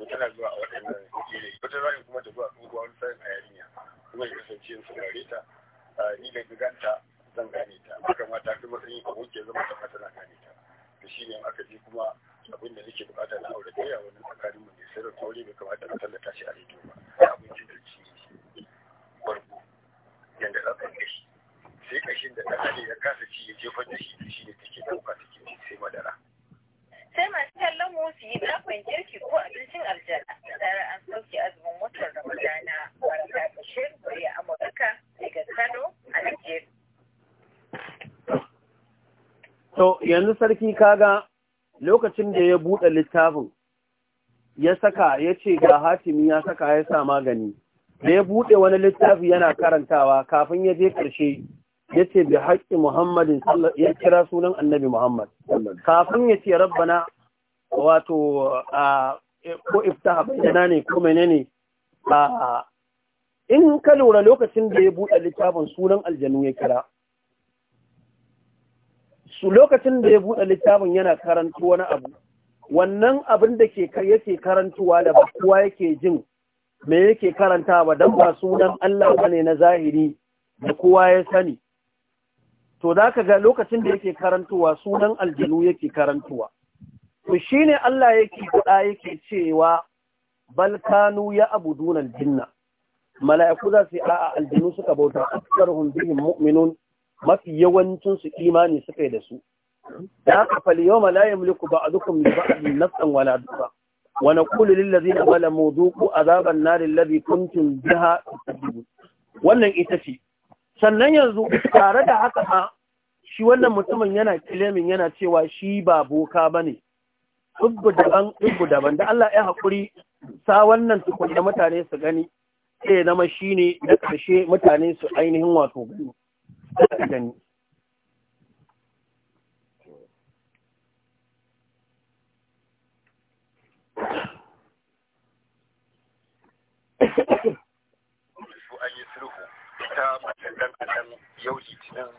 to tana zuwa a waɗannan yanayi wata ra'ayin kuma ta zuwa a tsunguwa wani a yarinya kuma ya kasance su saurare ta ni da giganta zan gane ta haka ma ta fi matsayin abokin zama ta fata na gane ta Da shi ne aka ji kuma abin da nake bukata na aure ɗaya wannan tsakanin mu ne sai da tauri bai kamata a tallata shi a rediyo ba abin jin kirci barko yanda za ka yi shi sai kashin da ɗan ya kasa ci ya jefar da shi shi ne take ɗauka take sai madara sai masu kallon mu su yi zafin kirki ko abincin aljanna da zarar an sauke azumin watan ramadana barka da shirin murya amurka daga kano a nigeria to yanzu sarki kaga lokacin da ya buɗe littafin ya saka ya ce ga hatimi ya saka ya sa magani da ya buɗe wani littafi yana karantawa kafin ya je ƙarshe Yace ce bi haƙƙi muhammadin ya kira sunan annabi muhammad kafin ya ce rabbana wato ko iftaha bayyana ne ko menene a in ka lura lokacin da ya buɗe littafin sunan aljanu ya kira su lokacin da ya buɗe littafin yana karantu wani abu wannan abin da ke yake karantuwa da ba kowa yake jin me yake karanta ba don ba sunan Allah bane na zahiri da kowa ya sani to za ka ga lokacin da yake karantuwa sunan aljanu yake karantuwa to shine Allah yake faɗa yake cewa balkanu ya dunan aljinna mala'iku za su yi a'a aljinu suka bauta aksaruhum bihim mu'minun mafi yawancin su imani suka yi da su da haka fal yawma la yamliku ba'dukum li ba'din nafsan wala dufa wa naqulu lil ladzina zalamu dhuqu azaban nar alladhi kuntum biha tasbihun wannan ita ce sannan yanzu tare da haka a, shi wannan mutumin yana kilimin yana cewa shi ba boka ba ne ɗubbu daban ɗubbu daban da Allah ya haƙuri sa wannan tukun da mutane su gani sai ya zama shi ne na ƙarshe mutane su ainihin wato gani Thank you. Wata matan dan adam yau litinin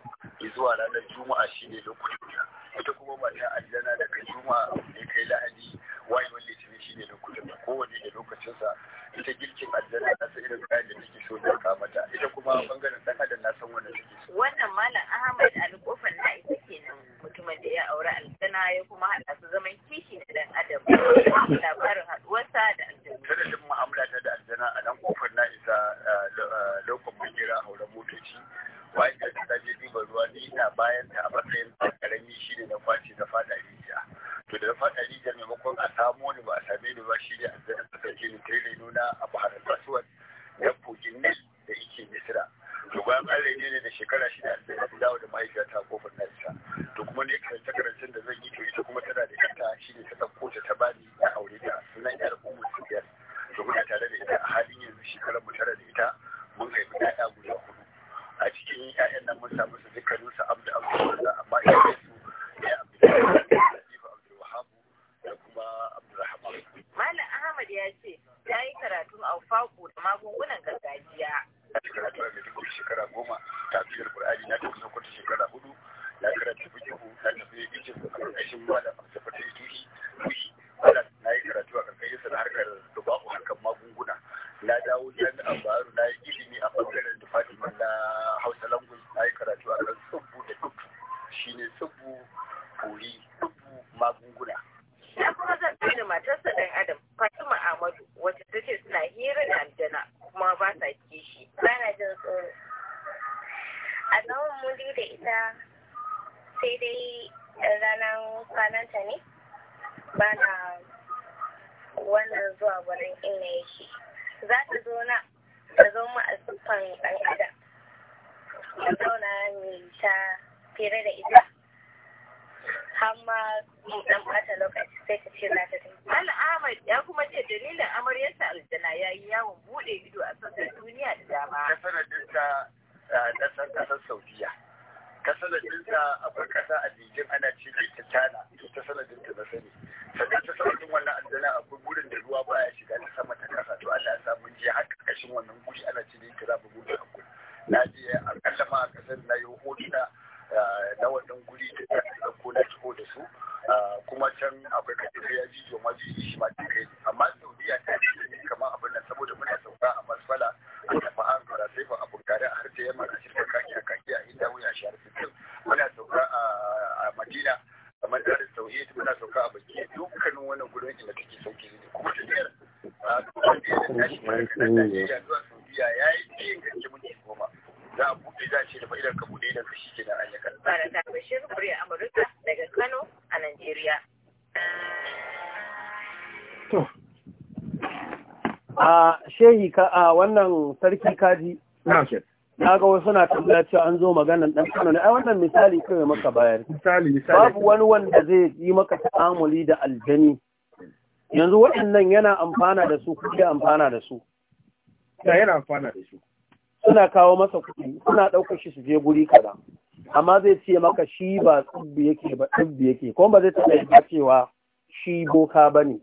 zuwa ranar juma'a shine lokacin ita kuma mata aljana daga juma'a ne kai lahadi wayewar litinin shi ne da kudin da kowane da lokacinsa ita girkin aljanna na sa irin kayan da take so da kamata, mata ita kuma bangaren dan adam na san wanda take so wannan malam ahmad alkofar na ita kenan mutumin da ya aure aljanna ya kuma haɗa su zaman kishi da dan adam labarin haɗuwarsa da aljanna sanadin mu'amala ta da aljanna a nan kofar na isa eh, eh, lokacin bugira a hauren motoci wa'in da ta je duba ruwa ni na bayan ta a matsayin karami shi ne na kwace na ka a wannan sarki kaji na ga wasu na tambaya cewa an zo maganan dan Kano ne ai wannan misali kawai maka bayar misali misali babu wani wanda zai yi maka ta'amuli da aljani yanzu waɗannan yana amfana da su kuke amfana da su yana amfana da su suna kawo masa kuɗi suna ɗaukar shi su je guri kaza amma zai ce maka shi ba tsibbi yake ba tsibbi yake kuma ba zai taɓa yadda cewa shi boka ba ne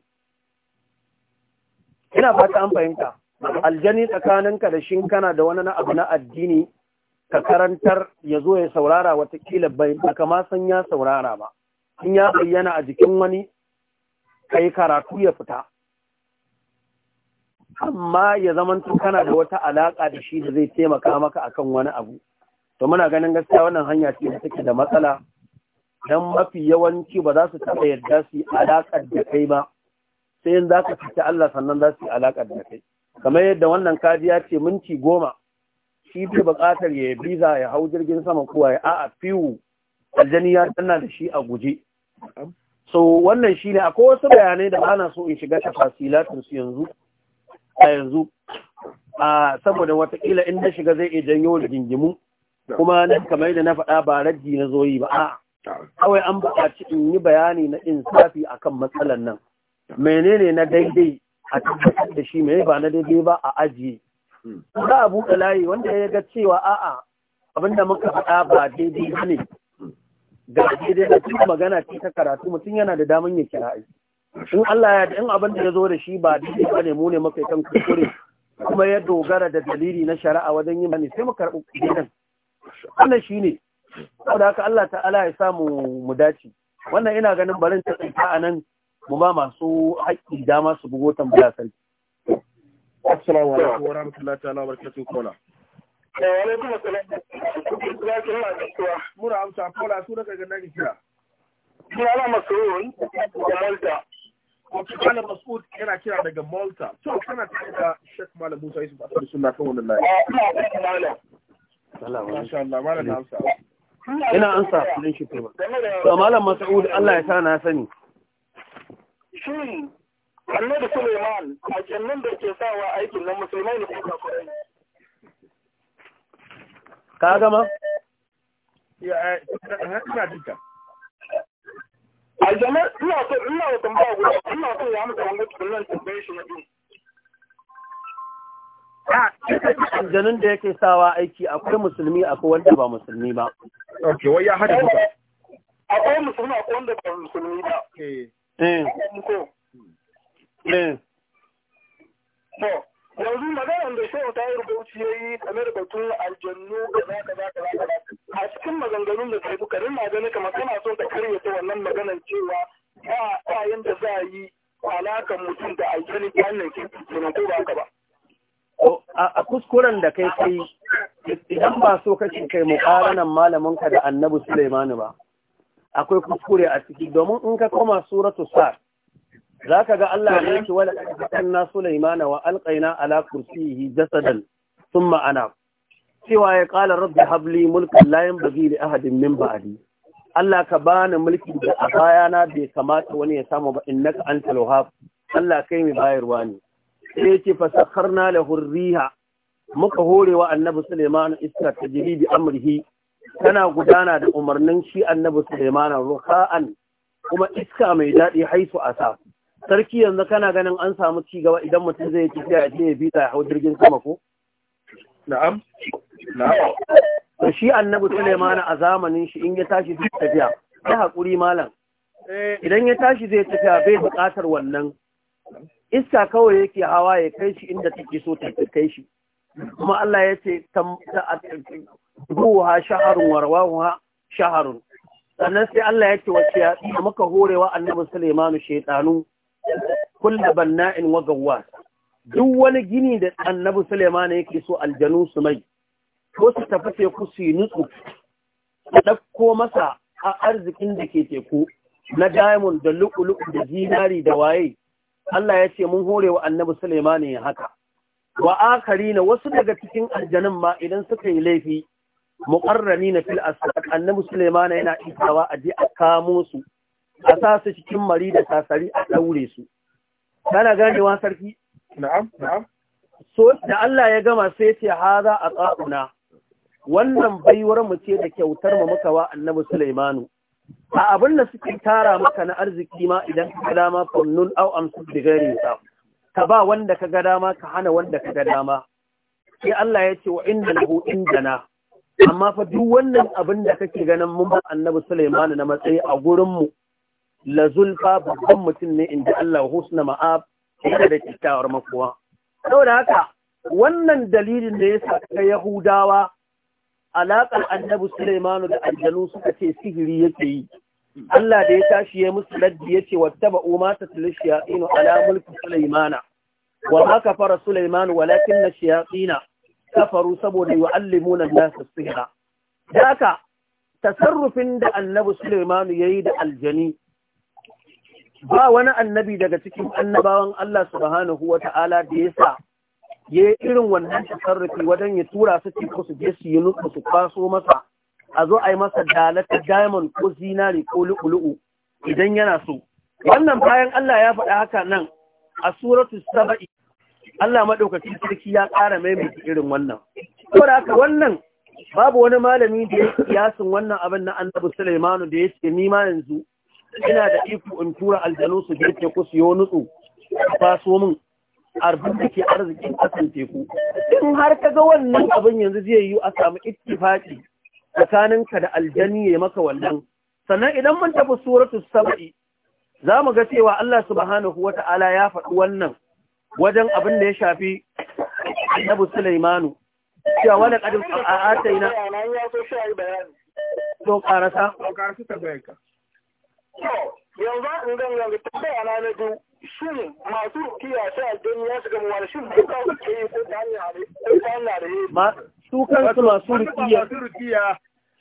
ina fata an fahimta aljani tsakaninka da shin kana da wani abu na addini ka karantar ya zo ya saurara watakila bai baka ma san ya saurara ba in ya bayyana a jikin wani ka yi karatu ya fita amma ya zamanto kana da wata alaƙa da shi da zai taimaka maka akan wani abu to muna ganin gaskiya wannan hanya ce da take da matsala dan mafi yawanci ba za su taɓa yadda su yi alaƙar da kai ba sai in za ka fita Allah sannan za su yi alaƙar da kai kamar yadda wannan ya ce minti goma shi fi buƙatar ya biza ya hau jirgin sama kuwa ya a'a fiwu aljani ya tana da shi a guje so wannan shi ne akwai wasu bayanai da ana so in shiga tafasilatin su yanzu a yanzu a saboda watakila in na shiga zai iya janyo rigingimu kuma na kamar da na faɗa ba raggi na zoyi ba a kawai an buƙaci in yi bayani na insafi akan matsalan nan menene na daidai a tabbatar da shi mai ba na daidai ba a ajiye hmm. za a buɗe layi wanda ya ga cewa a'a abinda muka faɗa ba daidai ba ne hmm. ga daidai da cikin magana ce ta karatu mutum yana da daman ya kira aiki. in Allah ya in abin da ya zo da shi ba daidai ba ne mu ne muka kan kuskure kuma ya dogara da dalili na shari'a wajen yin bane sai mu karɓi nan. wannan Kuma saboda haka Allah ta'ala ya samu mu dace wannan ina ganin barin ta tsinta a nan mu ba masu haƙƙi dama su bugo tambaya sarki assalamu alaikum wa rahmatullahi ta'ala wa barakatuh kola mura amsa kola su daga ganda ki kira sunana mas'ud daga malta wato malam mas'ud yana kira daga malta to kana tare da shek malam musa yusuf asali sunna kan wannan layi ah, masha Allah malam amsa ina amsa kudin shi to malam mas'ud Allah ya sa na sani Shin annabi Suleiman a kyannan da ke sawa aikin na musulmai ne ko kafirai? Ka gama? Ya, eh, ina duka. aljanar ina so ina da tambaya guda ina so ya masa wani tukunan tambayar shi na biyu ah, janin da yake sawa aiki akwai musulmi akwai wanda ba musulmi ba ok wai ya hada duka akwai musulmi akwai wanda ba musulmi ba eh. Eh. Eh. to yanzu maganar da shehu ta yi rubuci ya yi game da batun aljannu da za ka za ka za a cikin maganganun da kai muka rinna gani kamar kana son ka karyata wannan maganar cewa ba ba za a yi alaka mutum da aljani ta hannun kirki kenan ko ba ka ba. a kuskuren da kai kai idan ba so kake kai muƙaranan malaminka da annabi suleimani ba akwai kuskure a ciki domin in ka koma suratu sar za ka ga Allah ya yake wala na Sulaimana wa alqaina ala kursiyihi jasadan thumma ana cewa ya qala rabbi habli mulkan la yanbaghi li ahadin min ba'di Allah ka bani mulki da a na bai kamata wani ya samu ba innaka antal wahhab Allah kai mai bayarwa ne sai yake fasakharna lahu riha muka horewa annabi Sulaiman iska tajribi amrihi tana gudana da umarnin shi annabi Sulaiman ruha'an kuma iska mai daɗi haisu sa. sarki yanzu kana ganin an samu ci gaba idan mutum zai ci a ce ya bi ta hau jirgin sama ko na'am na'am shi annabi Sulaiman a zamanin shi in ya tashi zai tafiya ya hakuri malam eh. idan ya tashi zai tafiya bai buƙatar wannan iska kawai yake hawa ya kai shi inda take so ta kai shi kuma Allah ya ce ruha shaharun warwahuha shaharun sannan sai Allah yake wace ya da muka horewa annabi Sulaimanu shaytanu kullu banna'in wa gawwas duk wani gini da annabi Sulaimanu yake so aljanu su mai ko su tafi teku su yi nutsu Ya ɗauko masa a arzikin da ke teku na diamond da lu'ulu'u da zinari da waye Allah ya ce mun hore wa annabi Sulaimanu ya haka wa akari na wasu daga cikin aljanun ma idan suka yi laifi muqarrani na fil asad annabi Sulaiman yana isawa a ji a kamo su a sa su cikin mari da sasari a ɗaure su kana ganewa sarki na'am na'am so da Allah ya gama sai ce haza a tsa'una wannan baiwar mu ce da kyautar mu muka wa annabi Sulaimanu a abin da suke tara maka na arziki ma idan ka dama fannun au amsu ka ba wanda ka ga dama ka hana wanda ka ga dama sai Allah ya ce wa inna lahu indana amma fa duk wannan abin da kake ganin mun ba annabi Sulaiman na matsayi a gurin mu la zulfa babban mutum ne inda Allah husna ma'ab yana da kitawar makuwa saboda haka wannan dalilin da yasa ga Yahudawa alaƙar annabi Sulaimanu da aljanu suka ce sihiri yake yi Allah da ya tashi ya musu laddi ya ce wattaba umma tatlu shayatin ala mulki Sulaimana wa ma kafara Sulaimanu walakin shiyaqina kafaru saboda yu'allimuna nasu nasa Da aka tasarrufin da annabi ya yi da aljani ba wani annabi daga cikin annabawan Allah subhanahu ta'ala da ya sa ya yi irin wannan tasarrufi wajen ya tura su teku su je su yi nutsu su kwaso masa a zo a yi masa dalata diamond ko zinari ko lu'ulu'u idan yana so wannan bayan Allah ya faɗa haka nan a suratu saba'i Allah maɗaukacin sarki ya ƙara maimaita irin wannan. Kora haka wannan babu wani malami da ya kiyasin wannan abin na Annabu Sulaimanu da ya ce nima ma yanzu ina da iko in tura aljanu su je teku su yo nutsu faso min arziki da ke arzikin kasan teku. In har ka ga wannan abin yanzu zai yi a samu tsakanin ka da aljani ya maka wannan. Sannan idan mun tafi suratul saba'i za mu ga cewa Allah subhanahu wata'ala ya faɗi wannan wajen abin da ya shafi annabi Sulaimanu cewa wala kadin a ataina to karasa to karasa tabbayarka yanzu in ga yanzu tabbaya na na biyu shi masu rukiya ta aljani ya shiga mu wani shin duka kuke yi ko ta hanyar da ta hanyar da yi su kansu masu rukiya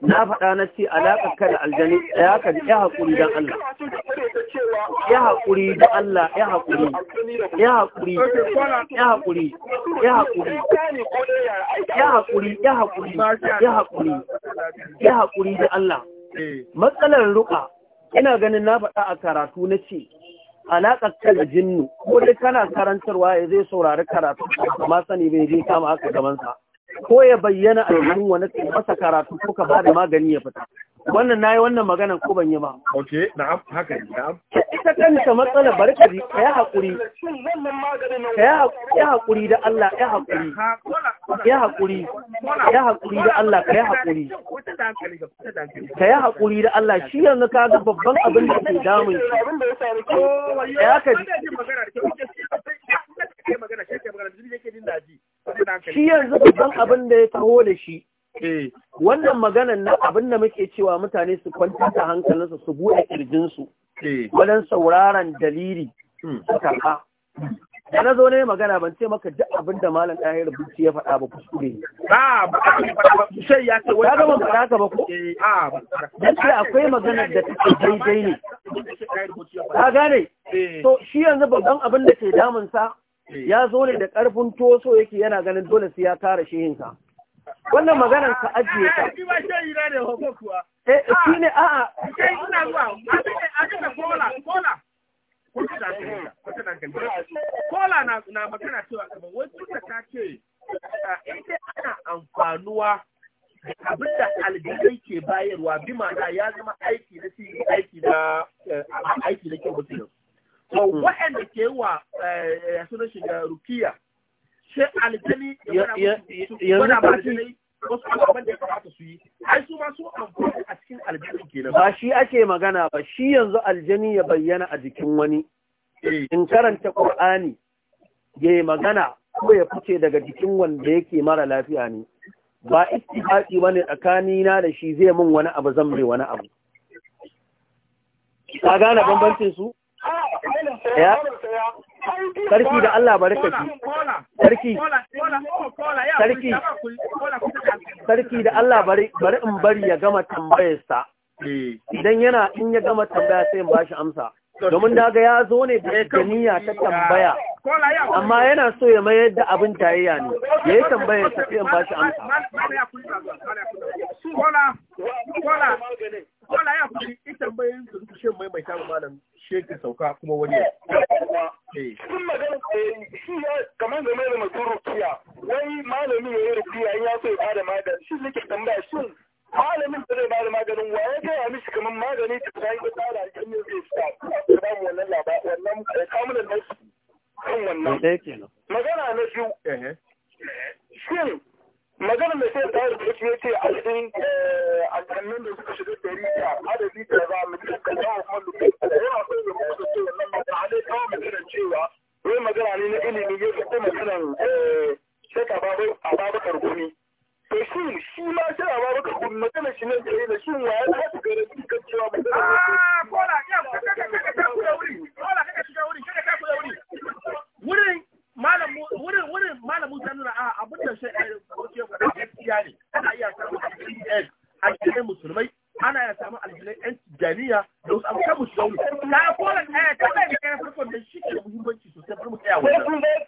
na faɗa na ce alaƙar ka da aljani ya ka ya haƙuri don Allah ya haƙuri da Allah ya haƙuri ya haƙuri ya haƙuri ya haƙuri ya haƙuri ya haƙuri ya haƙuri ya haƙuri da Allah matsalar ruƙa ina ganin na faɗa a karatu na ce alaƙar ka da jinnu ko dai kana karantarwa ya zai saurari karatu amma sani bai je kama aka gabansa ko ya bayyana a cikin wani masa karatu ko ka bada magani ya fita wannan nayi wannan maganan ko ban yi ba okay na'am haka na'am ita kanta matsala bari ka ji kai hakuri yi hakuri da Allah ka hakuri haƙuri. hakuri yi hakuri da Allah kai hakuri yi hakuri da Allah shi yanzu ka ga babban abin da ke damun shi ji magana shi yanzu babban abin da ya taho da shi eh. wannan maganan na abin da muke cewa mutane su kwanta da hankalinsu su buɗe kirjinsu eh. wajen sauraron dalili hmm. su karɓa da na zo ne magana ban ce maka duk abin da malam ɗaya rubuci ya faɗa ba kuskure ne. A ba sai ya ce wani abin faɗa ba ku. Eh, a ba. akwai magana da take daidai ne. Ka gane? To shi yanzu babban abin da ke damunsa ya zo ne da ƙarfin toso yake yana ganin dole sai ya kare shehinsa wannan maganar ka ajiye ka. eh shi ne a'a sai ina zuwa a kasa kola kola kola na na magana cewa kamar wai duka ta ce in ana amfanuwa abin da aljihai ke bayarwa bi ma'ana ya zama aiki na aiki na eh, aiki na kyau mutum to hmm. waɗanda ke wa eh, ya suna shiga rukiya sai aljani wasu da ya kamata su yi ai su amfani a cikin kenan ba shi ake magana ba shi yanzu aljani ya bayyana a jikin wani eh. in karanta qur'ani ya yi magana ko ya fice daga jikin wanda yake mara lafiya ne ba ittifaqi bane tsakanina da shi zai min wani abu zan wani abu ka gane bambancin su ya sarki da Allah barkaci sarki sarki sarki da Allah bari in bari ya gama tambayarsa idan yana in ya gama tambaya sai in bashi amsa domin daga ya zo ne da niyya ta tambaya amma yana so ya mayar da abin tayayya ne ya yi tambayar sa sai in bashi amsa kola kola kola ya kuɗi ita tambayoyin su shin maimaita malam shi sauka kuma wani ya sun eh. magana shi ya kamar game da mutum rukiya wai malami ya yi rukiya in ya so ya bada magani shi nake tambaya shin malamin da zai bada maganin wa ya gaya mishi kamar magani ta ta yi ta tsara in yin zai fita ta ba mu wannan labarai? wannan kamunan na shi kan wannan magana na biyu eh, eh. shin magana da sai da ya ce a cikin aljannan da suka shiga dari adadi da za mu ce kuma da da ce wannan mata hali ta magana cewa wai magana ne na ilimi ya ko magana sai ka babu a babu to shi shi ma shi a babu magana shi ne da ya ta da shi malamu wurin wurin nuna a ah, abin da shi ke faɗa ne ana iya musulmai ana iya samu aljinai yan tijaniya da wasu abubuwan musulmi ta kola da kayan farkon da shi ke da muhimmanci sosai bari mu tsaya wannan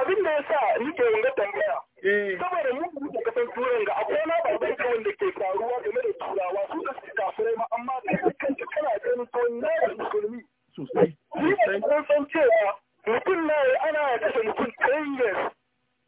abin da ya sa tambaya eh. saboda mu da kasan turai ga akwai na babban kawai da ke faruwa game da turawa su da su kafirai ma amma da kanta kana ganin tsawon na musulmi sosai sosai kun cewa mutum na yi ana ya kashe mutum ten years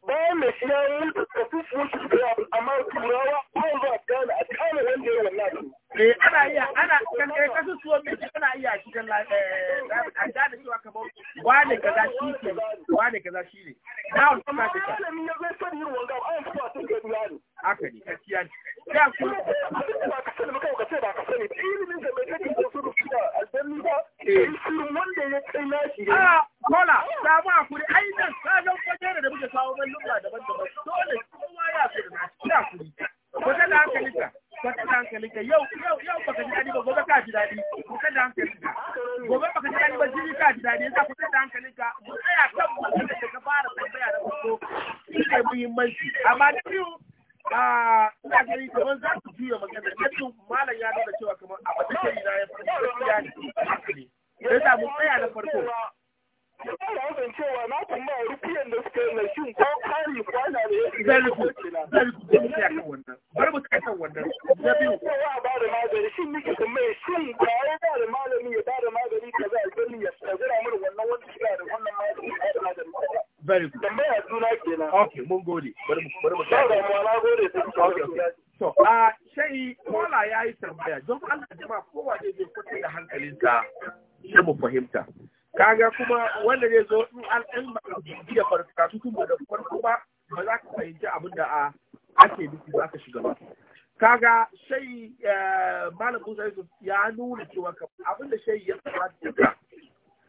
bayan da shi ya yi fi su da yawa amma turawa ba zuwa gane a kama wanda ya wannan su. Eh ana iya ana kankan kasu suwa mai ana iya shi kan a eh, gane cewa kamar wane za shi ne wane za shi ne. Na wani kuma malami ya zai son yin wanga an sun gani haka ne gaskiya ne ya ku ba ka sani kai ka ce ba ka sani ilimin da mai kake da da aljanni ba eh. shirin wanda ya kai nashi ne a ah, kola da ba ku ai nan sanan da muke kawo ban daban-daban dole kowa ya su da nashi ya ku ko da hankalinka ko da hankalinka yau yau yau baka ji dadi ba gobe ka ji dadi ko da hankalinka gobe baka ji dadi ba jini ka ji dadi yasa ko da mu tsaya kan da ka fara tambaya da farko shi ne muhimmanci amma da biyu a ah, ina gani kamar za su juya magana yadda malam ya nuna cewa kamar a wata shiri na ya fara gaskiya ne ya sa mu tsaya na farko cewa na da suka na shin ko kari kwana da ya kan wannan bar mu tsaya kan wannan na biyu a bada magani shin ya bada magani ya bada magani kaza ya tsira mana wannan wanda shiga da wannan magani ya bada magani kaza very good tambaya juna kenan okay mun gode bari mu bari mu sai na gode sai to a sai kola yayi tambaya don Allah jama'a kowa zai je kwatar da hankalinsa sai mu fahimta kaga kuma wanda zai zo in an ɗan ba da farka tun da farko ba ba za ka fahimci abin da a ah, ake biki za ka shiga ba kaga sai eh, malam Musa ya nuna cewa abin da shai ya fara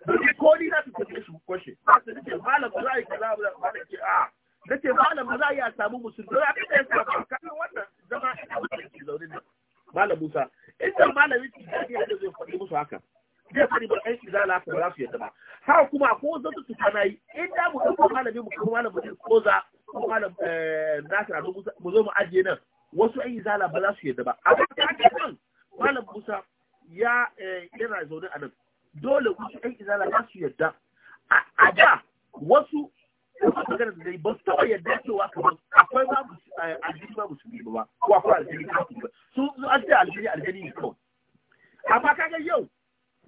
Domin ko ni za su tafi su kwashe. Sai ta malam za a. Na malam za a samu wannan zama zaune ne. Malam Musa. malamin musu Zai ba ba su yadda ba. Haka kuma ko yi. In da kuma ko malam eh, mu ajiye nan. Wasu ɗan izala ba za su yadda ba. nan malam Musa ya eh, yana zaune a nan. dole wasu ɗan izala ba su yarda a da wasu magana da dai ba su taɓa yarda cewa kamar akwai ba aljini ba su ba ko akwai aljini ba su ba su an ce aljini aljini ne kawai amma kaga yau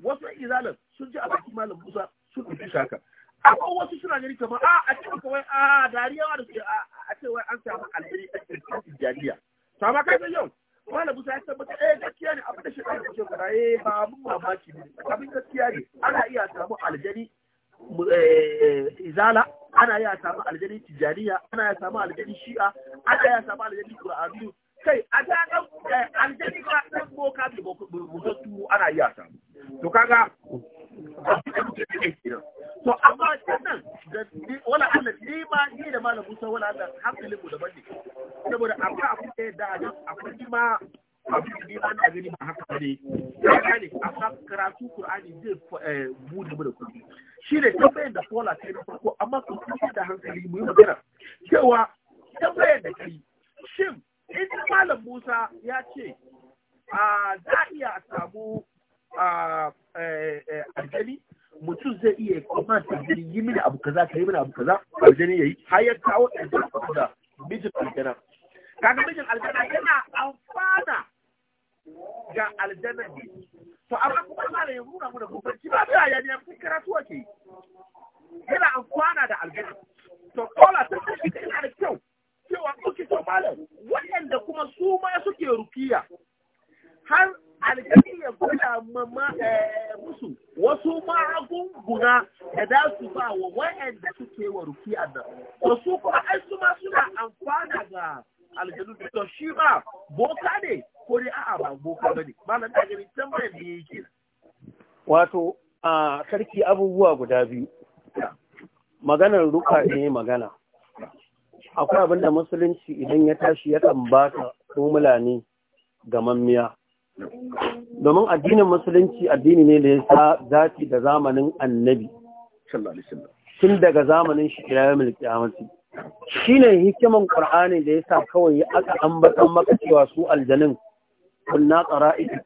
wasu ɗan izala sun ji a bakin malam musa sun fi shaka akwai wasu suna gani kamar a a ce kawai a dariya da suke a ce wai an samu aljini a cikin jami'a Sama kai yau wala musa ya tabbata eh gaskiya ne abin da shi ɗan kuke fara eh ba mun mamaki ne abin gaskiya ne ana iya samu aljani eh, izala ana iya samu aljani tijaniya ana iya samu aljani shi'a ana iya samu aljani qur'ani kai a ta dan eh, aljani ka dan boka bi butattu ana iya samu to kaga to amma sannan wala Allah ni ma ni da malam Musa wala Allah hankalin mu daban ne saboda akwai abin da da nan akwai ni ma abin da ni ma na gani ba haka ne ya gane amma karatu Qur'ani zai eh, bude mu da kuɗi shi ne tambayar da Paula ta yi na farko amma ku da hankali mu yi magana cewa tambayar da kai shin Ita Malam Musa ya ce, za a iya samu aljani mutum zai iya kuma aljani yi mini abu kaza ka yi mini abu kaza aljani ya yi har ya kawo aljani da mijin aljana kaga mijin aljana yana amfana ga aljana ne to amma kuma Malam ya nuna mu da gobanci ba biya ya ne su karatu ke yana amfana da aljana to kola ta da yana da kyau cewa ɗauki to waɗanda kuma su ma suke rukiya har alƙali ya gwada mama eh, musu wasu magunguna da za su ba wa waɗanda suke wa rukiya nan to su kuma ai su ma suna amfana ga aljanu to shi ma boka ne ko dai a'a ba boka bane malam da gani tambayar da yake wato a sarki abubuwa guda biyu maganar ruka ne magana akwai abin da musulunci idan ya tashi yakan ka tumula ne ga mammiya domin addinin musulunci addini ne da ya sa zafi da zamanin annabi tun daga zamanin shi kira mai kiyamati shi ne hikiman ƙur'ani da ya sa kawai aka ambatan maka cewa su aljanin na tsara ita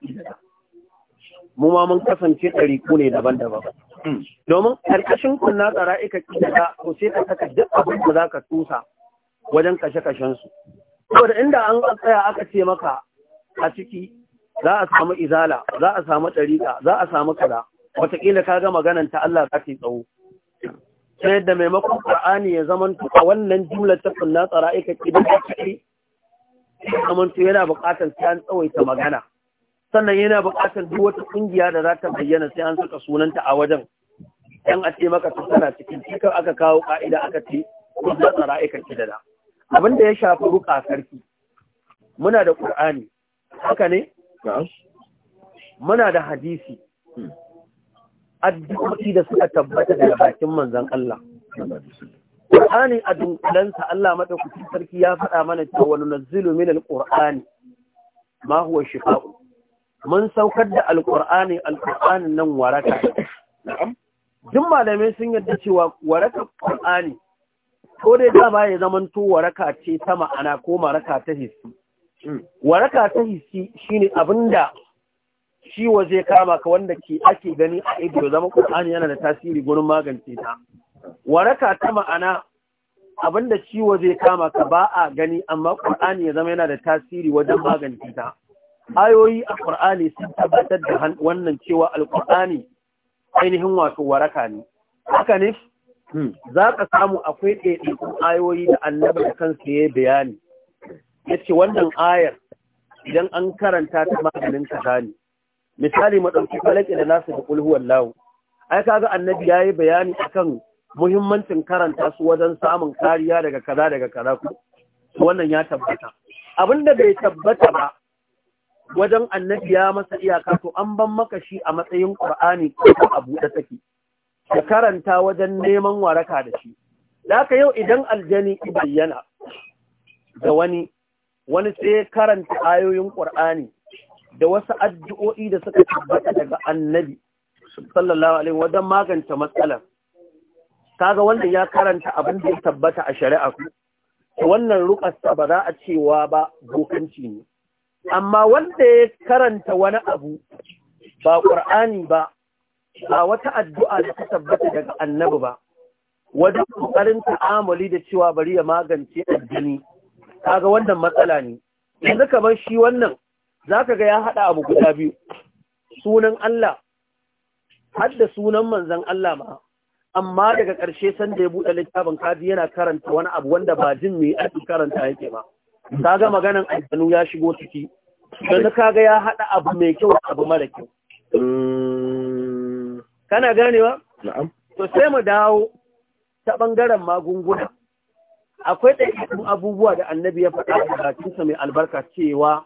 mu ma mun kasance ɗari ku ne daban-daban hmm. domin ƙarƙashin kunna tsara ita ƙidada ko sai ka saka duk abin da za ka tusa wajen kashe-kashensu. Saboda inda an tsaya aka ce maka a ciki za a samu izala, za a samu ɗariƙa, za a samu kaza, wataƙila ka ga maganan ta Allah za ta yi tsawo. Ta yadda maimakon Ƙur'ani ya zaman a wannan jumlar ta kunna tsara ƙidan ciki, zaman yana buƙatar sai an tsawaita magana. Sannan yana buƙatar duk wata ƙungiya da za ta bayyana sai an saka sunanta a wajen. Yan a ce maka ta tana cikin, cikin aka kawo ƙa'ida aka ce, kunna tsara ƙidada. abin da ya shafi ruka sarki muna da ƙur'ani haka ne muna da hadisi addu'o'i da suka tabbata daga bakin manzon Allah ƙur'ani a dunkulansa Allah madaukakin sarki ya faɗa mana cewa wani nazzilu min alqur'ani ma huwa shifa'u mun saukar da alqur'ani alqur'anin nan waraka na'am duk malamai sun yarda cewa waraka qur'ani ko dai ba ya zamanto waraka ce ta ma'ana ko maraka ta hissi waraka ta hissi shine abinda ciwo zai kama ka wanda ke ake gani a ido zama Qur'ani yana da tasiri gurin magance ta waraka ta ma'ana abinda ciwo zai kama ka ba a gani amma Qur'ani ya zama yana da tasiri wajen magance ta ayoyi a Qur'ani sun tabbatar da wannan cewa al ainihin wato waraka ne haka ne Hmm. za ka samu akwai ɗaiɗaikun ayoyi da annabi da kansa ya bayani ya ce wannan ayar idan an karanta ta maganin kaza ne misali maɗauki falaki da nasu da ƙulhuwar lawo ai kaga annabi ya yi bayani akan muhimmancin karanta su wajen samun kariya daga kaza daga kaza ku wannan ya tabbata abinda bai tabbata ba wajen annabi ya masa iyaka to an ban maka shi a matsayin qur'ani ko a buɗe take ka karanta wajen neman waraka da shi daka yau idan aljani bayyana da wani wani sai karanta ayoyin ƙur'ani da wasu addu'o'i da suka tabbata daga annabi sallallahu alaihi wajen magance matsalar ga wannan ya karanta abin da ya tabbata a shari'a ku wannan rukasta ba za a cewa ba bokanci ne amma wanda ya karanta wani abu ba ƙur'ani ba a wata addu'a da ta tabbata daga annabi ba wajen kokarin ta’amali da cewa bari ya magance addini ga wannan matsala ne yanzu kamar shi wannan Za ka ga ya haɗa abu guda biyu sunan Allah har sunan manzan Allah ma amma daga ƙarshe sanda ya buɗe littafin kaji yana karanta wani abu wanda ba jin me ake karanta yake ba Ta ga maganan addinu ya shigo ciki yanzu kaga ya haɗa abu mai kyau abu mara kyau mm. kana ganewa na'am to sai mu dawo ta bangaren magunguna akwai ɗaiɗaikun abubuwa da annabi ya faɗa a bakinsa mai albarka cewa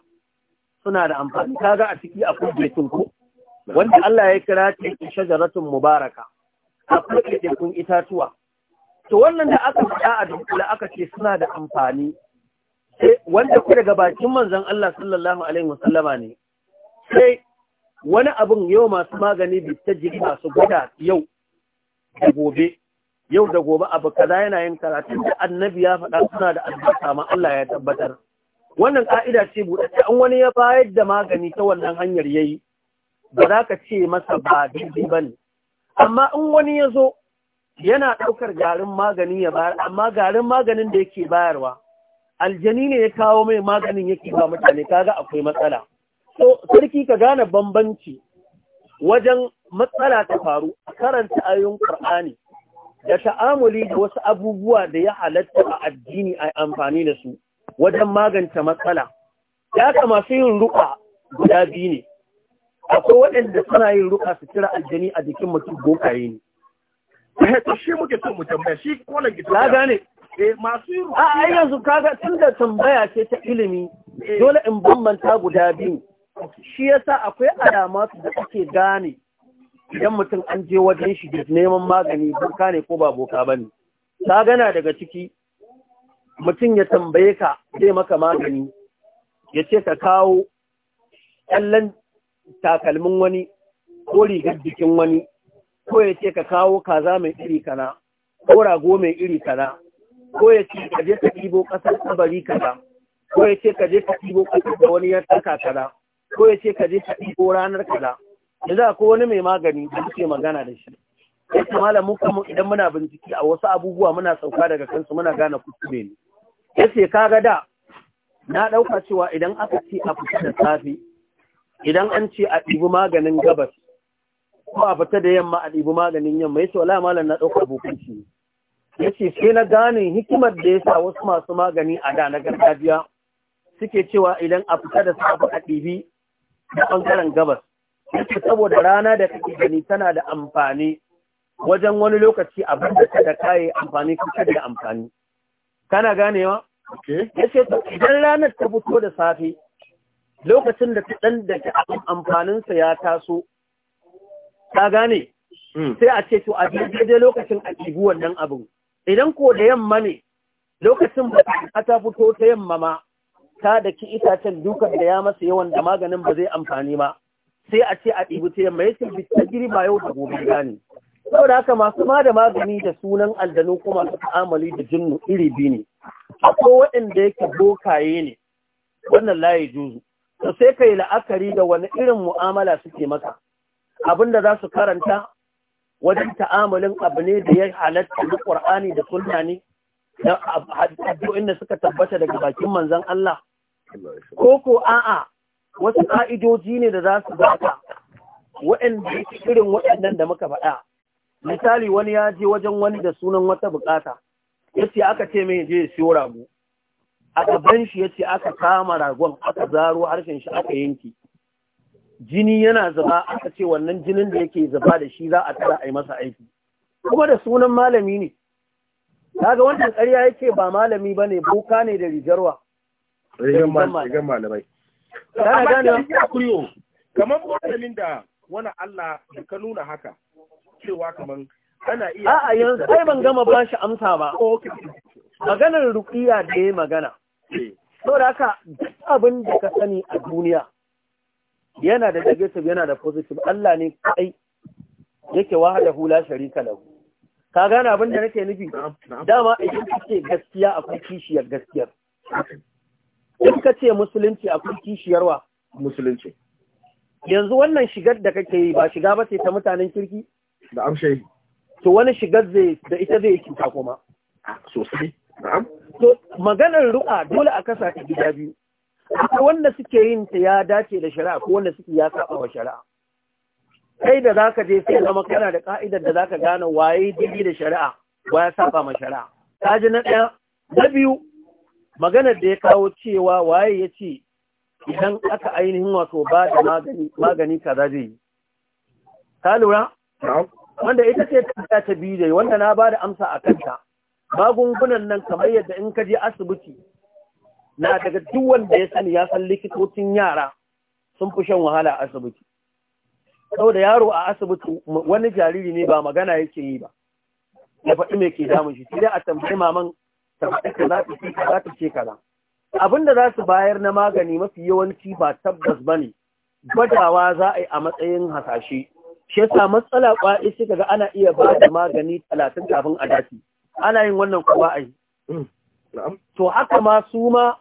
suna da amfani ga a ciki a zaitun ko wanda Allah ya kira ta shajaratun mubaraka akwai ɗaiɗaikun itatuwa to wannan da aka faɗa a dukkula aka ce suna da amfani wanda ku daga bakin manzan Allah sallallahu alaihi wasallama ne sai wani abin yau masu magani jiri masu guda yau da gobe yau da gobe abu kaza yana yin karatun da annabi ya faɗa suna da albarka ma Allah ya tabbatar wannan ka'ida ce buɗaɗɗe an wani ya bayar da magani ta wannan hanyar yayi ba za ka ce masa ba daidai ba ne amma in wani ya zo yana ɗaukar garin magani ya bayar amma garin maganin da yake bayarwa aljani ne ya kawo mai maganin yake ba mutane kaga akwai matsala So, sarki ka gane bambanci wajen matsala ta faru a karanta ayoyin ƙar'ani da ta'amuli da wasu abubuwa da ya halatta a addini a amfani da su wajen magance matsala. Ya kama su yin ruka guda biyu ne, akwai waɗanda suna yin ruka su cire aljani a jikin mutum bokaye ne. Shi muke son mu tambaya shi kwanan gita. Ya gane. Eh, masu yi ruka. A yanzu kaga tun da tambaya ce ta ilimi eh. dole in bambanta guda biyu. shi yasa akwai su da ake gane idan mutum an je wajen shi da neman magani boka ne ko ba boka ba ne ta gana daga ciki mutum ya tambaye ka zai maka magani ya ce ka kawo ƙyallen takalmin wani ko rigar jikin wani ko ya ce ka kawo kaza mai iri kana ko rago mai iri kana ko ya ce ka je ka ɗibo ƙasar kabari kaza ko ya ce ka je ka ɗibo ƙasar da wani ya taka ko ya ce ka je ka ko ranar kaza yanzu ko wani mai magani da suke magana da shi ya ce malamin kuma idan muna bincike a wasu abubuwa muna sauka daga kansu muna gane kuskure ne ya ce kaga da na ɗauka cewa idan aka ce a fita da safe idan an ce a ɗibi maganin gabas ko a fita da yamma a ɗibi maganin yamma ya ce wala malam na ɗauka abokan shi ya ce sai na gane hikimar da ya sa wasu masu magani a da na gargajiya suke cewa idan a fita da safe a ɗibi da ɓangaren gabas yake saboda rana da kake gani tana da amfani wajen wani lokaci abin da ka da kayi amfani kuka da amfani kana ganewa yace to idan ranar ta fito da safe lokacin da ta ɗan da abin amfaninsa ya taso ta gane hmm. sai a ce to a daidai lokacin a ɗibi wannan abin idan ko da yamma ne lokacin ba ta fito ta yamma ma ta da ki itacen dukan da ya masa yawan da maganin ba zai amfani ba sai a ce a ɗibu ta yamma yake bi ta girma yau da gobe gane saboda haka masu ma da magani da sunan aldanu kuma su ta'amali da jinnu iri biyu ne ko waɗanda yake bokaye ne wannan layi juzu to sai ka yi la'akari da wani irin mu'amala suke maka abin da za su karanta wajen ta'amalin abu ne da ya halatta na ƙur'ani da sunna ne na addu'o'in da suka tabbata daga bakin manzon Allah Koko a'a wasu ka'idoji ne da za su baka waɗanda irin waɗannan da muka faɗa misali wani ya je wajen wani da sunan wata bukata ya ce aka ce mai je ya siyo rago a gaban shi ya ce aka kama ragon aka zaro harshen shi aka yanki jini yana zaba aka ce wannan jinin da yake zuba da shi za a tara a yi masa aiki kuma da sunan malami ne kaga wannan ƙarya yake ba malami bane boka ne da rigarwa rigan malamai gane kamar malamin da wani Allah da ka nuna haka cewa kamar ana iya a'a yanzu ai ban gama ba shi amsa ba maganar ruqiya da yayi magana eh. saboda haka abin da ka sani a duniya yana da negative yana da positive Allah ne kai yake da hula sharika lahu ka gane abin da nake nufi dama idan kake gaskiya akwai kishiyar gaskiyar in ka ce musulunci akwai kishiyarwa musulunci yanzu wannan shigar da kake yi ba shiga ba ce ta mutanen kirki da amshe to wani shigar zai da ita zai cuta kuma sosai na'am to maganar ru'a dole a kasa ta gida biyu akwai wanda suke yin ta ya dace da shari'a ko wanda suke ya saba wa shari'a kai da zaka je sai zama kana da ka'idar da zaka gane waye daidai da shari'a wa saba ma shari'a ka ji na ɗaya na biyu maganar da ya kawo cewa waye ya ce idan aka ainihin wato ba da magani kaza zai yi ta lura wanda ita ce ta ta biyu da wanda na ba da amsa a kanta magungunan nan kamar yadda in ka je asibiti na daga duk wanda ya sani ya san likitocin yara sun fi shan wahala a asibiti saboda yaro a asibiti wani jariri ne ba magana yake yi ba ya faɗi mai ke damun shi sai a tambayi maman ta kaza ta ce kaza abin da za su bayar na magani mafi yawanci ba tabbas ba ne gwadawa za a yi a matsayin hasashe shi yasa matsala kwaɗi sai kaga ana iya ba da magani talatin kafin a dace ana yin wannan kuma a yi hmm. to haka ma su ma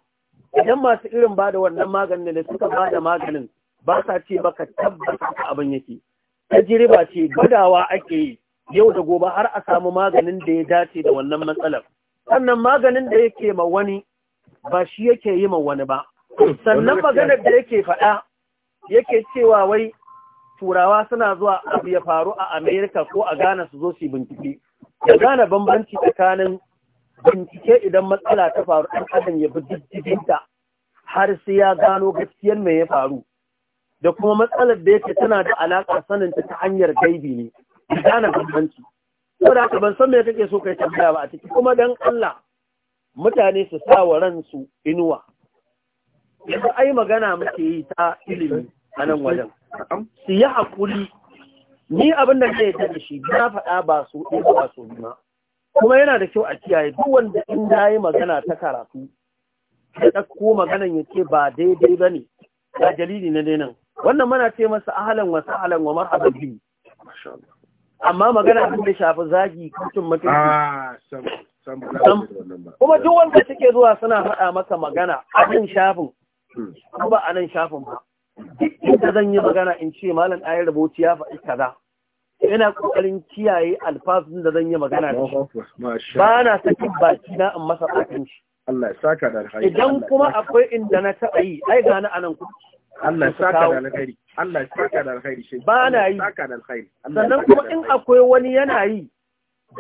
idan masu irin ba da wannan maganin da suka ba da maganin ba sa ce baka tabbas abin yake tajriba ce gwadawa ake yi yau da gobe har a samu maganin da ya dace da wannan matsalar sannan maganin da yake ma wani ba shi yake yi ma wani ba sannan maganar da yake faɗa yake cewa wai turawa suna zuwa abu ya faru a amerika ko a ghana su zo su bincike ya gane bambanci tsakanin bincike idan matsala ta faru ɗan adam ya bi har sai ya gano gaskiyar mai ya faru da kuma matsalar da yake tana da alaƙa saninta ta hanyar gaibi ne ya gane bambanci saboda haka ban san me kake so kai tambaya ba a ciki kuma dan Allah mutane su sa wa ransu inuwa yanzu ai magana muke yi ta ilimi a nan wajen su yi hakuri ni abin da zai da shi na faɗa ba su ɗaya ba su ma kuma yana da kyau a kiyaye duk wanda in da yi magana ta karatu ya ɗauko maganan ya ce ba daidai ba ne ga dalili na dainan wannan mana ce masa ahalan wa sahalan wa marhaban biyu amma magana abin da shafi zagi kucin mutunci ah, kuma duk wanda suke zuwa suna faɗa maka magana a nan shafin hmm. ko ba a nan shafin ba duk inda zan yi magana in ce malam ayi rubuci ya faɗi kaza ina kokarin kiyaye alfazun da zan yi magana da shi ba na sakin baki na in masa bakin shi Allah ya saka da alhaji idan kuma akwai inda na taɓa yi ai gani anan kuma Allah ya saka da alkhairi Allah ya saka da alkhairi shi ba na yi saka da alkhairi sannan kuma in akwai wani yana yi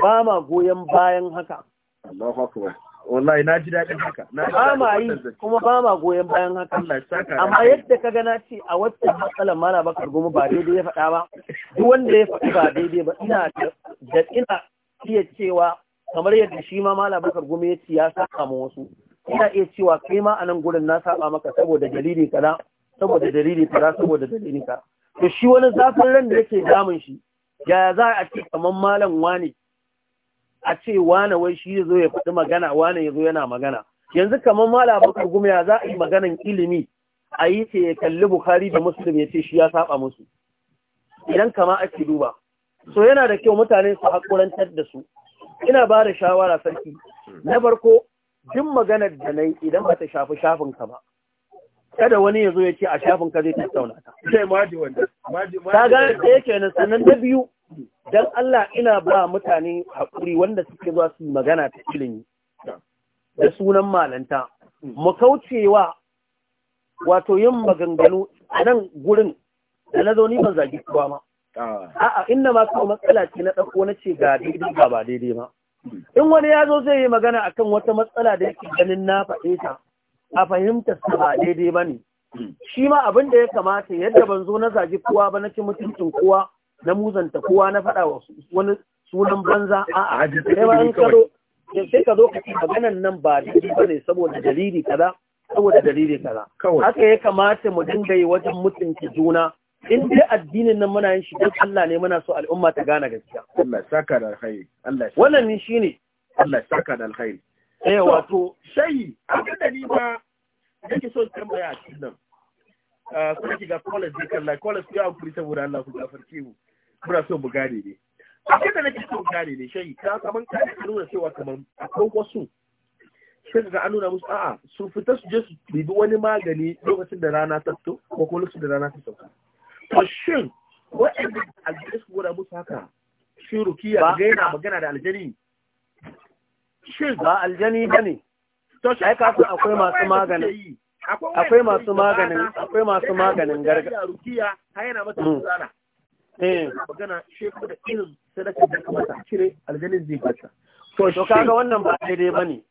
ba ma goyen bayan haka Allahu akbar wallahi na ji dadin haka ba ma yi kuma ba ma goyen bayan haka Allah ya saka amma yadda ka gana ce a wata matsalar mana ba bakar goma ba daidai ya faɗa ba duk wanda ya faɗi ba daidai ba ina da ina iya cewa kamar yadda shi ma mala bakar goma ya ce ya saka ma wasu ina iya cewa kai ma a nan gurin na saba maka saboda dalili kana saboda dalili kaza saboda dalili ka to shi wani zafin ran da yake damun shi ya za a ce kaman malam Wane? a ce Wane wai shi zo ya faɗi magana Wane ya zo yana magana yanzu kamar malam bakar gumi ya za a yi maganan ilimi a yi ce ya kalli bukhari da muslim ya ce shi ya saba musu idan kama ake duba so yana da kyau mutane su haƙurantar da su ina ba da shawara sarki na farko jin maganar da na yi idan ba ta shafi shafinka ba kada wani ya zo ya ce a shafin ka zai tattauna ta. Sai di wanda. Ta gane ta yake nan sannan da biyu dan Allah ina ba mutane haƙuri wanda suke zuwa su magana ta ilimi da sunan malanta. Mu kaucewa wato yin maganganu a nan gurin da na zo ni ban zagi kowa ma. Ah. A'a inna ma kawo matsala ce na ɗauko na ce ga daidai ba ba daidai ma. In wani ya zo zai yi magana akan wata matsala da yake ganin na faɗe ta. a fahimtar sa ba daidai ba ne shi ma abin da ya kamata yadda ban zo na zagi kowa ba na ci mutuncin kowa na muzanta kowa na faɗa wa wani sunan banza a a sai ka zo ka ci maganan nan ba daidai ba ne saboda dalili kaza saboda dalili kaza haka ya kamata mu dinga yi wajen mutunci juna in dai addinin nan muna yin shi don Allah ne muna so al'umma ta gane gaskiya Allah saka da alkhairi wannan ne shine Allah saka da alkhairi eh wato shayi abin da ni ma nake so tambaya a cikin nan kuna eh, shiga college ne kallai college ku ya hankuri saboda Allah ku gafarce mu muna so mu gane ne abin da nake so gane ne shayi ka kaman ka nuna cewa kaman akwai wasu sai ga an nuna musu a'a su fita su je su bibi wani magani lokacin da rana ta fito ko kuma lokacin da rana ta sauka to shin waɗanda aljihar su gwada musu haka shi rukiya ga yana magana da aljani ba aljani ba ne ai kafin akwai masu maganin akwai masu maganin akwai masu maganin gargajiya yana mm. eh. to to kaga wannan ba daidai ba ne.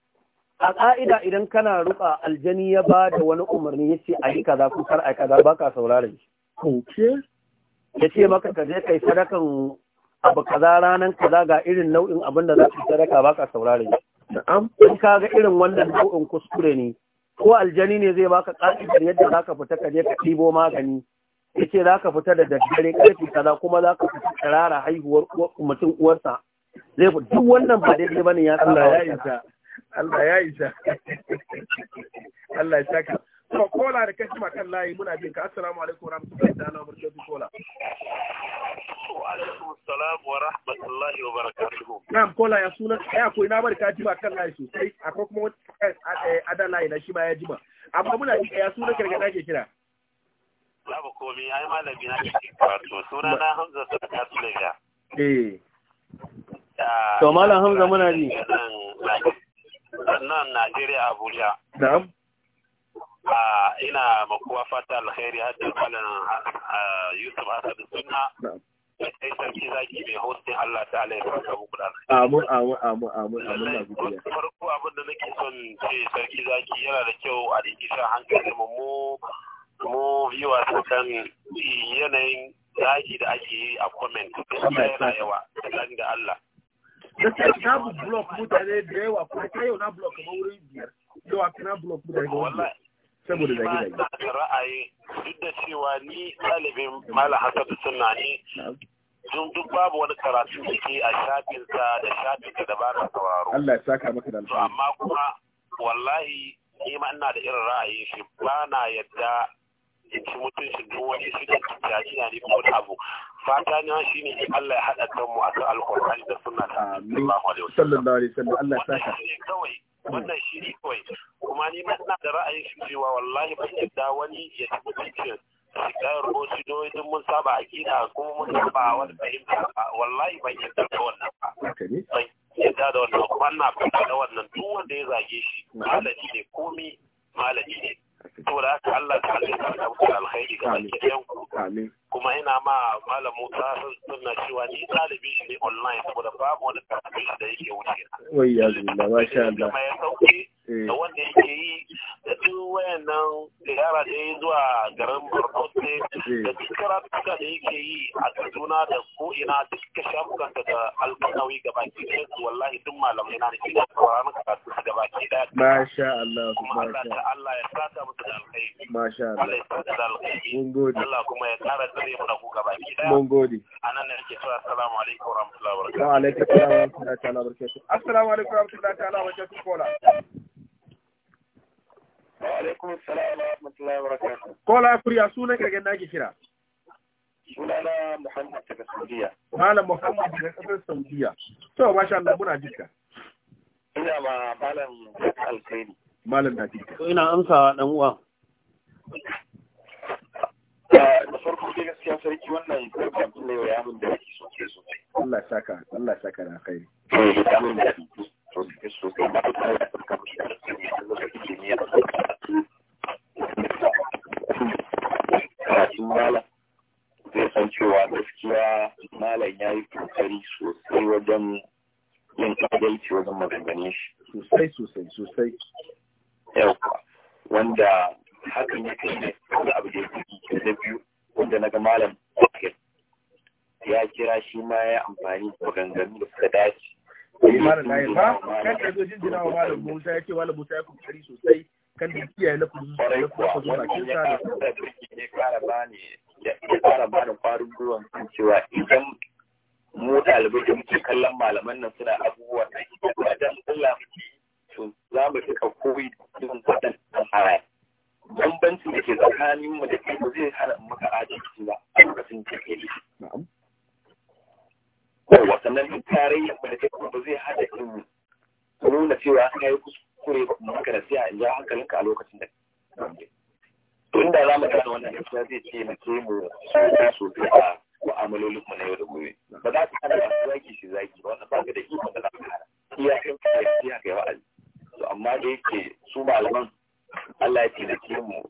a ƙa'ida idan kana ruƙa aljani ya ba da wani umarni ya ce a yi kaza ko kar a kaza baka saurare shi ya ce maka ka je kai sadakan abu ranar ranan kaza ga irin nau'in abin da za ka sadaka ba ka saurare na'am in ka ga irin wannan nau'in kuskure ne ko aljani ne zai baka ka'idar yadda za ka fita ka je ka ɗibo magani ya ce za ka fita da daddare ƙarfi kaza kuma za ka fita tsirara haihuwar mutum uwarsa zai fi duk wannan ba daidai bane ya Allah ya isa Allah ya isa Allah ya saka kuma kola da kashi kan layi muna bin ka assalamu alaikum warahmatullahi ta'ala wa barakatuh kola wa alaikum assalam wa rahmatullahi wa barakatuh na'am kola ya sunan ya na ina barka ji ma kan layi sosai akwai kuma ada layi na shi ba ya ji amma muna ya sunan gargada ke kira babu komai ai malami na ke karatu suna na Hamza Sadaka Sulega eh to malam Hamza muna ji nan Najeriya Abuja na'am ina makuwa fata alheri hadda kwallon Yusuf Hassan suna da sarki zaki mai hostin Allah ta'ala ya saka muku da amu, amu, amu, amu, amu, amu, amu, farko abin da nake son ce sarki zaki yana da kyau a dinki shan hankali mu mu wasu kan yanayin zaki da ake yi a comment ya yawa da Allah Da ta bu blok mutane da yawa kuma ta yau na blok kamar wurin biyar yau a kana blok mutane da saboda zage zage ra'ayi duk da cewa ni ɗalibin malam hasan sunna ne don duk babu wani karatu da ke a shafinsa da shafinsa da sauraro Allah ya saka maka da amma kuma wallahi ni ma ina da irin ra'ayi shi ba yadda mutuncin duk wani shirin jaji na ne ko da abu fata shi ne Allah ya haɗa kanmu a kan alkur'ani da ta kawai wannan shi ne kawai kuma ni ma ina da ra'ayin shi cewa wallahi ban yadda wani ya tafi cikin shigar roshi doyi duk mun saba a kina kuma mun saba wani fahimta wallahi ban yadda da wannan ba ban yadda da wannan kuma ina fahimta da wannan duk wanda ya zage shi malami ne komi malami ne saboda haka Allah ta Allah ta da muku alkhairi ga bakin kuma ina ma malam Musa sun sunna cewa ni talibi shi ne online saboda babu wani karatu da yake wuce wai ya zuwa masha Allah ya sauke Eh. da wanda yake yi da duk wayan nan da yara da ya zuwa garin Borno eh. da duk karatuka da yake yi a Kaduna da ko ina sha shafukan da da ga baki ɗaya wallahi duk malamai na nake da tsoron karatu a baki ɗaya. Masha Allah. Kuma Allah ta Allah ya sata musu da alkhairi. Masha Allah. Allah ya sata da alkhairi. Mun gode. Allah kuma ya ƙara tsare mu da ku gabaki ɗaya. Mun gode. A nan ne nake cewa assalamu alaikum wa rahmatullahi wa barakatuhu. Wa alaikum salam wa rahmatullahi wa barakatuhu. Assalamu alaikum wa rahmatullahi wa barakatuhu. Kola. alaikum salam wa rahmatullahi wa barakatuh kola kuriya sunan kirgen naki kira sunana muhammad daga saudiya malam muhammad daga kasar saudiya to masha Allah muna jika ina ma malam alkhairi malam da jika ko ina amsa dan uwa da farko dai gaskiya sarki wannan program ne ya mun da yake sosai sosai Allah saka Allah saka na kai eh da mun da to cikin shi zai san cewa gaskiya malam ya yi kokari sosai wajen yin adalci wajen maganganin shi sosai sosai yau wanda ya abu da biyu wanda na ga malam ya kira shi ma ya amfani da maganganu da suka dace malam na yarda kan da zo jinjina wa malam Musa ya ce malam Musa ya kokari sosai kan da kiyaye na kuzu da na kuzu ba kin sa da ya fara bani ya fara bani kwarin gwiwan kan cewa idan mu ɗalibai da muke kallon malaman nan suna abubuwa na ke da dan Allah to za mu fika koyi don faɗan haraya bambancin da ke tsakanin mu da kai zai hana maka adalci ba a lokacin da ke wasannan duk tarayyar ba da kuma ba zai hada in nuna cewa an yi kuskure ba kuma haka da sai a in hankalin ka a lokacin da to inda za mu gane wannan gaskiya zai ce na ke mu sosai sosai a mu'amalolin mu na yau da gobe ba za ka hana masu zaki shi zaki ba wannan ba ka da iko da za ka hana iya kan kai iya kai wa'azi to amma da yake su malaman Allah ya ke mu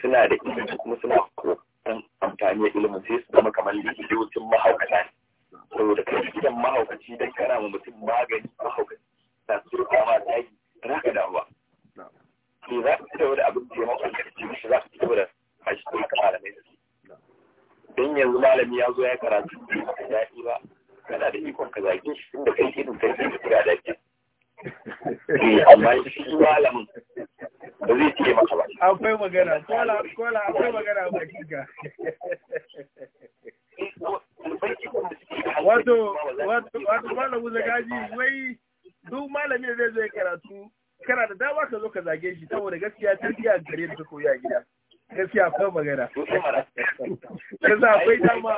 suna da ilimi kuma suna kokarin amfani da ilimin sai su zama kamar likitocin mahaukata ne saboda kai gidan mahaukaci dan kana ma mutum magani mahaukaci na surka ma daji za ka damu ba to za ka fita da abin taimako da ke shi za ka fita da kashi ka haka malamai da su yanzu malami ya zo ya karatu da maka daɗi ba kana da ikon ka zage shi tun da kai irin kai ne da daɗi eh, amma shi malamin ba zai ce maka ba akwai magana kola kola akwai magana ba kika wato wato malamu gaji wai duk malami da zai zo ya karatu kana da dama ka zo ka zage shi saboda gaskiya tafiya gare da ta koyi a gida gaskiya akwai magana yanzu akwai dama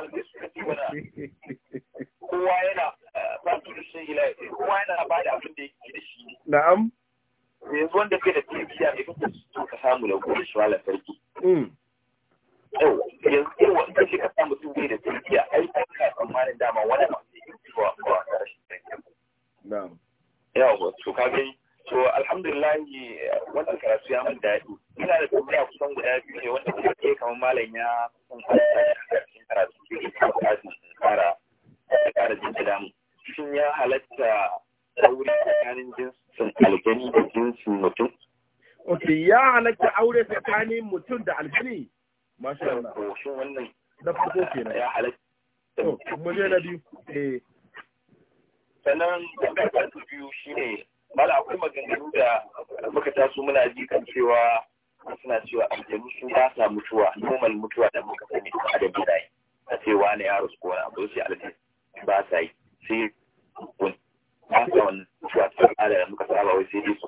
kowa yana eh, ba su da shi ila kowa yana ba da abin da yake da shi na'am yanzu wanda kai da tafiya ne ka samu da gobe shi wala sarki mm. yau yanzu irin wanda shi ka samu su da turkiya ai ta ka tsammanin dama wani ma sai yin zuwa ko a rashin turkiya Ya'u yawa to ka gai to alhamdulillah wannan karatu ya mun daɗi ina da tambaya kusan guda biyu ne wanda kuma ke kamar malam ya kusan kwanta da cikin karatu ke da kuma karatu kara da kara jin damu shin ya halatta aure tsakanin jinsin aljani da jinsin mutum Ok, ya halatta aure tsakanin mutum da aljani? masha Allah shin wannan na farko kenan ya halatta to je na biyu eh sannan tambayar ta biyu shine mala akwai maganganu da muka taso muna ji kan cewa suna cewa aljanu su ba sa mutuwa normal mutuwa da muka sani da adam da yi a ce wani yaro su abu sai aljanu ba sa yi sai kun ba sa mutuwa ta al'ada da muka saba wai sai su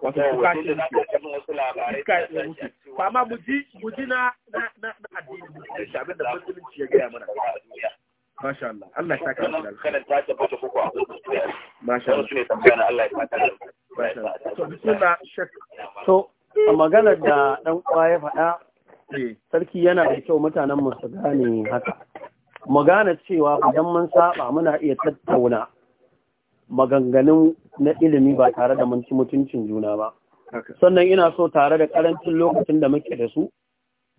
wato suka ce suka ce mutu ba ma mu ji mu ji na na na addini musulunci abin da musulunci ya gaya mana masha Allah Allah ya saka ta tabbata ko ko masha Allah ne tambaya na Allah ya saka masha Allah to bismillah shek to maganar da dan uwa ya faɗa eh. sarki yana da kyau mutanen mu su gane haka mu gane cewa idan mun saba muna iya tattauna maganganun na ilimi ba tare da manci mutuncin juna ba sannan ina so tare da karancin lokacin da muke da su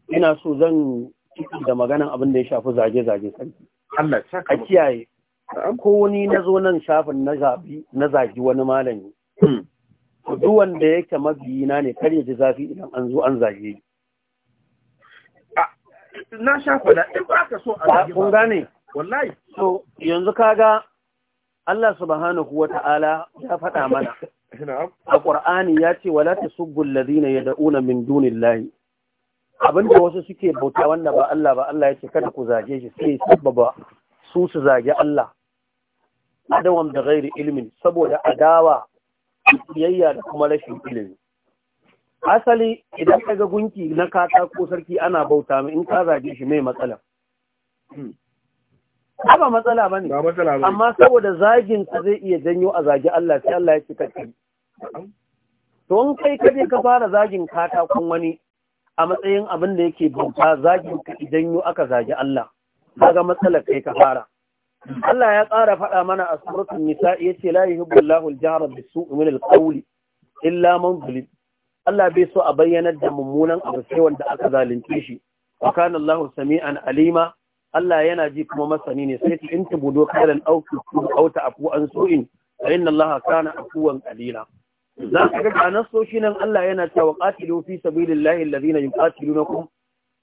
ina so zan ciki da maganan abin da ya shafi zage-zage sarki a kiyaye ko wani na zo nan shafin na zagi wani malami duk wanda yake mabiyina ne kar ya ji zafi idan an zo an zage na shafa da in ba ka so a zage ba kun gane wallahi so yanzu kaga Allah subhanahu wa ta'ala ya faɗa mana, a ƙwar'ani ya ce, wala ta subbul lazina ya da'una min dunin layi, abinda wasu suke bauta wanda ba Allah ba Allah ya ce kada ku zage shi sai sababa su su zage Allah, adawam da gairi ilimin saboda adawa, biyayya da kuma rashin ilimi. Asali idan ka ga gunki na katako sarki ana bauta mai in ka zage shi mai matsala. Hmm. ba matsala bane ba matsala ne. amma saboda zagin ka zai iya janyo a zagi Allah sai Allah ya ci ka to in kai ka je ka fara zagin katakon wani a matsayin abin da yake bauta zagin ka janyo aka zagi Allah kaga matsalar kai ka fara Allah ya ƙara faɗa mana a suratul nisa yace la yuhibbullahu al-jahra bis-su'i min al-qawli illa man zulim Allah bai so a bayyanar da mummunan abu sai wanda aka zalunce shi wa kana Allahu sami'an alima Allah yana ji kuma masani ne sai in ta budo kalan auki auta afu an su'in fa inna Allah kana afuwan qalila za ka ga nasoshi nan Allah yana cewa qatilu fi sabilillahi Ƙatilu na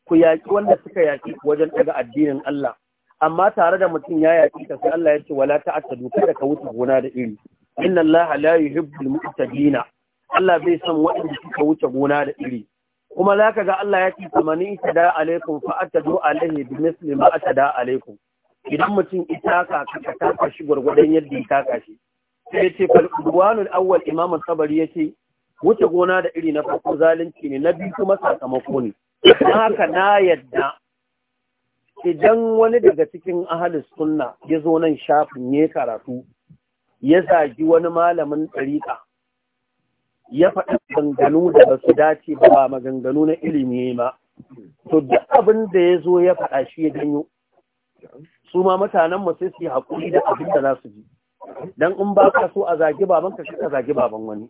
ku yaki wanda suka yaki wajen ɗaga addinin Allah amma tare da mutum ya yaƙi ka sai Allah ya ce wala ta'tadu kada ka wuce gona da iri inna Allah la yuhibbul mu'tadina Allah bai san waɗanda suka wuce gona da iri kuma za ka ga Allah ya ce tsamani ita da alaikum fa ta zo alaihi bi misli ma ta da alaikum idan mutum ita ka ka taka shi gwargwadon yadda ya ka shi sai ce fal udwanul awwal imam sabari yace wuce gona da iri na farko zalunci ne na biyu kuma sakamako ne Na haka na yadda idan wani daga cikin ahalis sunna ya zo nan shafin ya karatu ya zagi wani malamin ɗariƙa ya faɗi maganganu da ba su dace ba ba maganganu na ilimi ma to duk abin da ya zo ya faɗa shi ya janyo su ma mutanen mu sai su yi haƙuri da abin da za su ji dan in ba ka so a zagi baban ka ka zagi baban wani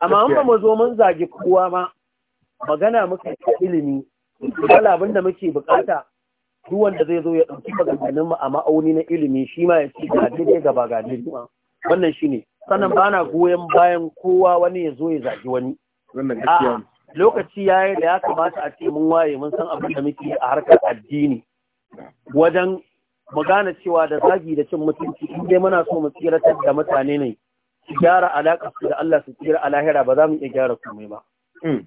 amma an ba mu zo mun zagi kowa ma magana muka ilimi Kala abin da muke bukata duk wanda zai zo ya ɗauki maganganun mu a ma'auni na ilimi shi ma ya ci ga daidai ga ga daidai wannan shine sannan ba na goyon bayan kowa wani ya zo ya zagi wani a lokaci ya yi da ya kamata a ce mun waye mun san abin da muke a harkar addini wajen magana cewa da zagi da cin mutunci in dai muna so mu tsiratar da mutane ne su gyara alaƙa su da Allah su tsira a lahira ba za mu iya gyara komai ba hmm.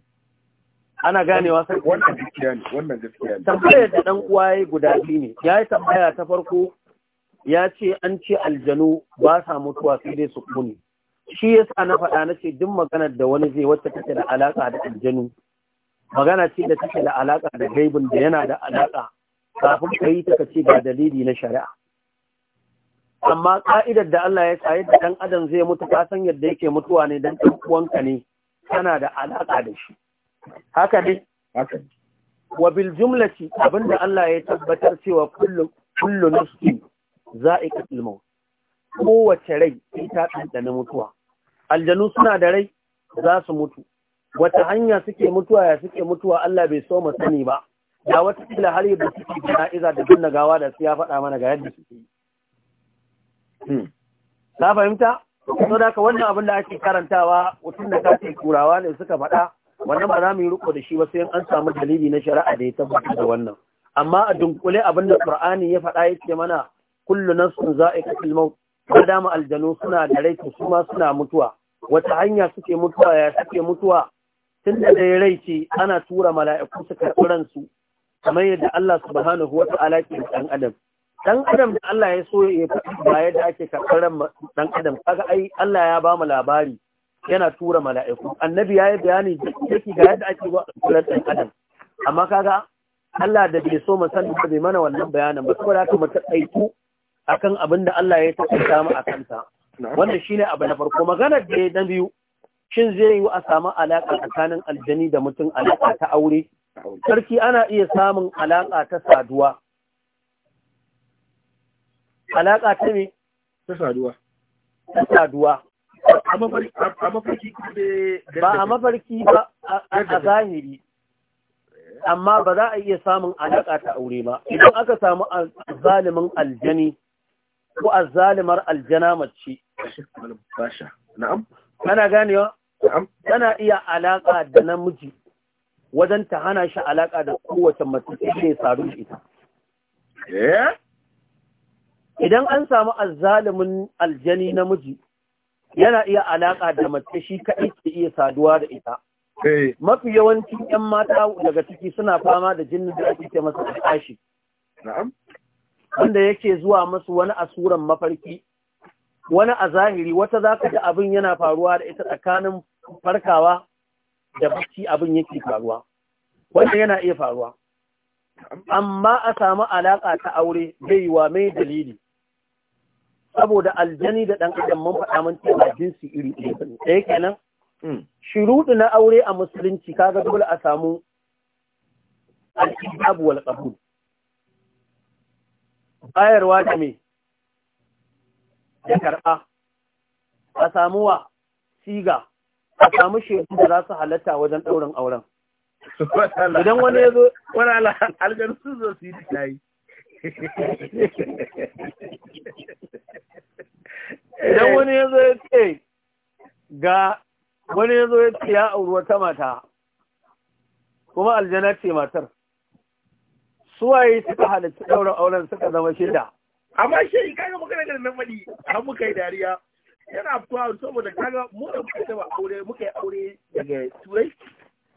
ana ganewa sai wannan gaskiya ne wannan gaskiya ne tambayar da dan uwa guda biyu ne yayi tambaya ta farko ya ce an ce aljanu ba sa mutuwa sai dai su kuni shi ya sa na faɗa na ce duk maganar da wani zai wacce take da alaƙa da aljanu magana ce da take da alaƙa da gaibin da yana da alaƙa kafin ka yi ta ce ba dalili na shari'a amma ka'idar da Allah ya sa yadda dan adam zai mutu ka san yadda yake mutuwa ne dan ɗan uwanka ne kana da alaƙa da shi haka ne haka wa bil jumlati abinda Allah ya tabbatar cewa kullu kullu nafsi za'iqatul maut kowace rai ita ɗanɗana mutuwa aljanu suna da rai za su mutu wata hanya suke mutuwa ya suke mutuwa Allah bai so mu sani ba da wata kila har yadda suke iza da gina gawa da su ya faɗa mana ga yadda suke Na hmm. fahimta so da wannan abin da ake karantawa mutum da kace turawa ne suka faɗa wannan ba za mu yi riko da shi ba sai an samu dalili na shari'a da ya tabbatar da wannan amma a dunkule abin da Qur'ani ya faɗa yake mana kullu nafsin za'iqatul maut dama aljanu suna da rai su ma suna mutuwa wata hanya suke mutuwa ya suke mutuwa tun da dai rai ce ana tura mala'iku su karɓi ransu kamar yadda Allah subhanahu wata'ala ke dan adam dan adam da Allah ya so ya fi ba yadda ake karɓar dan adam kaga ai Allah ya ba mu labari yana tura mala'iku annabi ya yi bayani yake ga yadda ake karɓar dan adam amma kaga Allah da bai so mu san bai mana wannan bayanin ba saboda haka mu taƙaitu akan abin da Allah ya taɓa mu a kanta, wanda shine abu na farko magana da na biyu shin zai yi a samu alaka tsakanin aljani da mutum alaka ta aure sarki ana iya samun alaka ta saduwa alaka ta me ta saduwa ta saduwa a mafarki ba a mafarki ba a zahiri amma ba za a iya samun alaƙa ta aure ba idan aka samu zalimin aljani ko azalimar aljana mace na'am kana ganewa tana iya alaka da namiji wajen ta hana shi alaka da kowace mace sai saru shi ita eh? idan an samu azalimin aljani namiji yana iya alaƙa da mace shi kaɗai ke iya saduwa da ita. Eh. Mafi yawancin ‘yan mata daga ciki suna fama da jinin da ake ce masa tashi. wanda yake zuwa masu wani asuran mafarki wani a zahiri wata za ka ji abin yana faruwa da ita tsakanin farkawa da bacci abin yake faruwa wanda yana iya faruwa amma a samu alaƙa ta aure bai wa mai dalili saboda aljani da ɗan adam mun faɗa mun cewa jinsi iri ɗaya ɗaya kenan hmm. shiruɗu na aure a musulunci kaga dole a samu al wal qabul bayarwa da me ya karɓa a samu wa siga a samu shekaru da za su halatta wajen ɗaurin auren idan wani ya zo wani algar su zo su yi ta yi idan wani ya zo ya ce ga wani ya zo ya ce ya auri wata mata kuma aljana ce matar suwaye suka halarci ɗaurin auren suka zama shida amma shi kaga magana da nan faɗi har muka yi dariya yana fitowa saboda kaga mu da muka taba aure muka yi aure daga turai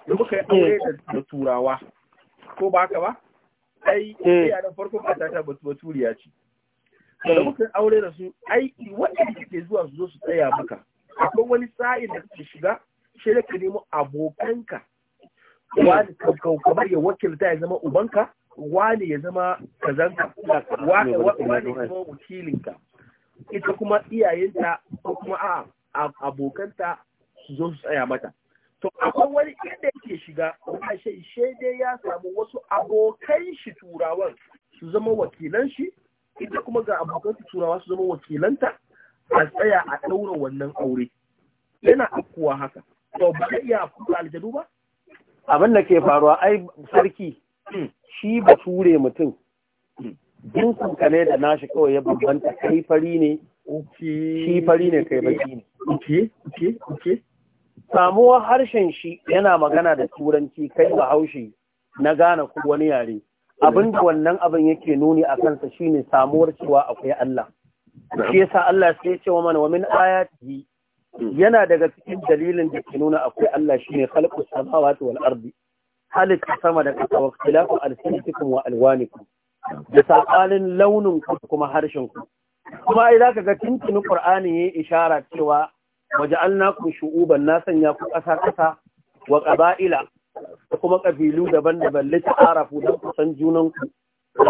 da muka yi aure eh. da turawa ko ba haka ba ai eh. iya da farko ba ta baturiya ce da eh. muka yi aure da su ai da ke zuwa su zo su tsaya maka akwai wani sa'in da kake shiga shi da ka nemo abokanka wani kamar ya wakilta ya zama ubanka wani ya zama kazanka wani ya zama wakilinka ita kuma iyayenta ko kuma a abokanta su zo su tsaya mata to akwai wani inda yake shiga wani shi dai ya samu wasu abokan shi turawan su zama wakilan shi ita kuma ga abokan su turawa su zama wakilanta a tsaya a ɗaura wannan aure yana akuwa haka to ba iya fuka aljadu ba abin da ke faruwa ai sarki shi ba ture mutum jinsin ka ne da nashi kawai ya bambanta kai fari ne shi fari ne kai baki ne samuwar harshen shi yana magana da turanci kai bahaushe na gane ko wani yare abinda wannan abin yake nuni a kansa shine samuwar cewa akwai Allah shi yasa Allah sai ya ce wa mana wa min ayati hmm. yana daga cikin dalilin da ke nuna akwai Allah shine khalqus samawati wal ardi halitta sama da ƙasa wa khilafu alsinatikum wa alwanikum da saɓanin launin ku kuma harshen ku kuma ai zaka ga tintini qur'ani yayi ishara cewa waja'alnakum shu'uban na sanya ku ƙasa ƙasa wa qaba'ila da kuma kabilu daban-daban lita'arafu don ku san junan ku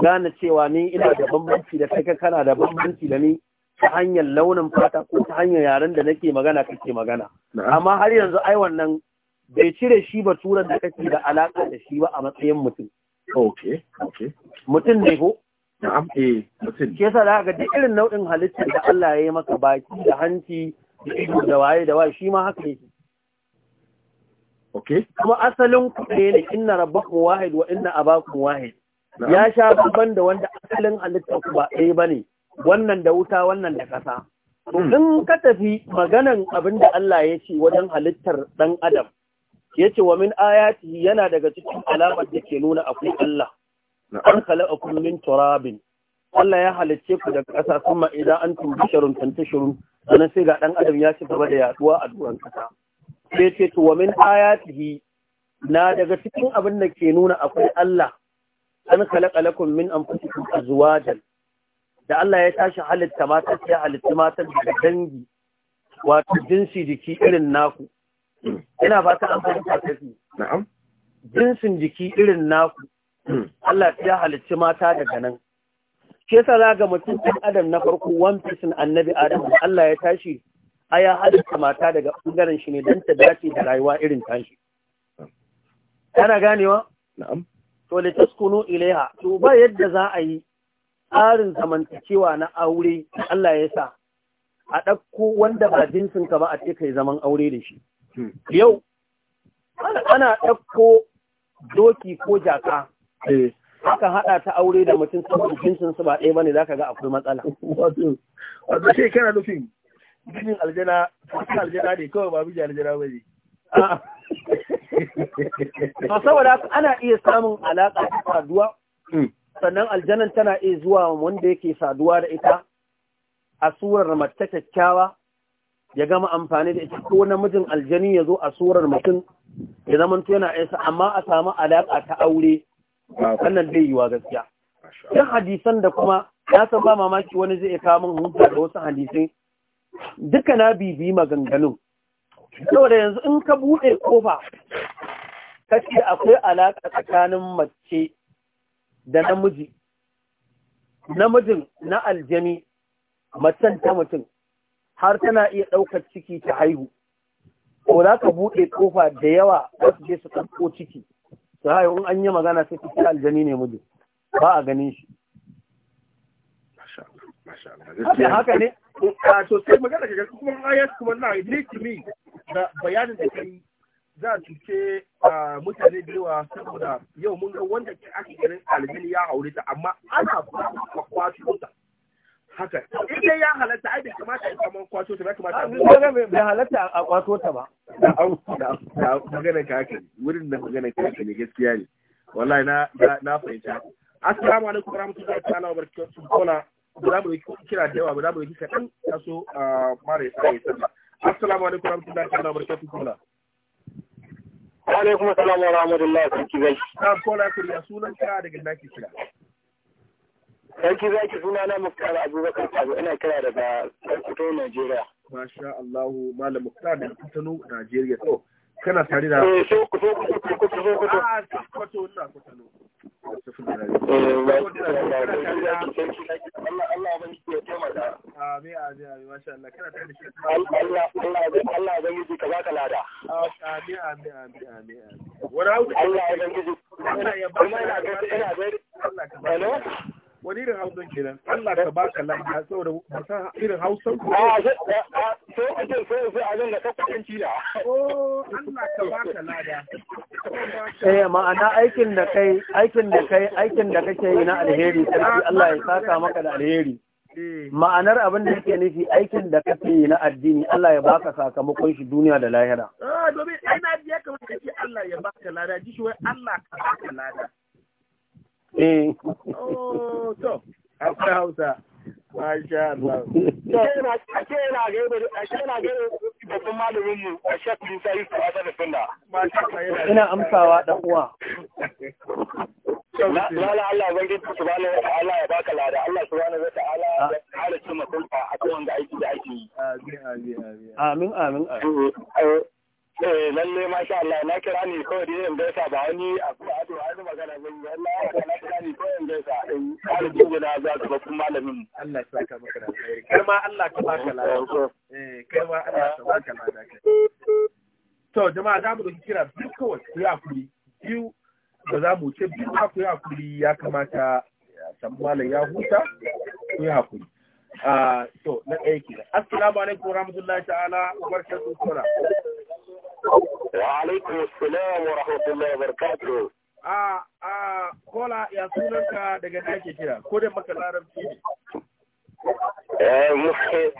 gane cewa ni ina da bambanci da kai kana da bambanci da ni ta hanyar launin fata ko ta hanyar yaren da nake magana kake magana amma har yanzu ai wannan bai cire shi ba turan da kake da alaƙa da shi ba a matsayin mutum. Okay, okay. Mutum ne ko? Na'am, eh, mutum. Ke sa da duk irin nau'in halittar da Allah ya yi maka baki da hanci da ido da waye da waye shi ma haka yake. Okay. Kuma asalin ku ne ne inna rabbakum wahid wa inna abakum wahid. Ya sha babban da wanda asalin halittar ku ba ɗaya ne, Wannan da wuta, wannan da ƙasa. Hmm. In ka tafi maganan abin da Allah ya ce wajen halittar ɗan Adam, yace wa min ayatihi yana daga cikin alamar da ke nuna akwai Allah an khalaqakum min turabin Allah ya halicce ku daga ƙasa kuma idan an tumbi sharun tantashirun sannan sai ga ɗan adam ya ci gaba da yaduwa a duran ƙasa sai ce to wa min ayatihi na daga cikin abin da ke nuna akwai Allah an khalaqa lakum min anfusikum azwajan da Allah ya tashi halitta mata ya halitta mata daga dangi wato jinsi jiki irin naku ina ba ta amfani fahimta tafi na'am jinsin jiki irin naku Allah ya halicci mata daga nan shi yasa za ga mutum ɗan adam na farko one piece annabi adam Allah ya tashi a ya halitta mata daga bangaren shi ne don ta dace da rayuwa irin tashi kana ganewa na'am to li taskunu ilaiha to ba yadda za a yi tsarin zamantakewa na aure Allah ya sa a ɗauko wanda ba jinsin ka ba a ce kai zaman aure da shi yau ana ɗauko doki ko jaka eh. aka haɗa ta aure da mutum saboda jinsin su ba ɗaya bane zaka ga akwai matsala wato shi kana nufin ginin aljana aljana ne kawai ba miji aljana ba ne to saboda ana iya samun alaƙa ta saduwa hmm. sannan aljanan tana iya zuwa wanda yake saduwa da ita a surar mace kyakkyawa ya gama amfani da ita ko namijin aljani ya zo a surar mutum ya zamanto yana aisa amma a samu alaƙa ta aure wannan bai yiwa gaskiya yan hadisan da kuma ya san ba mamaki wani zai kawo min hujja da wasu hadisai duka na bibi maganganun saboda yanzu in ka buɗe kofa kace akwai alaƙa tsakanin mace da namiji namijin na aljani macen ta mutum har tana iya ɗaukar ciki ta haihu ko za ka buɗe ƙofa da yawa za su je su ɗauko ciki su haihu in an yi magana sai ta aljani ne muje ba a ganin shi haka ne ah, to sai magana ka gaske kuma ayat kuma na it da bayanin da kai za a cuce ah, mutane da yawa saboda yau mun ga wanda ake ganin aljini ya aure ta amma ana kuma kwato ta haka idan ya halatta ai bai kamata a kaman kwato ta kamata a bai halatta a kwato ta ba da magana ka haka wurin da magana ka haka ne gaskiya ne wallahi na na fahimta assalamu alaikum warahmatullahi ta'ala wabarakatuh kola za mu kira da yawa za mu yi kaɗan taso a mara ya assalamu alaikum warahmatullahi ta'ala wabarakatuh alaikum assalam wa rahmatullahi wa barakatuh kuriya sunan ka daga naki kira Sarki zaki suna na Muktar Abubakar Sabo ina kira daga Sokoto Najeriya. Masha Allah Malam Muktar da Kutano Najeriya. To kana tare da Eh Sokoto Sokoto Sokoto. Sokoto ah, ina Kutano. Allah ban Allah shi. Amin amin amin ya wani irin hausan kenan Allah ka baka lafiya saboda masa irin hausan ku a ah, so ake ah, so sai a zanga kakkan da. oh Allah ka baka lada eh ma'ana aikin da kai aikin da kai aikin da kake yi na alheri sai Allah ya saka maka da alheri eh. ma'anar abin da yake nufi aikin da kake yi na addini Allah ya baka sakamakon shi duniya da lahira ah domin ai na ji ya kamata Allah ya baka lada ji shi wai Allah ka baka lada Eh. Oh, to, akwai Hausa. Masha Allah. yana babban malamin mu a Sheikh da Sunna. Ina amsawa uwa. Lala Allah ban ya baka lada Allah subhanahu wa ta'ala ya mutunta a kan wanda aiki da ake yi. Amin amin amin. Eh, eh, Eh lalle masha Allah na kira ni kawai dai in gaisa ba wani abu a to wani magana zan yi Allah ya na kira ni kawai in gaisa in kare dubu na za ka babban malamin Allah ya saka maka alheri kai ma Allah ka baka lafiya eh, eh kai ma Allah ka maka lafiya to jama'a za mu da kira duk kawai ku ya kuri biyu ba za mu ce biyu ba ku ya kuri ya kamata san ya huta ku ya kuri ah, to na ɗaya kenan assalamu alaikum warahmatullahi ta'ala wa barakatuhu Wa'alaikun salam wa rahmatullahi wa barakatuh. A a kola ya sunanka daga nake kira ko da maka larabci ne. Eh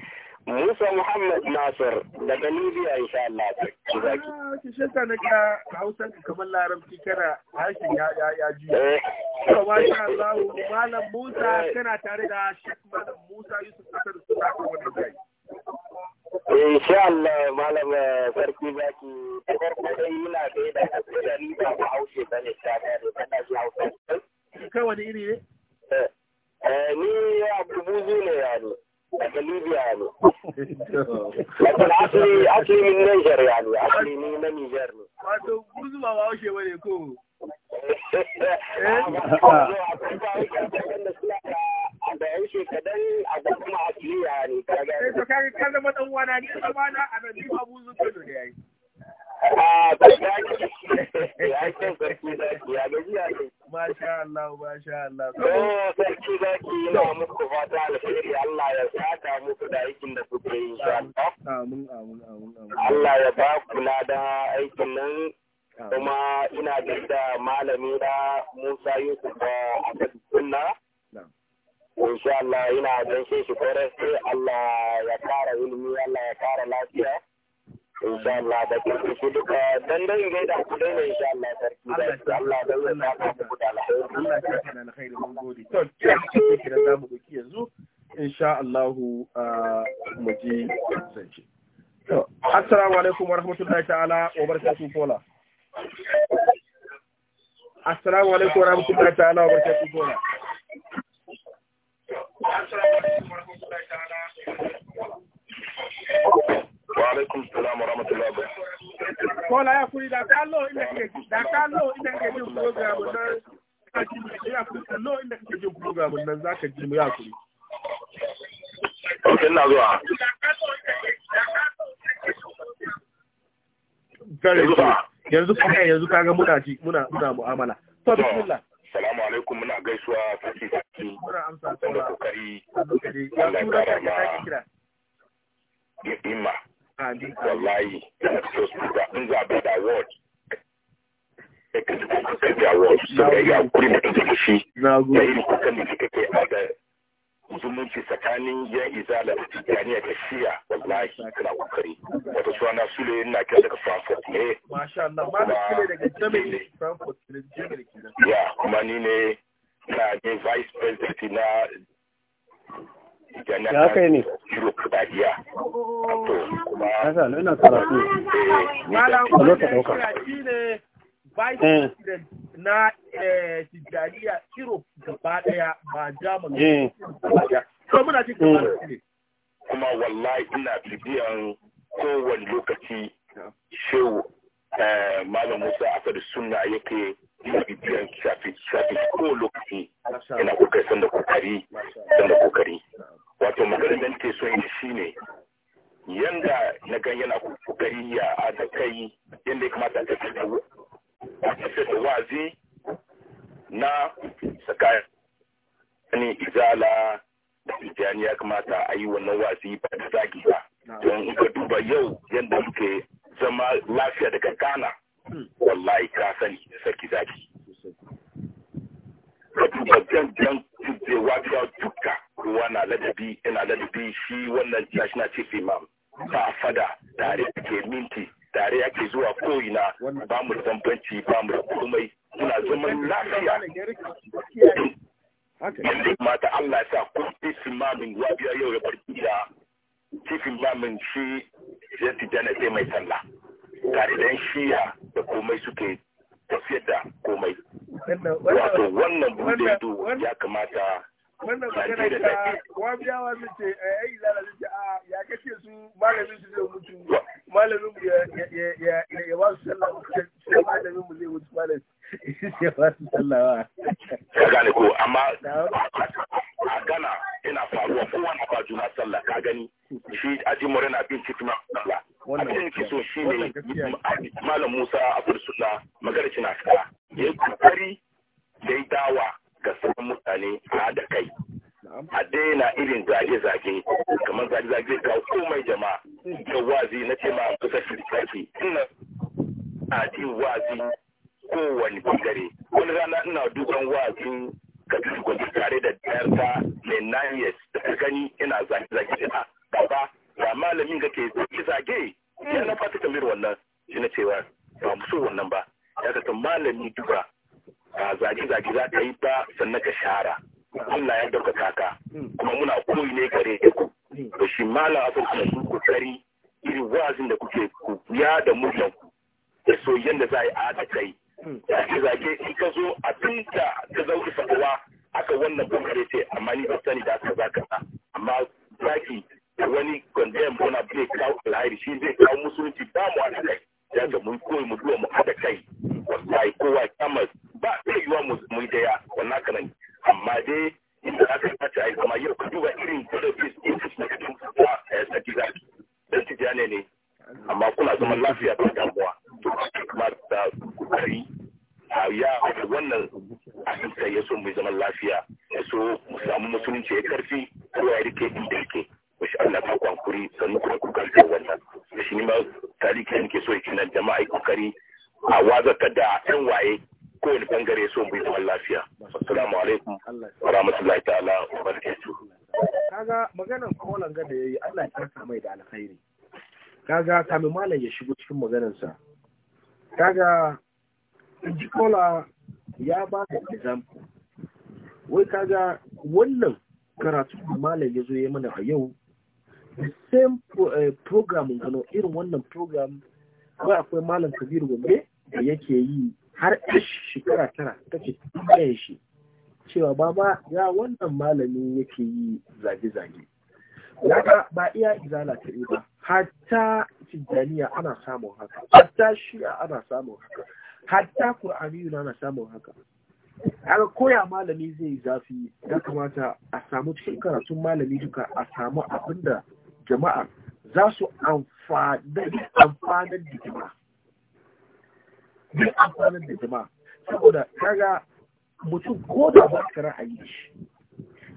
Musa Muhammad Nasir daga Libya insha Allah ki zaki. Ki shaka na ga Hausan kamar larabci kana harshen ya ya ya ji. To masha Allah Malam Musa kana tare da Sheikh Malam Musa Yusuf Sakar Sunaka wannan gari. Insha Allah malam eh, sarki zaki da farko dai ina da kasar da ni ba haushe ba ne ta da da na ji hausa. Kai wani iri ne? Eh, eh, ni abubuzu ne ya ne. Daga Libya ne. Daga asali asali min Niger ya ne. Asali ni na Niger ne. Wato guzu ba haushe ba ne ko? da yan shekadan a kuma asiriya ne ta ka ya ce Allah, alheri Allah ya saka muku da aikin da ya ba ku lada aikin nan Ah. kuma ina da malami da Musa Yusuf da Abdul Abdullah insha Allah ina gaishe shi kore sai Allah ya kara ilimi Allah ya kara lafiya insha Allah da kuma shi duka dan dai ga da ku dai ne insha Allah sarki da Allah da ya saka ku da alheri Allah ya saka da alheri mun gode to kira da mu ki yanzu insha Allah ah, mu ji zance to assalamu alaikum warahmatullahi ta'ala wa barakatuh kola Assalamu alaikum warahmatullahi ta'ala wa barakatuh gona. Wa alaikum salam wa Kola ya kuri da kallo inda da kake nan ji mu ya kuri kallo inda kake jin program nan zaka ji mu ya kuri. na zuwa. yanzu kuma yanzu kaga muna ji muna muna mu'amala to bismillah salamu alaikum muna gaisuwa saki saki muna amsa da kokari Allah ya kara ma himma wallahi in ba da ya kuri da shi a zumunci tsakanin ya iza da tijjaniya da shiya wallahi kana kokari wato suna sule na kira daga frankfurt ne masha Allah ma sule daga germany frankfurt ne germany ya kuma ni ne na ne vice president na ya kai ne europe da diya oh. to kuma ina karatu a lokacin ɗauka vice eh. president na eh, Tijjaniya Europe gaba daya ba Germany. So eh. muna jin kamar ne. Kuma wallahi ina bibiyan kowane lokaci shehu Malam Musa Asadu Sunna yake ina bibiyan shafi shafi ko lokaci ina kokari san da kokari san da kokari. Wato maganar da ke son shi ne. yanda na gan yana kokari ya da kai yanda ya kamata a tafi wazi na tsakanin izala da tijjani ya kamata a yi wannan wazi ba da zagi ba don in ka duba yau yadda muke zama lafiya daga kana hmm. wallahi ka sani da sarki zaki ka duba jan jan kuje wajen duka ruwa na ladabi ina ladabi shi wannan national chief imam ba fada tare da ke minti tare ake zuwa ko'ina ba mu da bambanci ba mu da komai muna zaman lafiya yadda ta Allah sa ma min wabiya yau ya farki da kifin mamin shi ya tijjana sai mai sallah tare da shiya da komai suke tafiyar da komai wato wannan bude ya kamata wannan magana ta wabiyawa sun ce eh, ai izala sun ce a ah, ya kace su malamin su zai mutu malamin mu ya ba su sallah sai malamin mu zai mutu malamin ya ba su sallah ba ka gane ko amma a gana ina faruwa ko kowane ba juna sallah ka gani shi aji mure na bin cikin sallah abin ke so shi ne malam musa abdul sunna magana na kara ya yi kokari ya dawa ga sauran mutane a da kai a daina irin zage-zage kamar zage-zage ga komai jama'a ga wazi na ce ma kusa shirkaki ina a ji wazi kowane bangare wani rana ina dukan wazin ka gwanci tare da dayarta mai na years da ta gani ina zage-zage ta gaba ba malamin ga ke zage-zage ya na fata kamar wannan shi na cewa ba musu wannan ba ya ka malami duka zage-zage za ta yi ba sannan ka shara Allah ya daukaka kaka kuma muna koyi ne gare ku da shi malam asar kuma sun kokari irin wazin da kuke ku ya da muryan ku da soyayyen da za a yi a ta kai zage-zage in ka zo a da ka zauri sakawa aka wannan kokare ce amma ni ba sani da zaka ba amma zaki da wani condemn bona bai kawo alhairi shi zai kawo musulunci ba mu kai ya ga mun koyi mu duwa mu haɗa kai wallahi kowa kamar ba zai yiwa mu yi ya wannan kanan amma dai inda za ka tace ai kuma yau ka duba irin therapist in su suka tun kuwa a yasa ki zaki dan tijane ne amma kuna zaman lafiya ba damuwa to kuma da kokari a ya wannan abin ya mu zaman lafiya ya so mu samu musulunci ya karfi ko ya rike inda yake shi Allah ka kwankuri sannu kuma ku karfe wannan da shi ma tarihi ne ke so yake nan jama'a kokari a wazaka da yan waye kowane bangare so mu yi zaman lafiya assalamu alaikum wa rahmatullahi ta'ala wa barakatuh kaga maganar kolan ga da yayi Allah ya saka mai da alkhairi kaga kamin malam ya shigo cikin maganar sa kaga jikola ya ba ka example wai kaga wannan karatu da malam ya zo ya mana a yau the same eh, program you know, irin wannan program Ba akwai malam kabiru gombe da yake yi har shekara tara ta ce ɗayan shi cewa baba ya wannan malami yake yi zage-zage Yaka ba iya izala ta ba, hatta tijjaniya ana samun haka, hatta shi'a ana samun haka, hatta ƙur'aniyu ana samun haka. aga koya malami zai zafi ya kamata a samu cikin karatun malami duka a samu abinda jama'a za su amfanar da jama'a zai amfanar da jama'a saboda kaga mutum ko da ba ka ra'ayi shi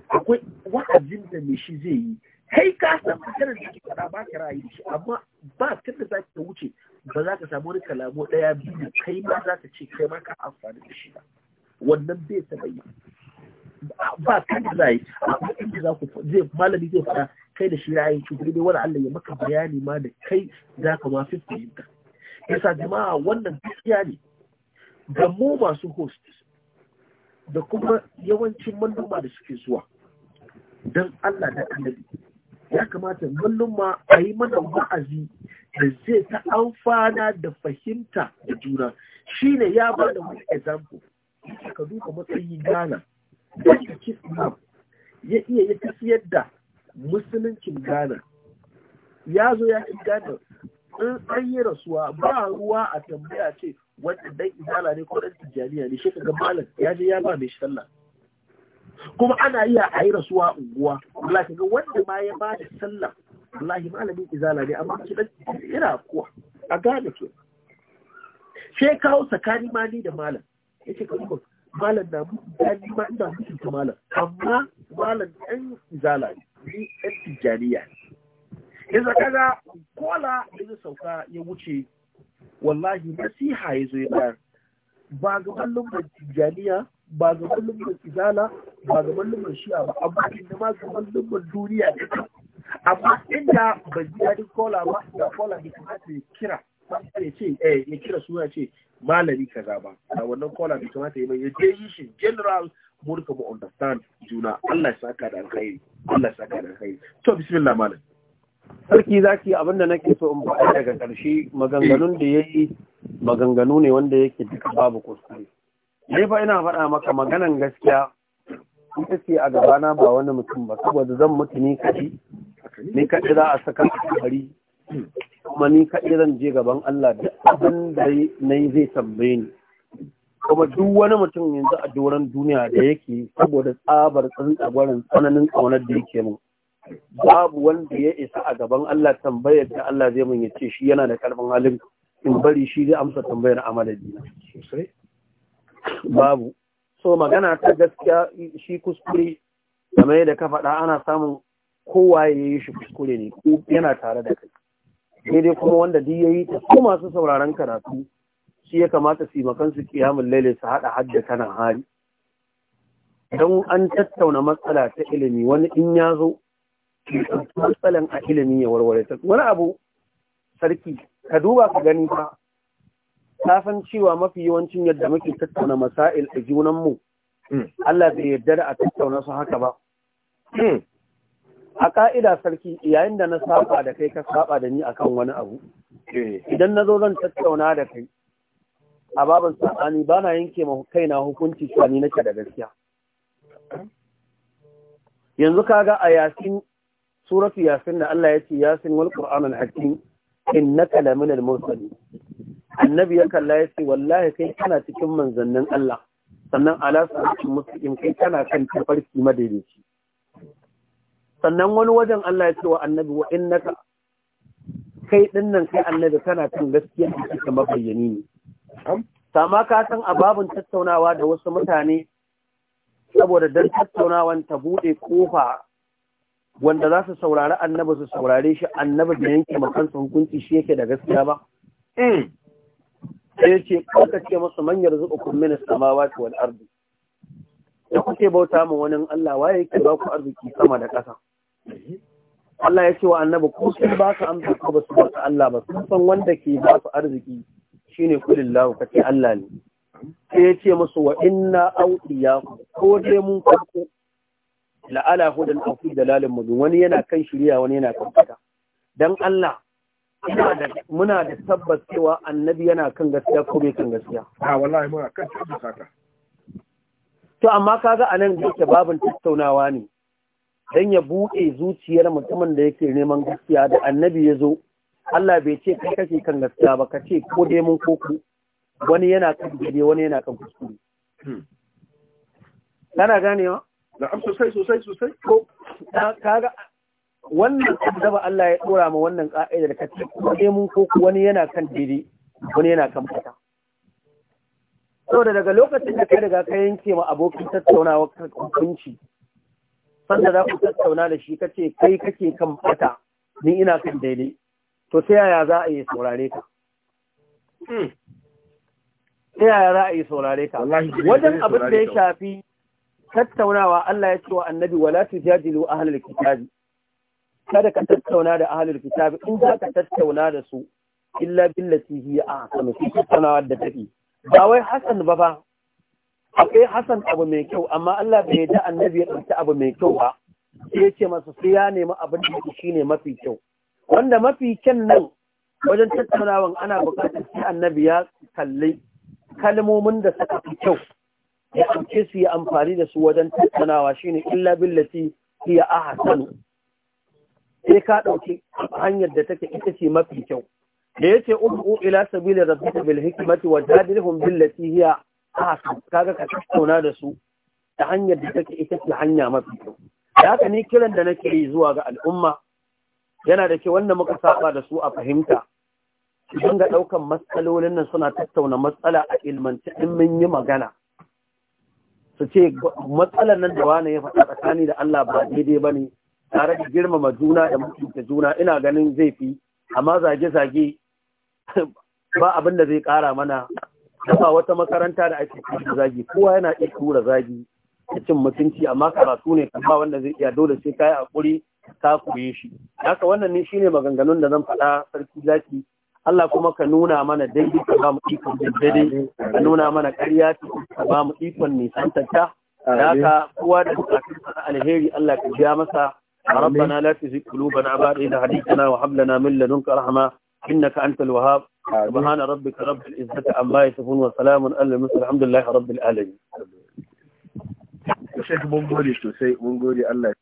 akwai wa'azin da me shi zai yi kai ka san maganar da ke faɗa ba ka ra'ayi shi amma ba tun da za ka wuce ba za ka samu wani kalamo ɗaya biyu kai ma za ka ce kai ma ka amfani da shi ba wannan bai taɓa yi ba ta da za yi amma inda za ku zai malami zai faɗa kai da shi ra'ayin ki dai wani Allah ya maka bayani ma da kai za ka ma Ya yasa jama'a wannan gaskiya ne ga mu masu host da kuma yawancin manoma da suke zuwa don Allah da annabi ya kamata manoma a yi mana wa'azi da zai ta amfana da fahimta da juna Shi ne ya ba da wani example ka duka matsayi Ghana wanda ya iya ya tafiyar da musuluncin Ghana ya zo ya ci in an yi rasuwa ba ruwa a tambaya ce wanda dan izala ne ko dan tijjaniya ne shi ga malam ya je ya ba mai sallah kuma ana iya a yi rasuwa unguwa wallahi kaga wanda ma ya ba da sallah wallahi malamin izala ne amma shi dan yana kuwa a Ghana ke sai kawo tsakani ma ni da malam yace ka malam na mutunta ni ma ina mutunta malam amma malam dan izala ne ni ɗan tijjaniya yanzu kaga kola zai sauka ya wuce wallahi nasiha ya zo ya bayar ba gaban lumbar tijjaniya ba gaban lumbar izala ba gaban lumbar shi'a ba amma inda ma gaban lumbar duniya ne amma inda ba ji daɗin kola ba da kola ne kuma ta kira ya ce eh, ya kira suna ce malami kaza ba a wannan kola bai kamata ya mai ya je yi shi general mu duka mu understand juna Allah ya saka da alkhairi Allah ya saka da alkhairi to bismillah malam sarki zaki abinda nake so in faɗa daga ƙarshe maganganun da yayi maganganu ne wanda yake duka babu kuskure ne fa ina faɗa maka maganan gaskiya ita ce a gabana ba wani mutum ba saboda zan mutu ni kaɗi ni kaɗi za a saka bari kuma ni kaɗi zan je gaban Allah duk abin da na yi zai tambaye ni kuma duk wani mutum yanzu a doron duniya da yake saboda tsabar tsantsagwarin tsananin tsaunar da yake mu babu wanda ya isa a gaban Allah tambayar da Allah zai mun yace shi yana da karfin halin in bari shi zai amsa tambayar amalar dina babu so magana ta gaskiya shi kuskure kamar da ka faɗa ana samun kowa ya yi shi kuskure ne yana tare da kai sai dai kuma wanda duk yayi ta su masu sauraron karatu shi ya kamata su yi makansu kiyamun laile su haɗa hadda kanan hari don an tattauna matsala ta ilimi wani in ya zo matsalan a ilimi ya warware ta wani abu sarki ka duba ka gani fa ta san cewa mafi yawancin yadda muke tattauna masail a junanmu hmm. Allah bai yarda da a tattauna su haka ba hmm. a ka'ida sarki yayin da na saba da kai ka saba da ni akan wani abu eh. idan na zo zan tattauna da kai a babin sa'ani ba na yanke ma kaina hukunci cewa ni nake da gaskiya yanzu kaga a yasin suratu yasin da Allah ya ce yasin wal qur'anul hakim innaka lamin al mursalin annabi ya kalla ya ce wallahi kai kana cikin manzannin Allah sannan ala sa'atin muslim kai kana kan tafarki madaidaici sannan wani wajen Allah ya ce wa annabi wa innaka kai dinnan kai annabi kana kan gaskiya cikin mabayyani ne Sama ka san a babin tattaunawa da wasu mutane saboda don tattaunawan ta buɗe ƙofa wanda za su saurari annabi su saurare shi annabi da yanke makansa hukunci shi yake da gaskiya ba. Hmm. Sai ce ƙarka ce masu manyar zuɓa minista ma ta wani arziki. Da kuke bauta mu wani Allah waye yake ba ku arziki sama da ƙasa. Allah ya ce wa annabi ko sun ba su amsa ko ba su ba Allah ba sun san wanda ke ba su arziki ne shine kulillahu ce Allah ne sai ya ce masu, wa inna auqiya ko dai mun farko la'ala hudun aw da lalin mudun wani yana kan shirya wani yana kan fata Don Allah muna da tabbas cewa annabi yana kan gaskiya ko bai kan gaskiya Ha, wallahi muna kan tabbata to amma kaga anan da yake babin tattaunawa ne dan ya buɗe zuciyar mutumin da yake neman gaskiya da annabi ya zo Allah bai ce kai kake kan gaskiya ba ka ce ko dai mun ko ku wani yana kan gide wani yana kan kuskure kana ganewa na'am sosai sosai sosai ko ga wannan azaba Allah ya dora ma wannan ka'ida ka ce ko dai mun ko ku wani yana kan dire wani yana kan fata saboda daga lokacin da ka riga ka yanke ma abokin tattaunawa hukunci sanda za ku tattauna da shi kace kai kake kan fata ni ina kan daidai to sai yaya za a yi saurare ka ta yaya za a yi saurare ka hmm. wajen abin da ya shafi tattaunawa Allah ya ce wa annabi wala jadilu ahlul kitabi kada ka tattauna da ahlul kitabi in za ka tattauna da su illa billati hi ahsanu su tattaunawa da take ba wai Hassan ba ba akwai Hassan abu mai kyau amma Allah bai yarda annabi ya dauki abu mai kyau ba sai ya ce masa sai ya nemi abin da shi ne mafi kyau wanda mafi kyan nan wajen tattaunawan ana bukatar sai annabi ya kalli kalmomin da suka fi kyau ya amce su yi amfani da su wajen tattaunawa shine illa billati a ahsanu sai ka ɗauki hanyar da take ita ce mafi kyau da yace ud'u ila sabili rabbika bil hikmati wajadilhum billati hiya ahsan kaga ka tattauna da su ta hanyar da take ita ce hanya mafi kyau haka ni kiran da nake yi zuwa ga al'umma yana da ke wanda muka saba da su a fahimta idan ga ɗaukan matsalolin nan suna tattauna matsala a ilmanci in mun yi magana su ce matsalar nan da wani ya faɗa tsakani da Allah ba daidai ba ne tare da girmama juna da mutunta juna ina ganin zai fi amma zage-zage ba abin da zai ƙara mana dafa wata makaranta da ake tura zagi kowa yana iya tura zagi da cin mutunci amma karatu ne kuma wanda zai iya dole sai yi hakuri ka koye shi haka wannan ne shine maganganun da zan faɗa sarki zaki Allah kuma ka nuna mana daidai ka ba mu ikon daidai ka nuna mana ƙarya ka ba mu ikon da haka kowa da bukatun alheri Allah ka biya masa ربنا لا تزغ قلوبنا بعد إذ هديتنا وهب لنا من لدنك رحمة إنك أنت الوهاب سبحان ربك رب العزة عما يصفون وسلام على المرسلين الحمد لله رب العالمين Sheikh mun gode